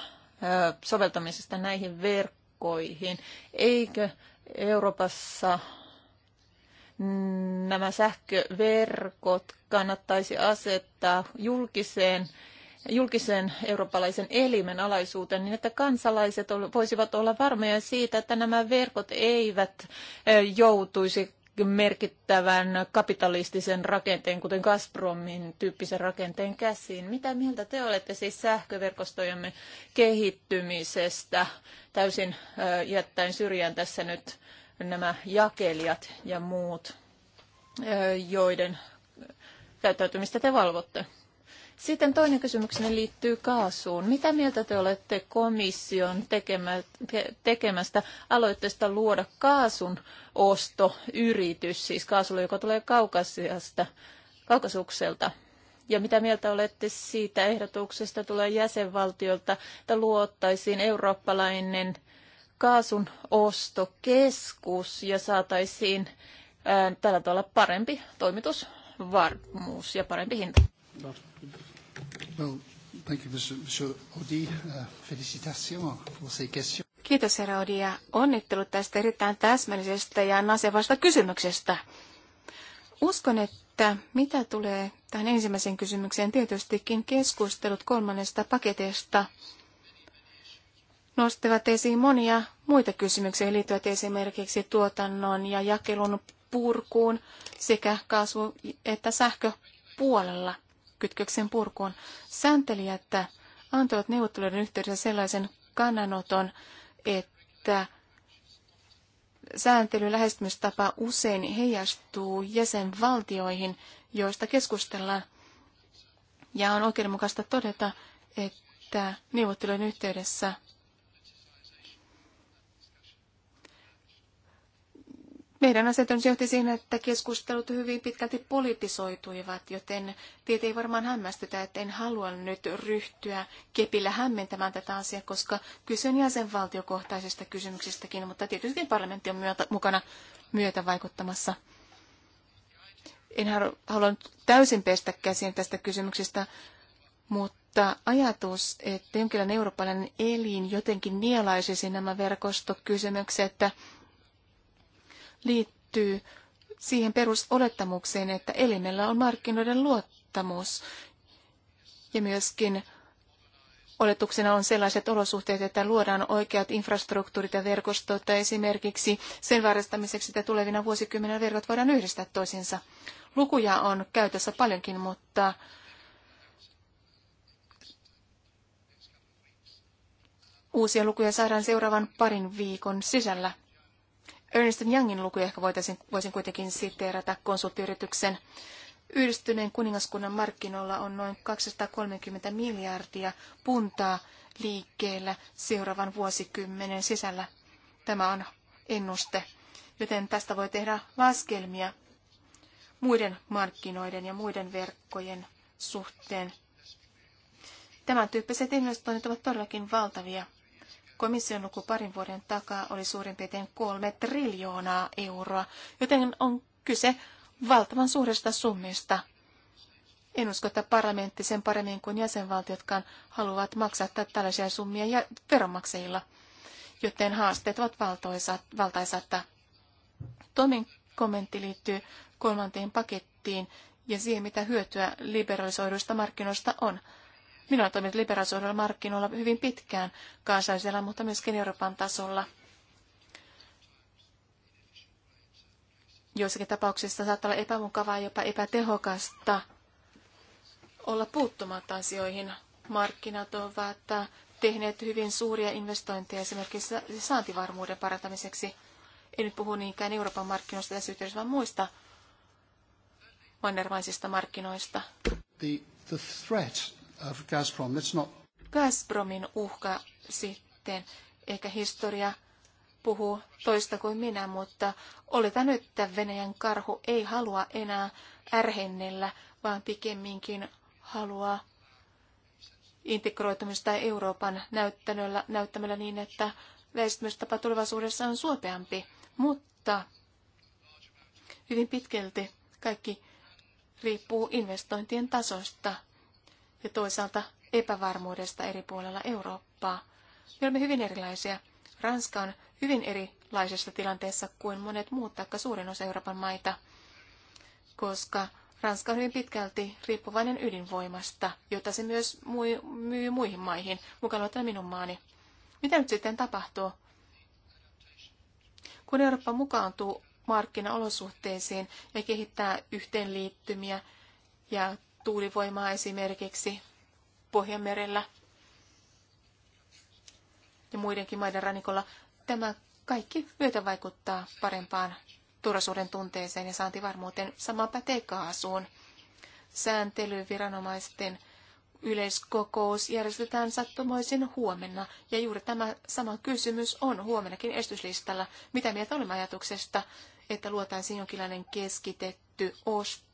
soveltamisesta näihin verkkoihin? Eikö Euroopassa nämä sähköverkot kannattaisi asettaa julkiseen julkisen eurooppalaisen elimen alaisuuteen, niin että kansalaiset voisivat olla varmoja siitä, että nämä verkot eivät joutuisi merkittävän kapitalistisen rakenteen, kuten Gazpromin tyyppisen rakenteen käsiin. Mitä mieltä te olette siis sähköverkostojemme kehittymisestä? Täysin jättäen syrjään tässä nyt nämä jakelijat ja muut, joiden käyttäytymistä te valvotte. Sitten toinen kysymykseni liittyy kaasuun. Mitä mieltä te olette komission tekemä, te, tekemästä aloitteesta luoda kaasun ostoyritys, siis kaasulla, joka tulee kaukasukselta? Ja mitä mieltä olette siitä ehdotuksesta tulee jäsenvaltiolta, että luottaisiin eurooppalainen kaasun ostokeskus ja saataisiin ää, tällä tavalla parempi toimitusvarmuus ja parempi hinta? No. Well, thank you, Mr. Odi. pour ces questions. Kiitos herra Odi ja onnittelut tästä erittäin täsmällisestä ja nasevasta kysymyksestä. Uskon, että mitä tulee tähän ensimmäiseen kysymykseen, tietystikin keskustelut kolmannesta paketista nostivat esiin monia muita kysymyksiä liittyvät esimerkiksi tuotannon ja jakelun purkuun sekä kaasu- että sähköpuolella kytköksen purkuun. Sääntelijät antoivat neuvotteluiden yhteydessä sellaisen kannanoton, että sääntelyn lähestymistapa usein heijastuu jäsenvaltioihin, joista keskustellaan. Ja on oikeudenmukaista todeta, että neuvottelujen yhteydessä Meidän asetelmamme johti siihen, että keskustelut hyvin pitkälti politisoituivat, joten teitä ei varmaan hämmästytä, että en halua nyt ryhtyä kepillä hämmentämään tätä asiaa, koska kyse on jäsenvaltiokohtaisista kysymyksistäkin, mutta tietysti parlamentti on myötä, mukana myötä vaikuttamassa. En halua täysin pestä käsiin tästä kysymyksestä, mutta ajatus, että jonkinlainen eurooppalainen elin jotenkin nielaisisi nämä verkostokysymykset, että liittyy siihen perusolettamukseen, että elimellä on markkinoiden luottamus. Ja myöskin Oletuksena on sellaiset olosuhteet, että luodaan oikeat infrastruktuurit ja verkostot esimerkiksi sen varastamiseksi, että tulevina vuosikymmeninä verkot voidaan yhdistää toisiinsa. Lukuja on käytössä paljonkin, mutta uusia lukuja saadaan seuraavan parin viikon sisällä. Ernest Youngin lukuja ehkä voitaisin, voisin kuitenkin siteerata konsulttiyrityksen. Yhdistyneen kuningaskunnan markkinoilla on noin 230 miljardia puntaa liikkeellä seuraavan vuosikymmenen sisällä. Tämä on ennuste, joten tästä voi tehdä laskelmia muiden markkinoiden ja muiden verkkojen suhteen. Tämän tyyppiset investoinnit ovat todellakin valtavia. Komission luku parin vuoden takaa oli suurin piirtein kolme triljoonaa euroa, joten on kyse valtavan suuresta summista. En usko, että parlamentti sen paremmin kuin jäsenvaltiotkaan haluavat maksaa tällaisia summia ja veronmaksajilla, joten haasteet ovat valtaisat. valtaisat. Tomin kommentti liittyy kolmanteen pakettiin ja siihen, mitä hyötyä liberalisoiduista markkinoista on. Minä olen toiminut liberalisoidulla markkinoilla hyvin pitkään kansallisella, mutta myöskin Euroopan tasolla. Joissakin tapauksissa saattaa olla epämukavaa, jopa epätehokasta olla puuttumatta asioihin. Markkinat ovat tehneet hyvin suuria investointeja esimerkiksi saantivarmuuden parantamiseksi. En nyt puhu niinkään Euroopan markkinoista tässä yhteydessä, vaan muista mannermaisista markkinoista. The, the threat Gazprom. not... Gazpromin uhka sitten. Ehkä historia puhuu toista kuin minä, mutta oletan nyt, että Venäjän karhu ei halua enää ärhennellä, vaan pikemminkin haluaa integroitumista Euroopan näyttämällä, näyttämällä niin, että väestymistapa tulevaisuudessa on suopeampi. Mutta hyvin pitkälti kaikki riippuu investointien tasosta ja toisaalta epävarmuudesta eri puolella Eurooppaa. Me olemme hyvin erilaisia. Ranska on hyvin erilaisessa tilanteessa kuin monet muut taikka suurin osa Euroopan maita, koska Ranska on hyvin pitkälti riippuvainen ydinvoimasta, jota se myös myy muihin maihin, mukaan luettuna minun maani. Mitä nyt sitten tapahtuu? Kun Eurooppa mukaantuu markkinaolosuhteisiin ja kehittää yhteenliittymiä ja tuulivoimaa esimerkiksi Pohjanmerellä ja muidenkin maiden rannikolla. Tämä kaikki myötä vaikuttaa parempaan turvallisuuden tunteeseen ja saantivarmuuteen. Sama pätee kaasuun. Sääntelyviranomaisten yleiskokous järjestetään sattumoisin huomenna. Ja juuri tämä sama kysymys on huomennakin estyslistalla. Mitä mieltä olemme ajatuksesta, että luotaisiin jonkinlainen keskitetty osto?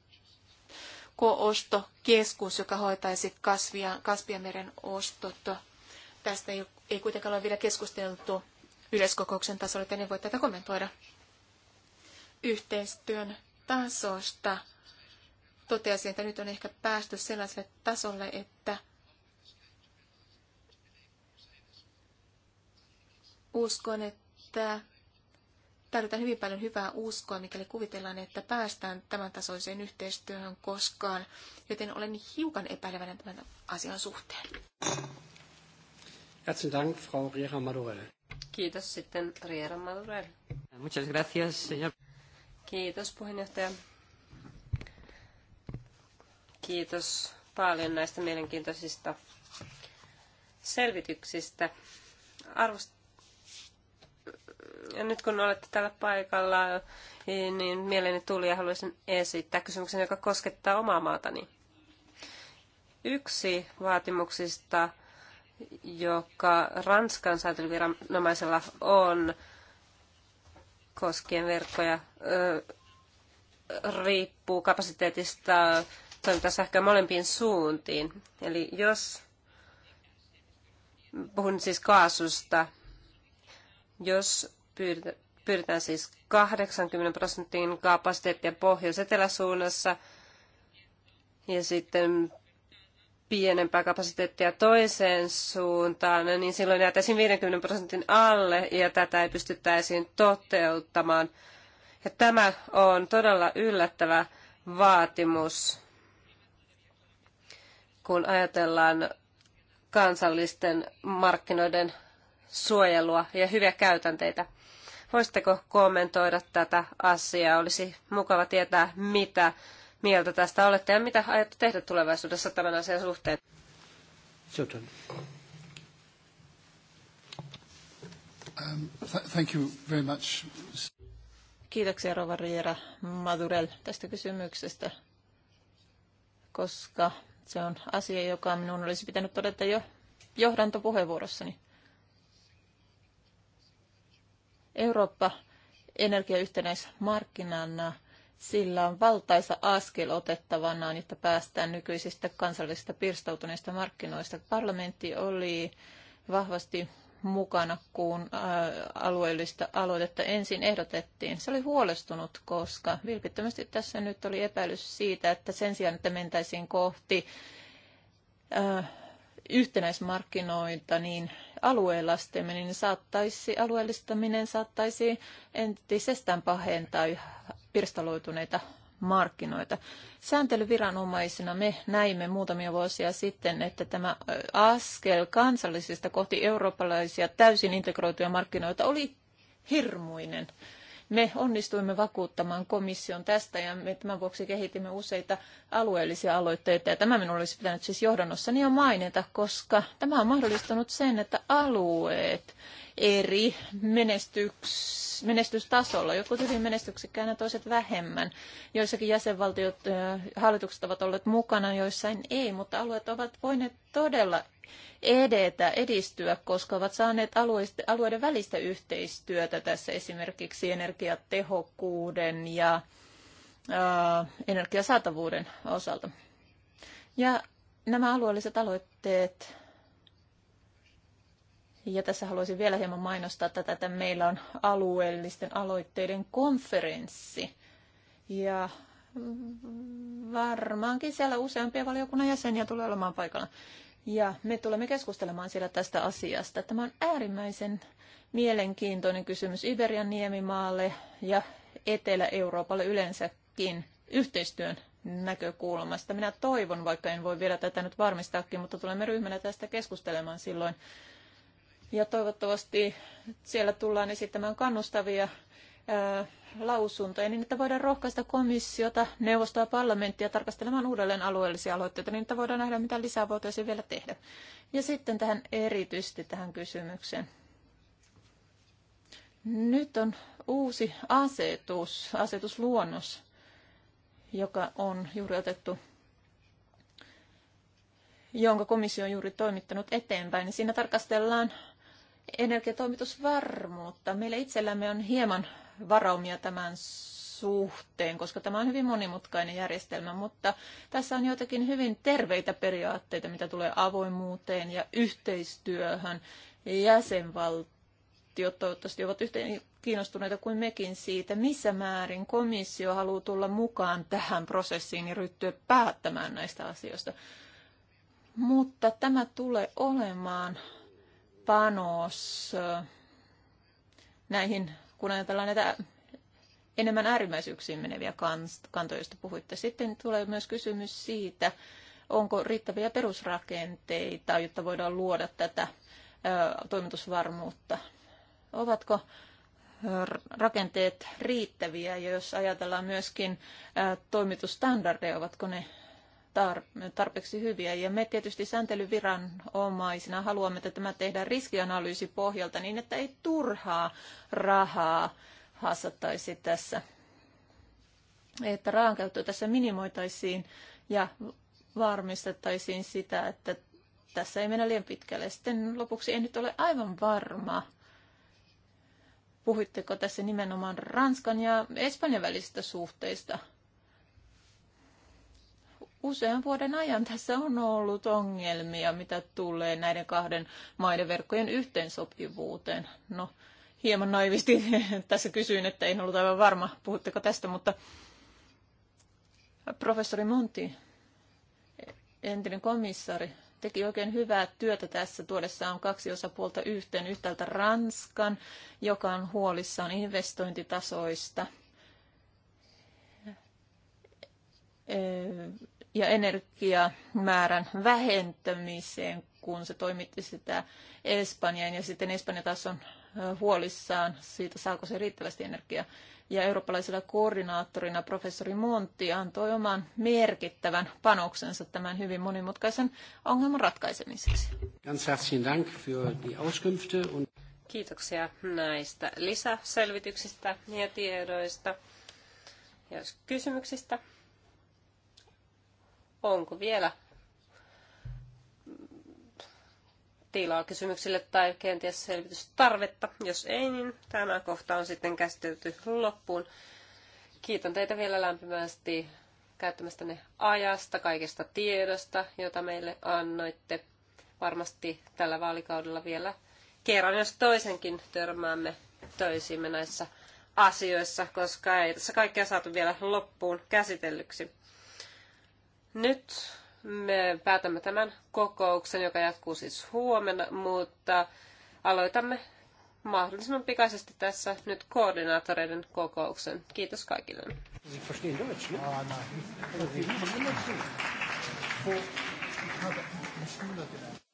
ostokeskus, joka hoitaisi kasvia, kaspiameren ostot. Tästä ei, ei kuitenkaan ole vielä keskusteltu yleiskokouksen tasolla, joten en voi tätä kommentoida. Yhteistyön tasosta toteaisin, että nyt on ehkä päästy sellaiselle tasolle, että uskon, että tarvitaan hyvin paljon hyvää uskoa, mikäli kuvitellaan, että päästään tämän tasoiseen yhteistyöhön koskaan, joten olen hiukan epäileväinen tämän asian suhteen. Herzlichen Dank, Frau Riera Madurell. Kiitos sitten Riera Madurel. Muchas gracias, señor. Kiitos puheenjohtaja. Kiitos paljon näistä mielenkiintoisista selvityksistä. Arvost, ja nyt kun olette täällä paikalla, niin, niin mieleeni tuli ja haluaisin esittää kysymyksen, joka koskettaa omaa maatani. Yksi vaatimuksista, joka Ranskan säätelyviranomaisella on koskien verkkoja, riippuu kapasiteetista toimittaa sähköä molempiin suuntiin. Eli jos, puhun siis kaasusta, jos pyritään siis 80 prosentin kapasiteettia pohjois-eteläsuunnassa ja sitten pienempää kapasiteettia toiseen suuntaan, niin silloin jäätäisiin 50 prosentin alle ja tätä ei pystyttäisiin toteuttamaan. Ja tämä on todella yllättävä vaatimus, kun ajatellaan kansallisten markkinoiden suojelua ja hyviä käytänteitä. Voisitteko kommentoida tätä asiaa? Olisi mukava tietää, mitä mieltä tästä olette ja mitä aiotte tehdä tulevaisuudessa tämän asian suhteen. Um, th- thank you very much. Kiitoksia Rova Riera Madurel tästä kysymyksestä, koska se on asia, joka minun olisi pitänyt todeta jo johdantopuheenvuorossani. Eurooppa energiayhtenäismarkkinana sillä on valtaisa askel otettavanaan, jotta päästään nykyisistä kansallisista pirstautuneista markkinoista. Parlamentti oli vahvasti mukana, kun äh, alueellista aloitetta ensin ehdotettiin. Se oli huolestunut, koska vilpittömästi tässä nyt oli epäilys siitä, että sen sijaan, että mentäisiin kohti äh, yhtenäismarkkinoita niin alueellistaminen niin saattaisi, alueellistaminen saattaisi entisestään pahentaa pirstaloituneita markkinoita. Sääntelyviranomaisina me näimme muutamia vuosia sitten, että tämä askel kansallisista kohti eurooppalaisia täysin integroituja markkinoita oli hirmuinen. Me onnistuimme vakuuttamaan komission tästä ja me tämän vuoksi kehitimme useita alueellisia aloitteita. Ja tämä minun olisi pitänyt siis johdannossani jo mainita, koska tämä on mahdollistanut sen, että alueet eri menestyks, menestystasolla. Jotkut hyvin menestyksekkäinä, toiset vähemmän. Joissakin jäsenvaltiot, hallitukset ovat olleet mukana, joissain ei, mutta alueet ovat voineet todella edetä, edistyä, koska ovat saaneet alueiden välistä yhteistyötä tässä esimerkiksi energiatehokkuuden ja äh, energiasaatavuuden osalta. Ja nämä alueelliset aloitteet ja tässä haluaisin vielä hieman mainostaa tätä, että meillä on alueellisten aloitteiden konferenssi. Ja varmaankin siellä useampia valiokunnan jäseniä tulee olemaan paikalla. Ja me tulemme keskustelemaan siellä tästä asiasta. Tämä on äärimmäisen mielenkiintoinen kysymys Iberian niemimaalle ja Etelä-Euroopalle yleensäkin yhteistyön näkökulmasta. Minä toivon, vaikka en voi vielä tätä nyt varmistaakin, mutta tulemme ryhmänä tästä keskustelemaan silloin ja toivottavasti siellä tullaan esittämään kannustavia lausuntoja niin, että voidaan rohkaista komissiota, neuvostoa, parlamenttia tarkastelemaan uudelleen alueellisia aloitteita, niin että voidaan nähdä, mitä lisää voitaisiin vielä tehdä. Ja sitten tähän erityisesti tähän kysymykseen. Nyt on uusi asetus, asetusluonnos, joka on juuri otettu jonka komissio on juuri toimittanut eteenpäin. Siinä tarkastellaan energiatoimitusvarmuutta. Meillä itsellämme on hieman varaumia tämän suhteen, koska tämä on hyvin monimutkainen järjestelmä, mutta tässä on joitakin hyvin terveitä periaatteita, mitä tulee avoimuuteen ja yhteistyöhön. Jäsenvaltiot toivottavasti ovat yhteen kiinnostuneita kuin mekin siitä, missä määrin komissio haluaa tulla mukaan tähän prosessiin ja ryhtyä päättämään näistä asioista. Mutta tämä tulee olemaan panos äh, näihin, kun ajatellaan näitä enemmän äärimmäisyyksiin meneviä kantoja, joista puhuitte. Sitten tulee myös kysymys siitä, onko riittäviä perusrakenteita, jotta voidaan luoda tätä äh, toimitusvarmuutta. Ovatko äh, rakenteet riittäviä ja jos ajatellaan myöskin toimitusstandardeja, ovatko ne tarpeeksi hyviä. Ja me tietysti sääntelyviranomaisina haluamme, että tämä tehdään riskianalyysi pohjalta niin, että ei turhaa rahaa hassattaisi tässä. Että rahankäyttö tässä minimoitaisiin ja varmistettaisiin sitä, että tässä ei mennä liian pitkälle. Sitten lopuksi en nyt ole aivan varma, puhuitteko tässä nimenomaan Ranskan ja Espanjan välisistä suhteista – usean vuoden ajan tässä on ollut ongelmia, mitä tulee näiden kahden maiden verkkojen yhteensopivuuteen. No, hieman naivisti tässä kysyin, että en ollut aivan varma, puhutteko tästä, mutta professori Monti, entinen komissaari, teki oikein hyvää työtä tässä tuodessaan kaksi osapuolta yhteen. Yhtäältä Ranskan, joka on huolissaan investointitasoista ja energiamäärän vähentämiseen, kun se toimitti sitä Espanjaan ja sitten Espanja taas on huolissaan siitä, saako se riittävästi energiaa. Ja eurooppalaisella koordinaattorina professori Monti antoi oman merkittävän panoksensa tämän hyvin monimutkaisen ongelman ratkaisemiseksi. Kiitoksia näistä lisäselvityksistä ja tiedoista ja kysymyksistä onko vielä tilaa kysymyksille tai kenties selvitystarvetta. Jos ei, niin tämä kohta on sitten käsitelty loppuun. Kiitän teitä vielä lämpimästi käyttämästänne ajasta, kaikesta tiedosta, jota meille annoitte. Varmasti tällä vaalikaudella vielä kerran, jos toisenkin törmäämme töisiimme näissä asioissa, koska ei tässä kaikkea saatu vielä loppuun käsitellyksi. Nyt me päätämme tämän kokouksen, joka jatkuu siis huomenna, mutta aloitamme mahdollisimman pikaisesti tässä nyt koordinaattoreiden kokouksen. Kiitos kaikille. Ah,